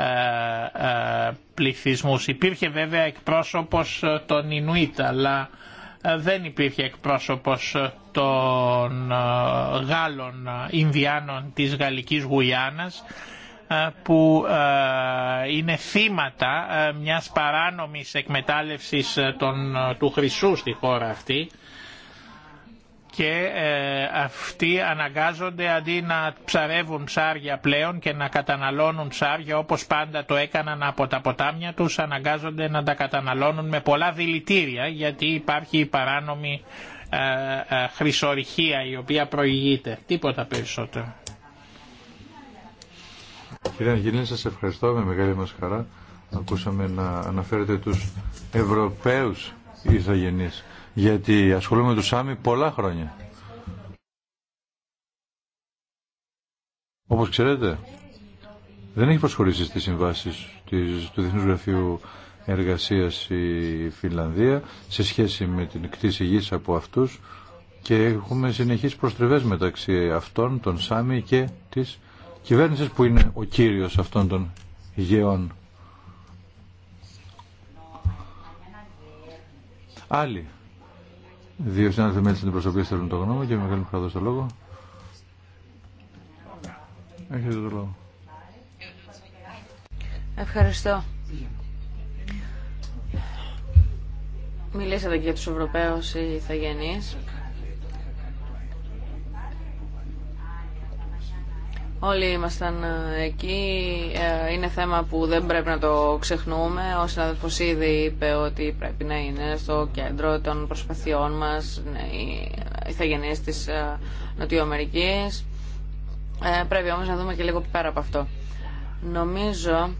ε, ε, πληθυσμούς. Υπήρχε βέβαια εκπρόσωπος ε, των Ινουίτ, αλλά δεν υπήρχε εκπρόσωπος των Γάλλων Ινδιάνων της Γαλλικής Γουιάνας που είναι θύματα μιας παράνομης εκμετάλλευσης των, του χρυσού στη χώρα αυτή και ε, αυτοί αναγκάζονται αντί να ψαρεύουν ψάρια πλέον και να καταναλώνουν ψάρια όπως πάντα το έκαναν από τα ποτάμια τους αναγκάζονται να τα καταναλώνουν με πολλά δηλητήρια γιατί υπάρχει η παράνομη ε, ε, χρυσορυχία η οποία προηγείται. Τίποτα περισσότερο. Κύριε Αγγελίνη, σας ευχαριστώ με μεγάλη μας χαρά. Ακούσαμε να αναφέρετε τους Ευρωπαίους ηθαγενείς γιατί ασχολούμαι με τους Σάμι πολλά χρόνια. Όπως ξέρετε, δεν έχει προσχωρήσει στις συμβάσεις του Διεθνούς Γραφείου Εργασίας η Φιλανδία σε σχέση με την κτήση γης από αυτούς και έχουμε συνεχείς προστριβές μεταξύ αυτών, των Σάμι και της κυβέρνησης που είναι ο κύριος αυτών των γεών. Άλλοι Δύο συνάδελφοι μέλη στην προσωπία στέλνουν το γνώμη και μεγάλη μου χαρά το λόγο. Έχετε το λόγο. Ευχαριστώ. Μιλήσατε και για τους Ευρωπαίους ή Ιθαγενείς. Όλοι ήμασταν ε, εκεί. Ε, είναι θέμα που δεν πρέπει να το ξεχνούμε. Ο συνάδελφος ήδη είπε ότι πρέπει να είναι στο κέντρο των προσπαθειών μας ναι, οι ηθαγενείς της ε, Νοτιοαμερικής. Πρέπει όμως να δούμε και λίγο πέρα από αυτό. Νομίζω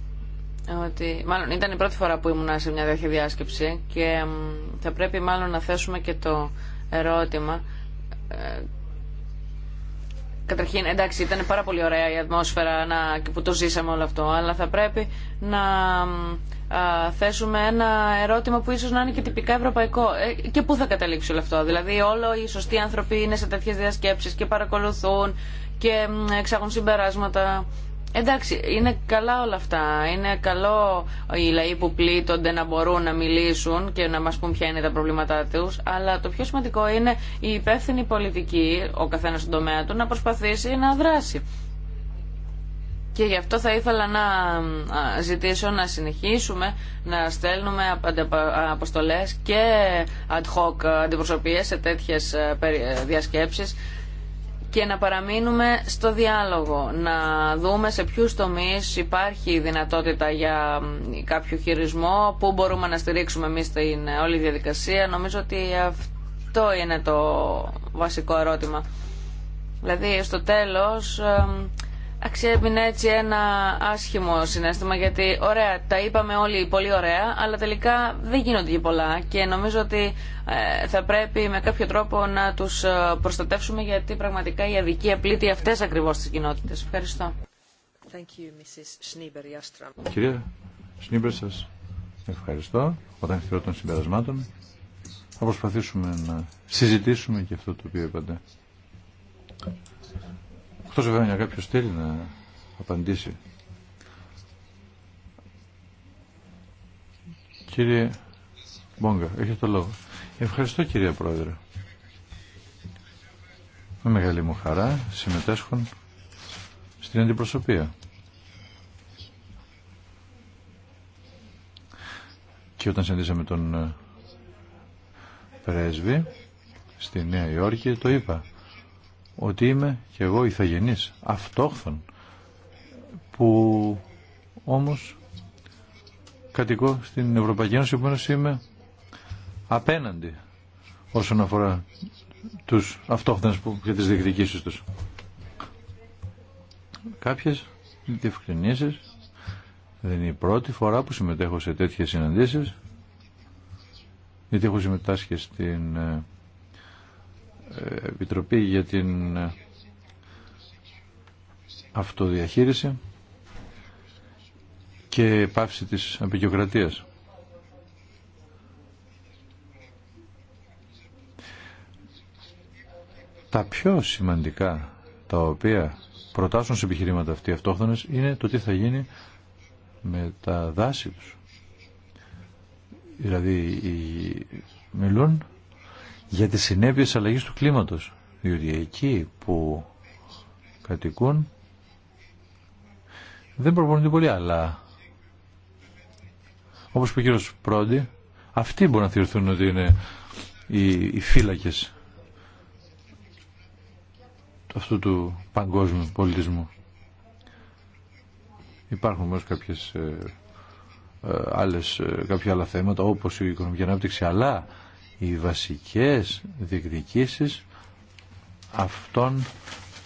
ότι μάλλον ήταν η πρώτη φορά που ήμουν σε μια τέτοια διάσκεψη και θα πρέπει μάλλον να θέσουμε και το ερώτημα Καταρχήν, εντάξει, ήταν πάρα πολύ ωραία η ατμόσφαιρα να, που το ζήσαμε όλο αυτό, αλλά θα πρέπει να θέσουμε ένα ερώτημα που ίσως να είναι και τυπικά ευρωπαϊκό. Ε, και πού θα καταλήξει όλο αυτό. Δηλαδή, όλο οι σωστοί άνθρωποι είναι σε τέτοιες διασκέψεις και παρακολουθούν και εξάγουν συμπεράσματα. Εντάξει, είναι καλά όλα αυτά. Είναι καλό οι λαοί που πλήττονται να μπορούν να μιλήσουν και να μας πούν ποια είναι τα προβλήματά τους, αλλά το πιο σημαντικό είναι η υπεύθυνη πολιτική, ο καθένας στον τομέα του, να προσπαθήσει να δράσει. Και γι' αυτό θα ήθελα να ζητήσω να συνεχίσουμε να στέλνουμε αποστολές και ad hoc αντιπροσωπείες σε τέτοιες ε, ε, διασκέψεις και να παραμείνουμε στο διάλογο, να δούμε σε ποιους τομείς υπάρχει δυνατότητα για κάποιο χειρισμό, πού μπορούμε να στηρίξουμε εμείς την όλη διαδικασία. Νομίζω ότι αυτό είναι το βασικό ερώτημα. Δηλαδή στο τέλος Αξιέμεινε έτσι ένα άσχημο συνέστημα γιατί ωραία, τα είπαμε όλοι πολύ ωραία αλλά τελικά δεν γίνονται και πολλά και νομίζω ότι ε, θα πρέπει με κάποιο τρόπο να τους ε, προστατεύσουμε γιατί πραγματικά η αδικία πλήττει αυτές ακριβώς τις κοινότητες. Ευχαριστώ. Thank you, Κυρία Σνίμπερ, σας ευχαριστώ. Όταν χειρώ των συμπερασμάτων θα προσπαθήσουμε να συζητήσουμε και αυτό το οποίο είπατε. Εκτός βέβαια κάποιος θέλει να απαντήσει. Κύριε Μπόγκα, έχετε το λόγο. Ευχαριστώ κύριε Πρόεδρε. Με μεγάλη μου χαρά συμμετέσχουν στην αντιπροσωπεία. Και όταν συναντήσαμε τον ε, πρέσβη στη Νέα Υόρκη το είπα ότι είμαι και εγώ ηθαγενής, αυτόχθον, που όμως κατοικώ στην Ευρωπαϊκή Ένωση, που είμαι απέναντι όσον αφορά τους αυτόχθενες που, και τις διεκδικήσεις τους. Κάποιες διευκρινήσεις δεν είναι η πρώτη φορά που συμμετέχω σε τέτοιες συναντήσεις γιατί έχω συμμετάσχει στην ε, Επιτροπή για την αυτοδιαχείριση και πάυση της απεικιοκρατίας. Τα πιο σημαντικά τα οποία προτάσουν σε επιχειρήματα αυτοί αυτόχθονες είναι το τι θα γίνει με τα δάση τους. Δηλαδή μιλούν για τις συνέπειες αλλαγής του κλίματος. Διότι εκεί που κατοικούν δεν προπονούνται πολύ, αλλά όπως είπε ο κύριος Πρόντι, αυτοί μπορούν να θεωρηθούν ότι είναι οι, οι φύλακες αυτού του παγκόσμιου πολιτισμού. Υπάρχουν όμως κάποιες, ε, ε άλλες, ε, κάποια άλλα θέματα όπως η οικονομική ανάπτυξη αλλά οι βασικές διεκδικήσεις αυτών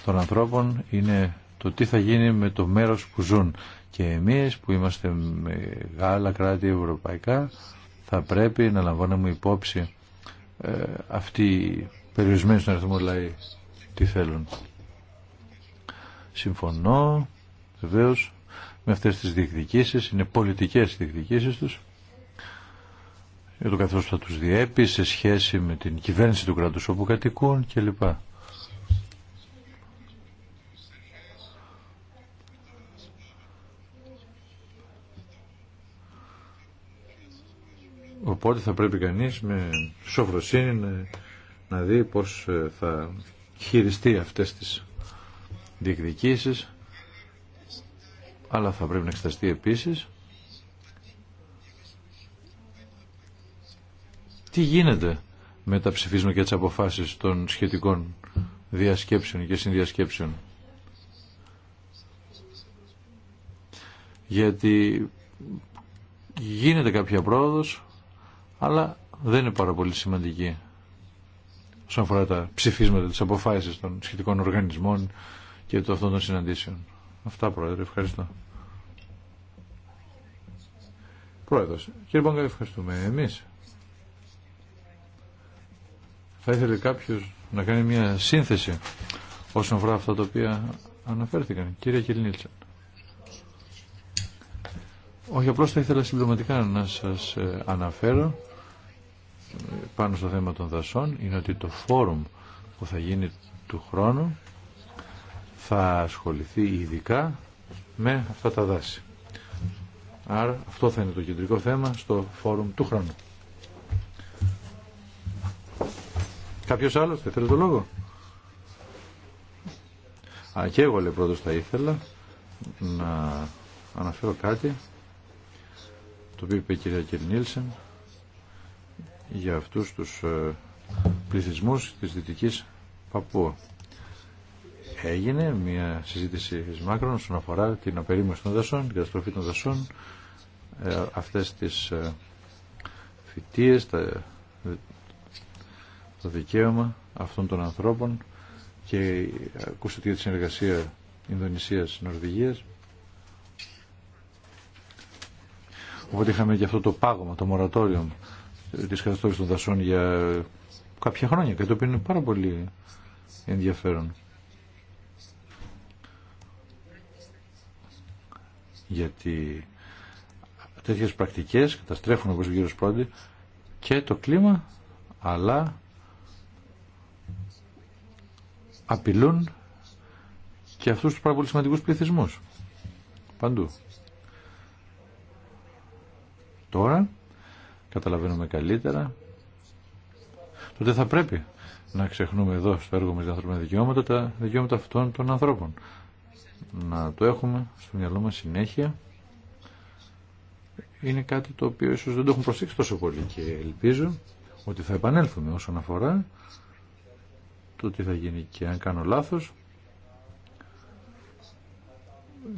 των ανθρώπων είναι το τι θα γίνει με το μέρος που ζουν. Και εμείς που είμαστε μεγάλα κράτη ευρωπαϊκά θα πρέπει να λαμβάνουμε υπόψη ε, αυτοί οι περιορισμένοι στον αριθμό τι θέλουν. Συμφωνώ βεβαίω με αυτές τις διεκδικήσεις, είναι πολιτικές διεκδικήσεις τους για το καθώς θα τους διέπει σε σχέση με την κυβέρνηση του κράτους όπου κατοικούν κλπ. Οπότε θα πρέπει κανείς με σοφροσύνη να, να δει πώς ε, θα χειριστεί αυτές τις διεκδικήσεις αλλά θα πρέπει να εξεταστεί επίσης τι γίνεται με τα ψηφίσματα και τις αποφάσεις των σχετικών διασκέψεων και συνδιασκέψεων. Γιατί γίνεται κάποια πρόοδος, αλλά δεν είναι πάρα πολύ σημαντική όσον αφορά τα ψηφίσματα, τις αποφάσεις των σχετικών οργανισμών και το αυτών των συναντήσεων. Αυτά, Πρόεδρε. Ευχαριστώ. Πρόεδρος. Κύριε Μπόγκα, ευχαριστούμε εμείς. Θα ήθελε κάποιος να κάνει μια σύνθεση όσον αφορά αυτά τα οποία αναφέρθηκαν. Κύριε Κιλνίλτσα. Όχι, απλώς θα ήθελα συμπληρωματικά να σας ε, αναφέρω ε, πάνω στο θέμα των δασών είναι ότι το φόρουμ που θα γίνει του χρόνου θα ασχοληθεί ειδικά με αυτά τα δάση. Άρα αυτό θα είναι το κεντρικό θέμα στο φόρουμ του χρόνου. Κάποιο άλλο ή θέλει το λόγο. Και εγώ λέει πρώτα θα ήθελα να αναφέρω κάτι το οποίο είπε θα ήθελε το λόγο. Α, και εγώ λέει πρώτος θα ήθελα να αναφέρω κάτι το οποίο είπε η κυρία Κυρνίλσεν για αυτούς τους ε, πληθυσμούς της Δυτικής Παππού. Έγινε μια συζήτηση της μάκρον όσον αφορά την απερίμωση των δασών, την καταστροφή των δασών, ε, αυτές τις ε, φοιτίες, τα το δικαίωμα αυτών των ανθρώπων και ακούσατε για τη συνεργασία Ινδονησίας-Νορβηγίας. Οπότε είχαμε και αυτό το πάγωμα, το μορατόριο της καταστόλης των δασών για κάποια χρόνια και το οποίο είναι πάρα πολύ ενδιαφέρον. Γιατί τέτοιες πρακτικές καταστρέφουν όπως ο κύριος Πρόντι και το κλίμα αλλά απειλούν και αυτούς τους πάρα πολύ σημαντικούς πληθυσμούς. Παντού. Τώρα καταλαβαίνουμε καλύτερα τότε θα πρέπει να ξεχνούμε εδώ στο έργο μας για ανθρώπινα δικαιώματα τα δικαιώματα αυτών των ανθρώπων. Να το έχουμε στο μυαλό μας συνέχεια. Είναι κάτι το οποίο ίσως δεν το έχουν προσέξει τόσο πολύ και ελπίζω ότι θα επανέλθουμε όσον αφορά το τι θα γίνει και αν κάνω λάθος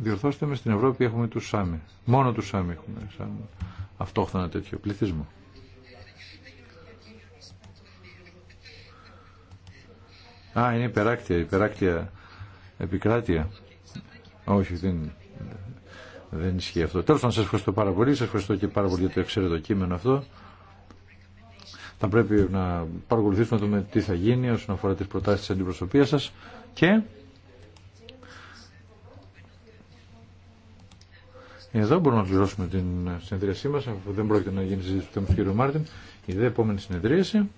διορθώστε με στην Ευρώπη έχουμε τους Σάμι μόνο τους Σάμι έχουμε σαν αυτόχθανα τέτοιο πληθυσμό Α, είναι υπεράκτια, υπεράκτια επικράτεια. Όχι, δεν, δεν ισχύει αυτό. Τέλος, να σας ευχαριστώ πάρα πολύ. Σας ευχαριστώ και πάρα πολύ για το εξαιρετικό κείμενο αυτό θα πρέπει να παρακολουθήσουμε να δούμε τι θα γίνει όσον αφορά τις προτάσεις της αντιπροσωπείας σας και Εδώ μπορούμε να κληρώσουμε την συνεδρίασή μας αφού δεν πρόκειται να γίνει συζήτηση του κ. Μάρτιν. Η δε επόμενη συνεδρίαση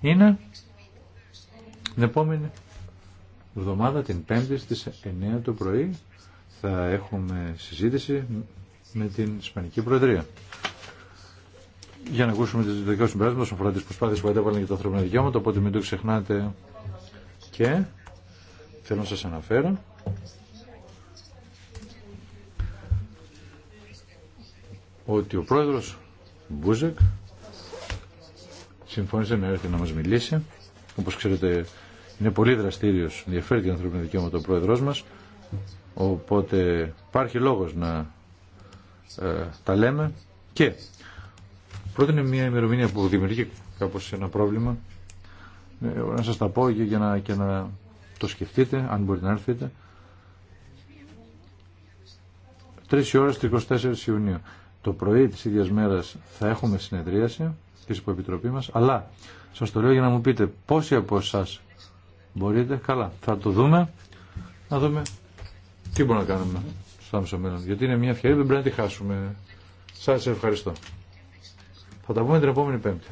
είναι την επόμενη εβδομάδα, την 5η στις 9 το πρωί. Θα έχουμε συζήτηση με την Ισπανική Προεδρία. Για να ακούσουμε το δικό συμπεράσμα όσον αφορά τι προσπάθειε που έδωσαν για τα ανθρώπινα δικαιώματα, οπότε μην το ξεχνάτε. Και θέλω να σα αναφέρω ότι ο πρόεδρος Μπούζεκ συμφώνησε να έρθει να μας μιλήσει. Όπως ξέρετε είναι πολύ δραστήριος, ενδιαφέρει την ανθρώπινη δικαιώματα ο πρόεδρός μας, οπότε υπάρχει λόγο να ε, τα λέμε και είναι μια ημερομηνία που δημιουργεί κάπως ένα πρόβλημα ε, να σας τα πω και, για να, και να το σκεφτείτε αν μπορείτε να έρθετε 3 ώρες 24 Ιουνίου το πρωί της ίδιας μέρας θα έχουμε συνεδρίαση της υποεπιτροπή μας αλλά σας το λέω για να μου πείτε πόσοι από εσά μπορείτε καλά θα το δούμε να δούμε τι μπορούμε να κάνουμε στο άμεσο μέλλον. Γιατί είναι μια ευκαιρία που πρέπει να τη χάσουμε. Σας ευχαριστώ. Θα τα πούμε την επόμενη Πέμπτη.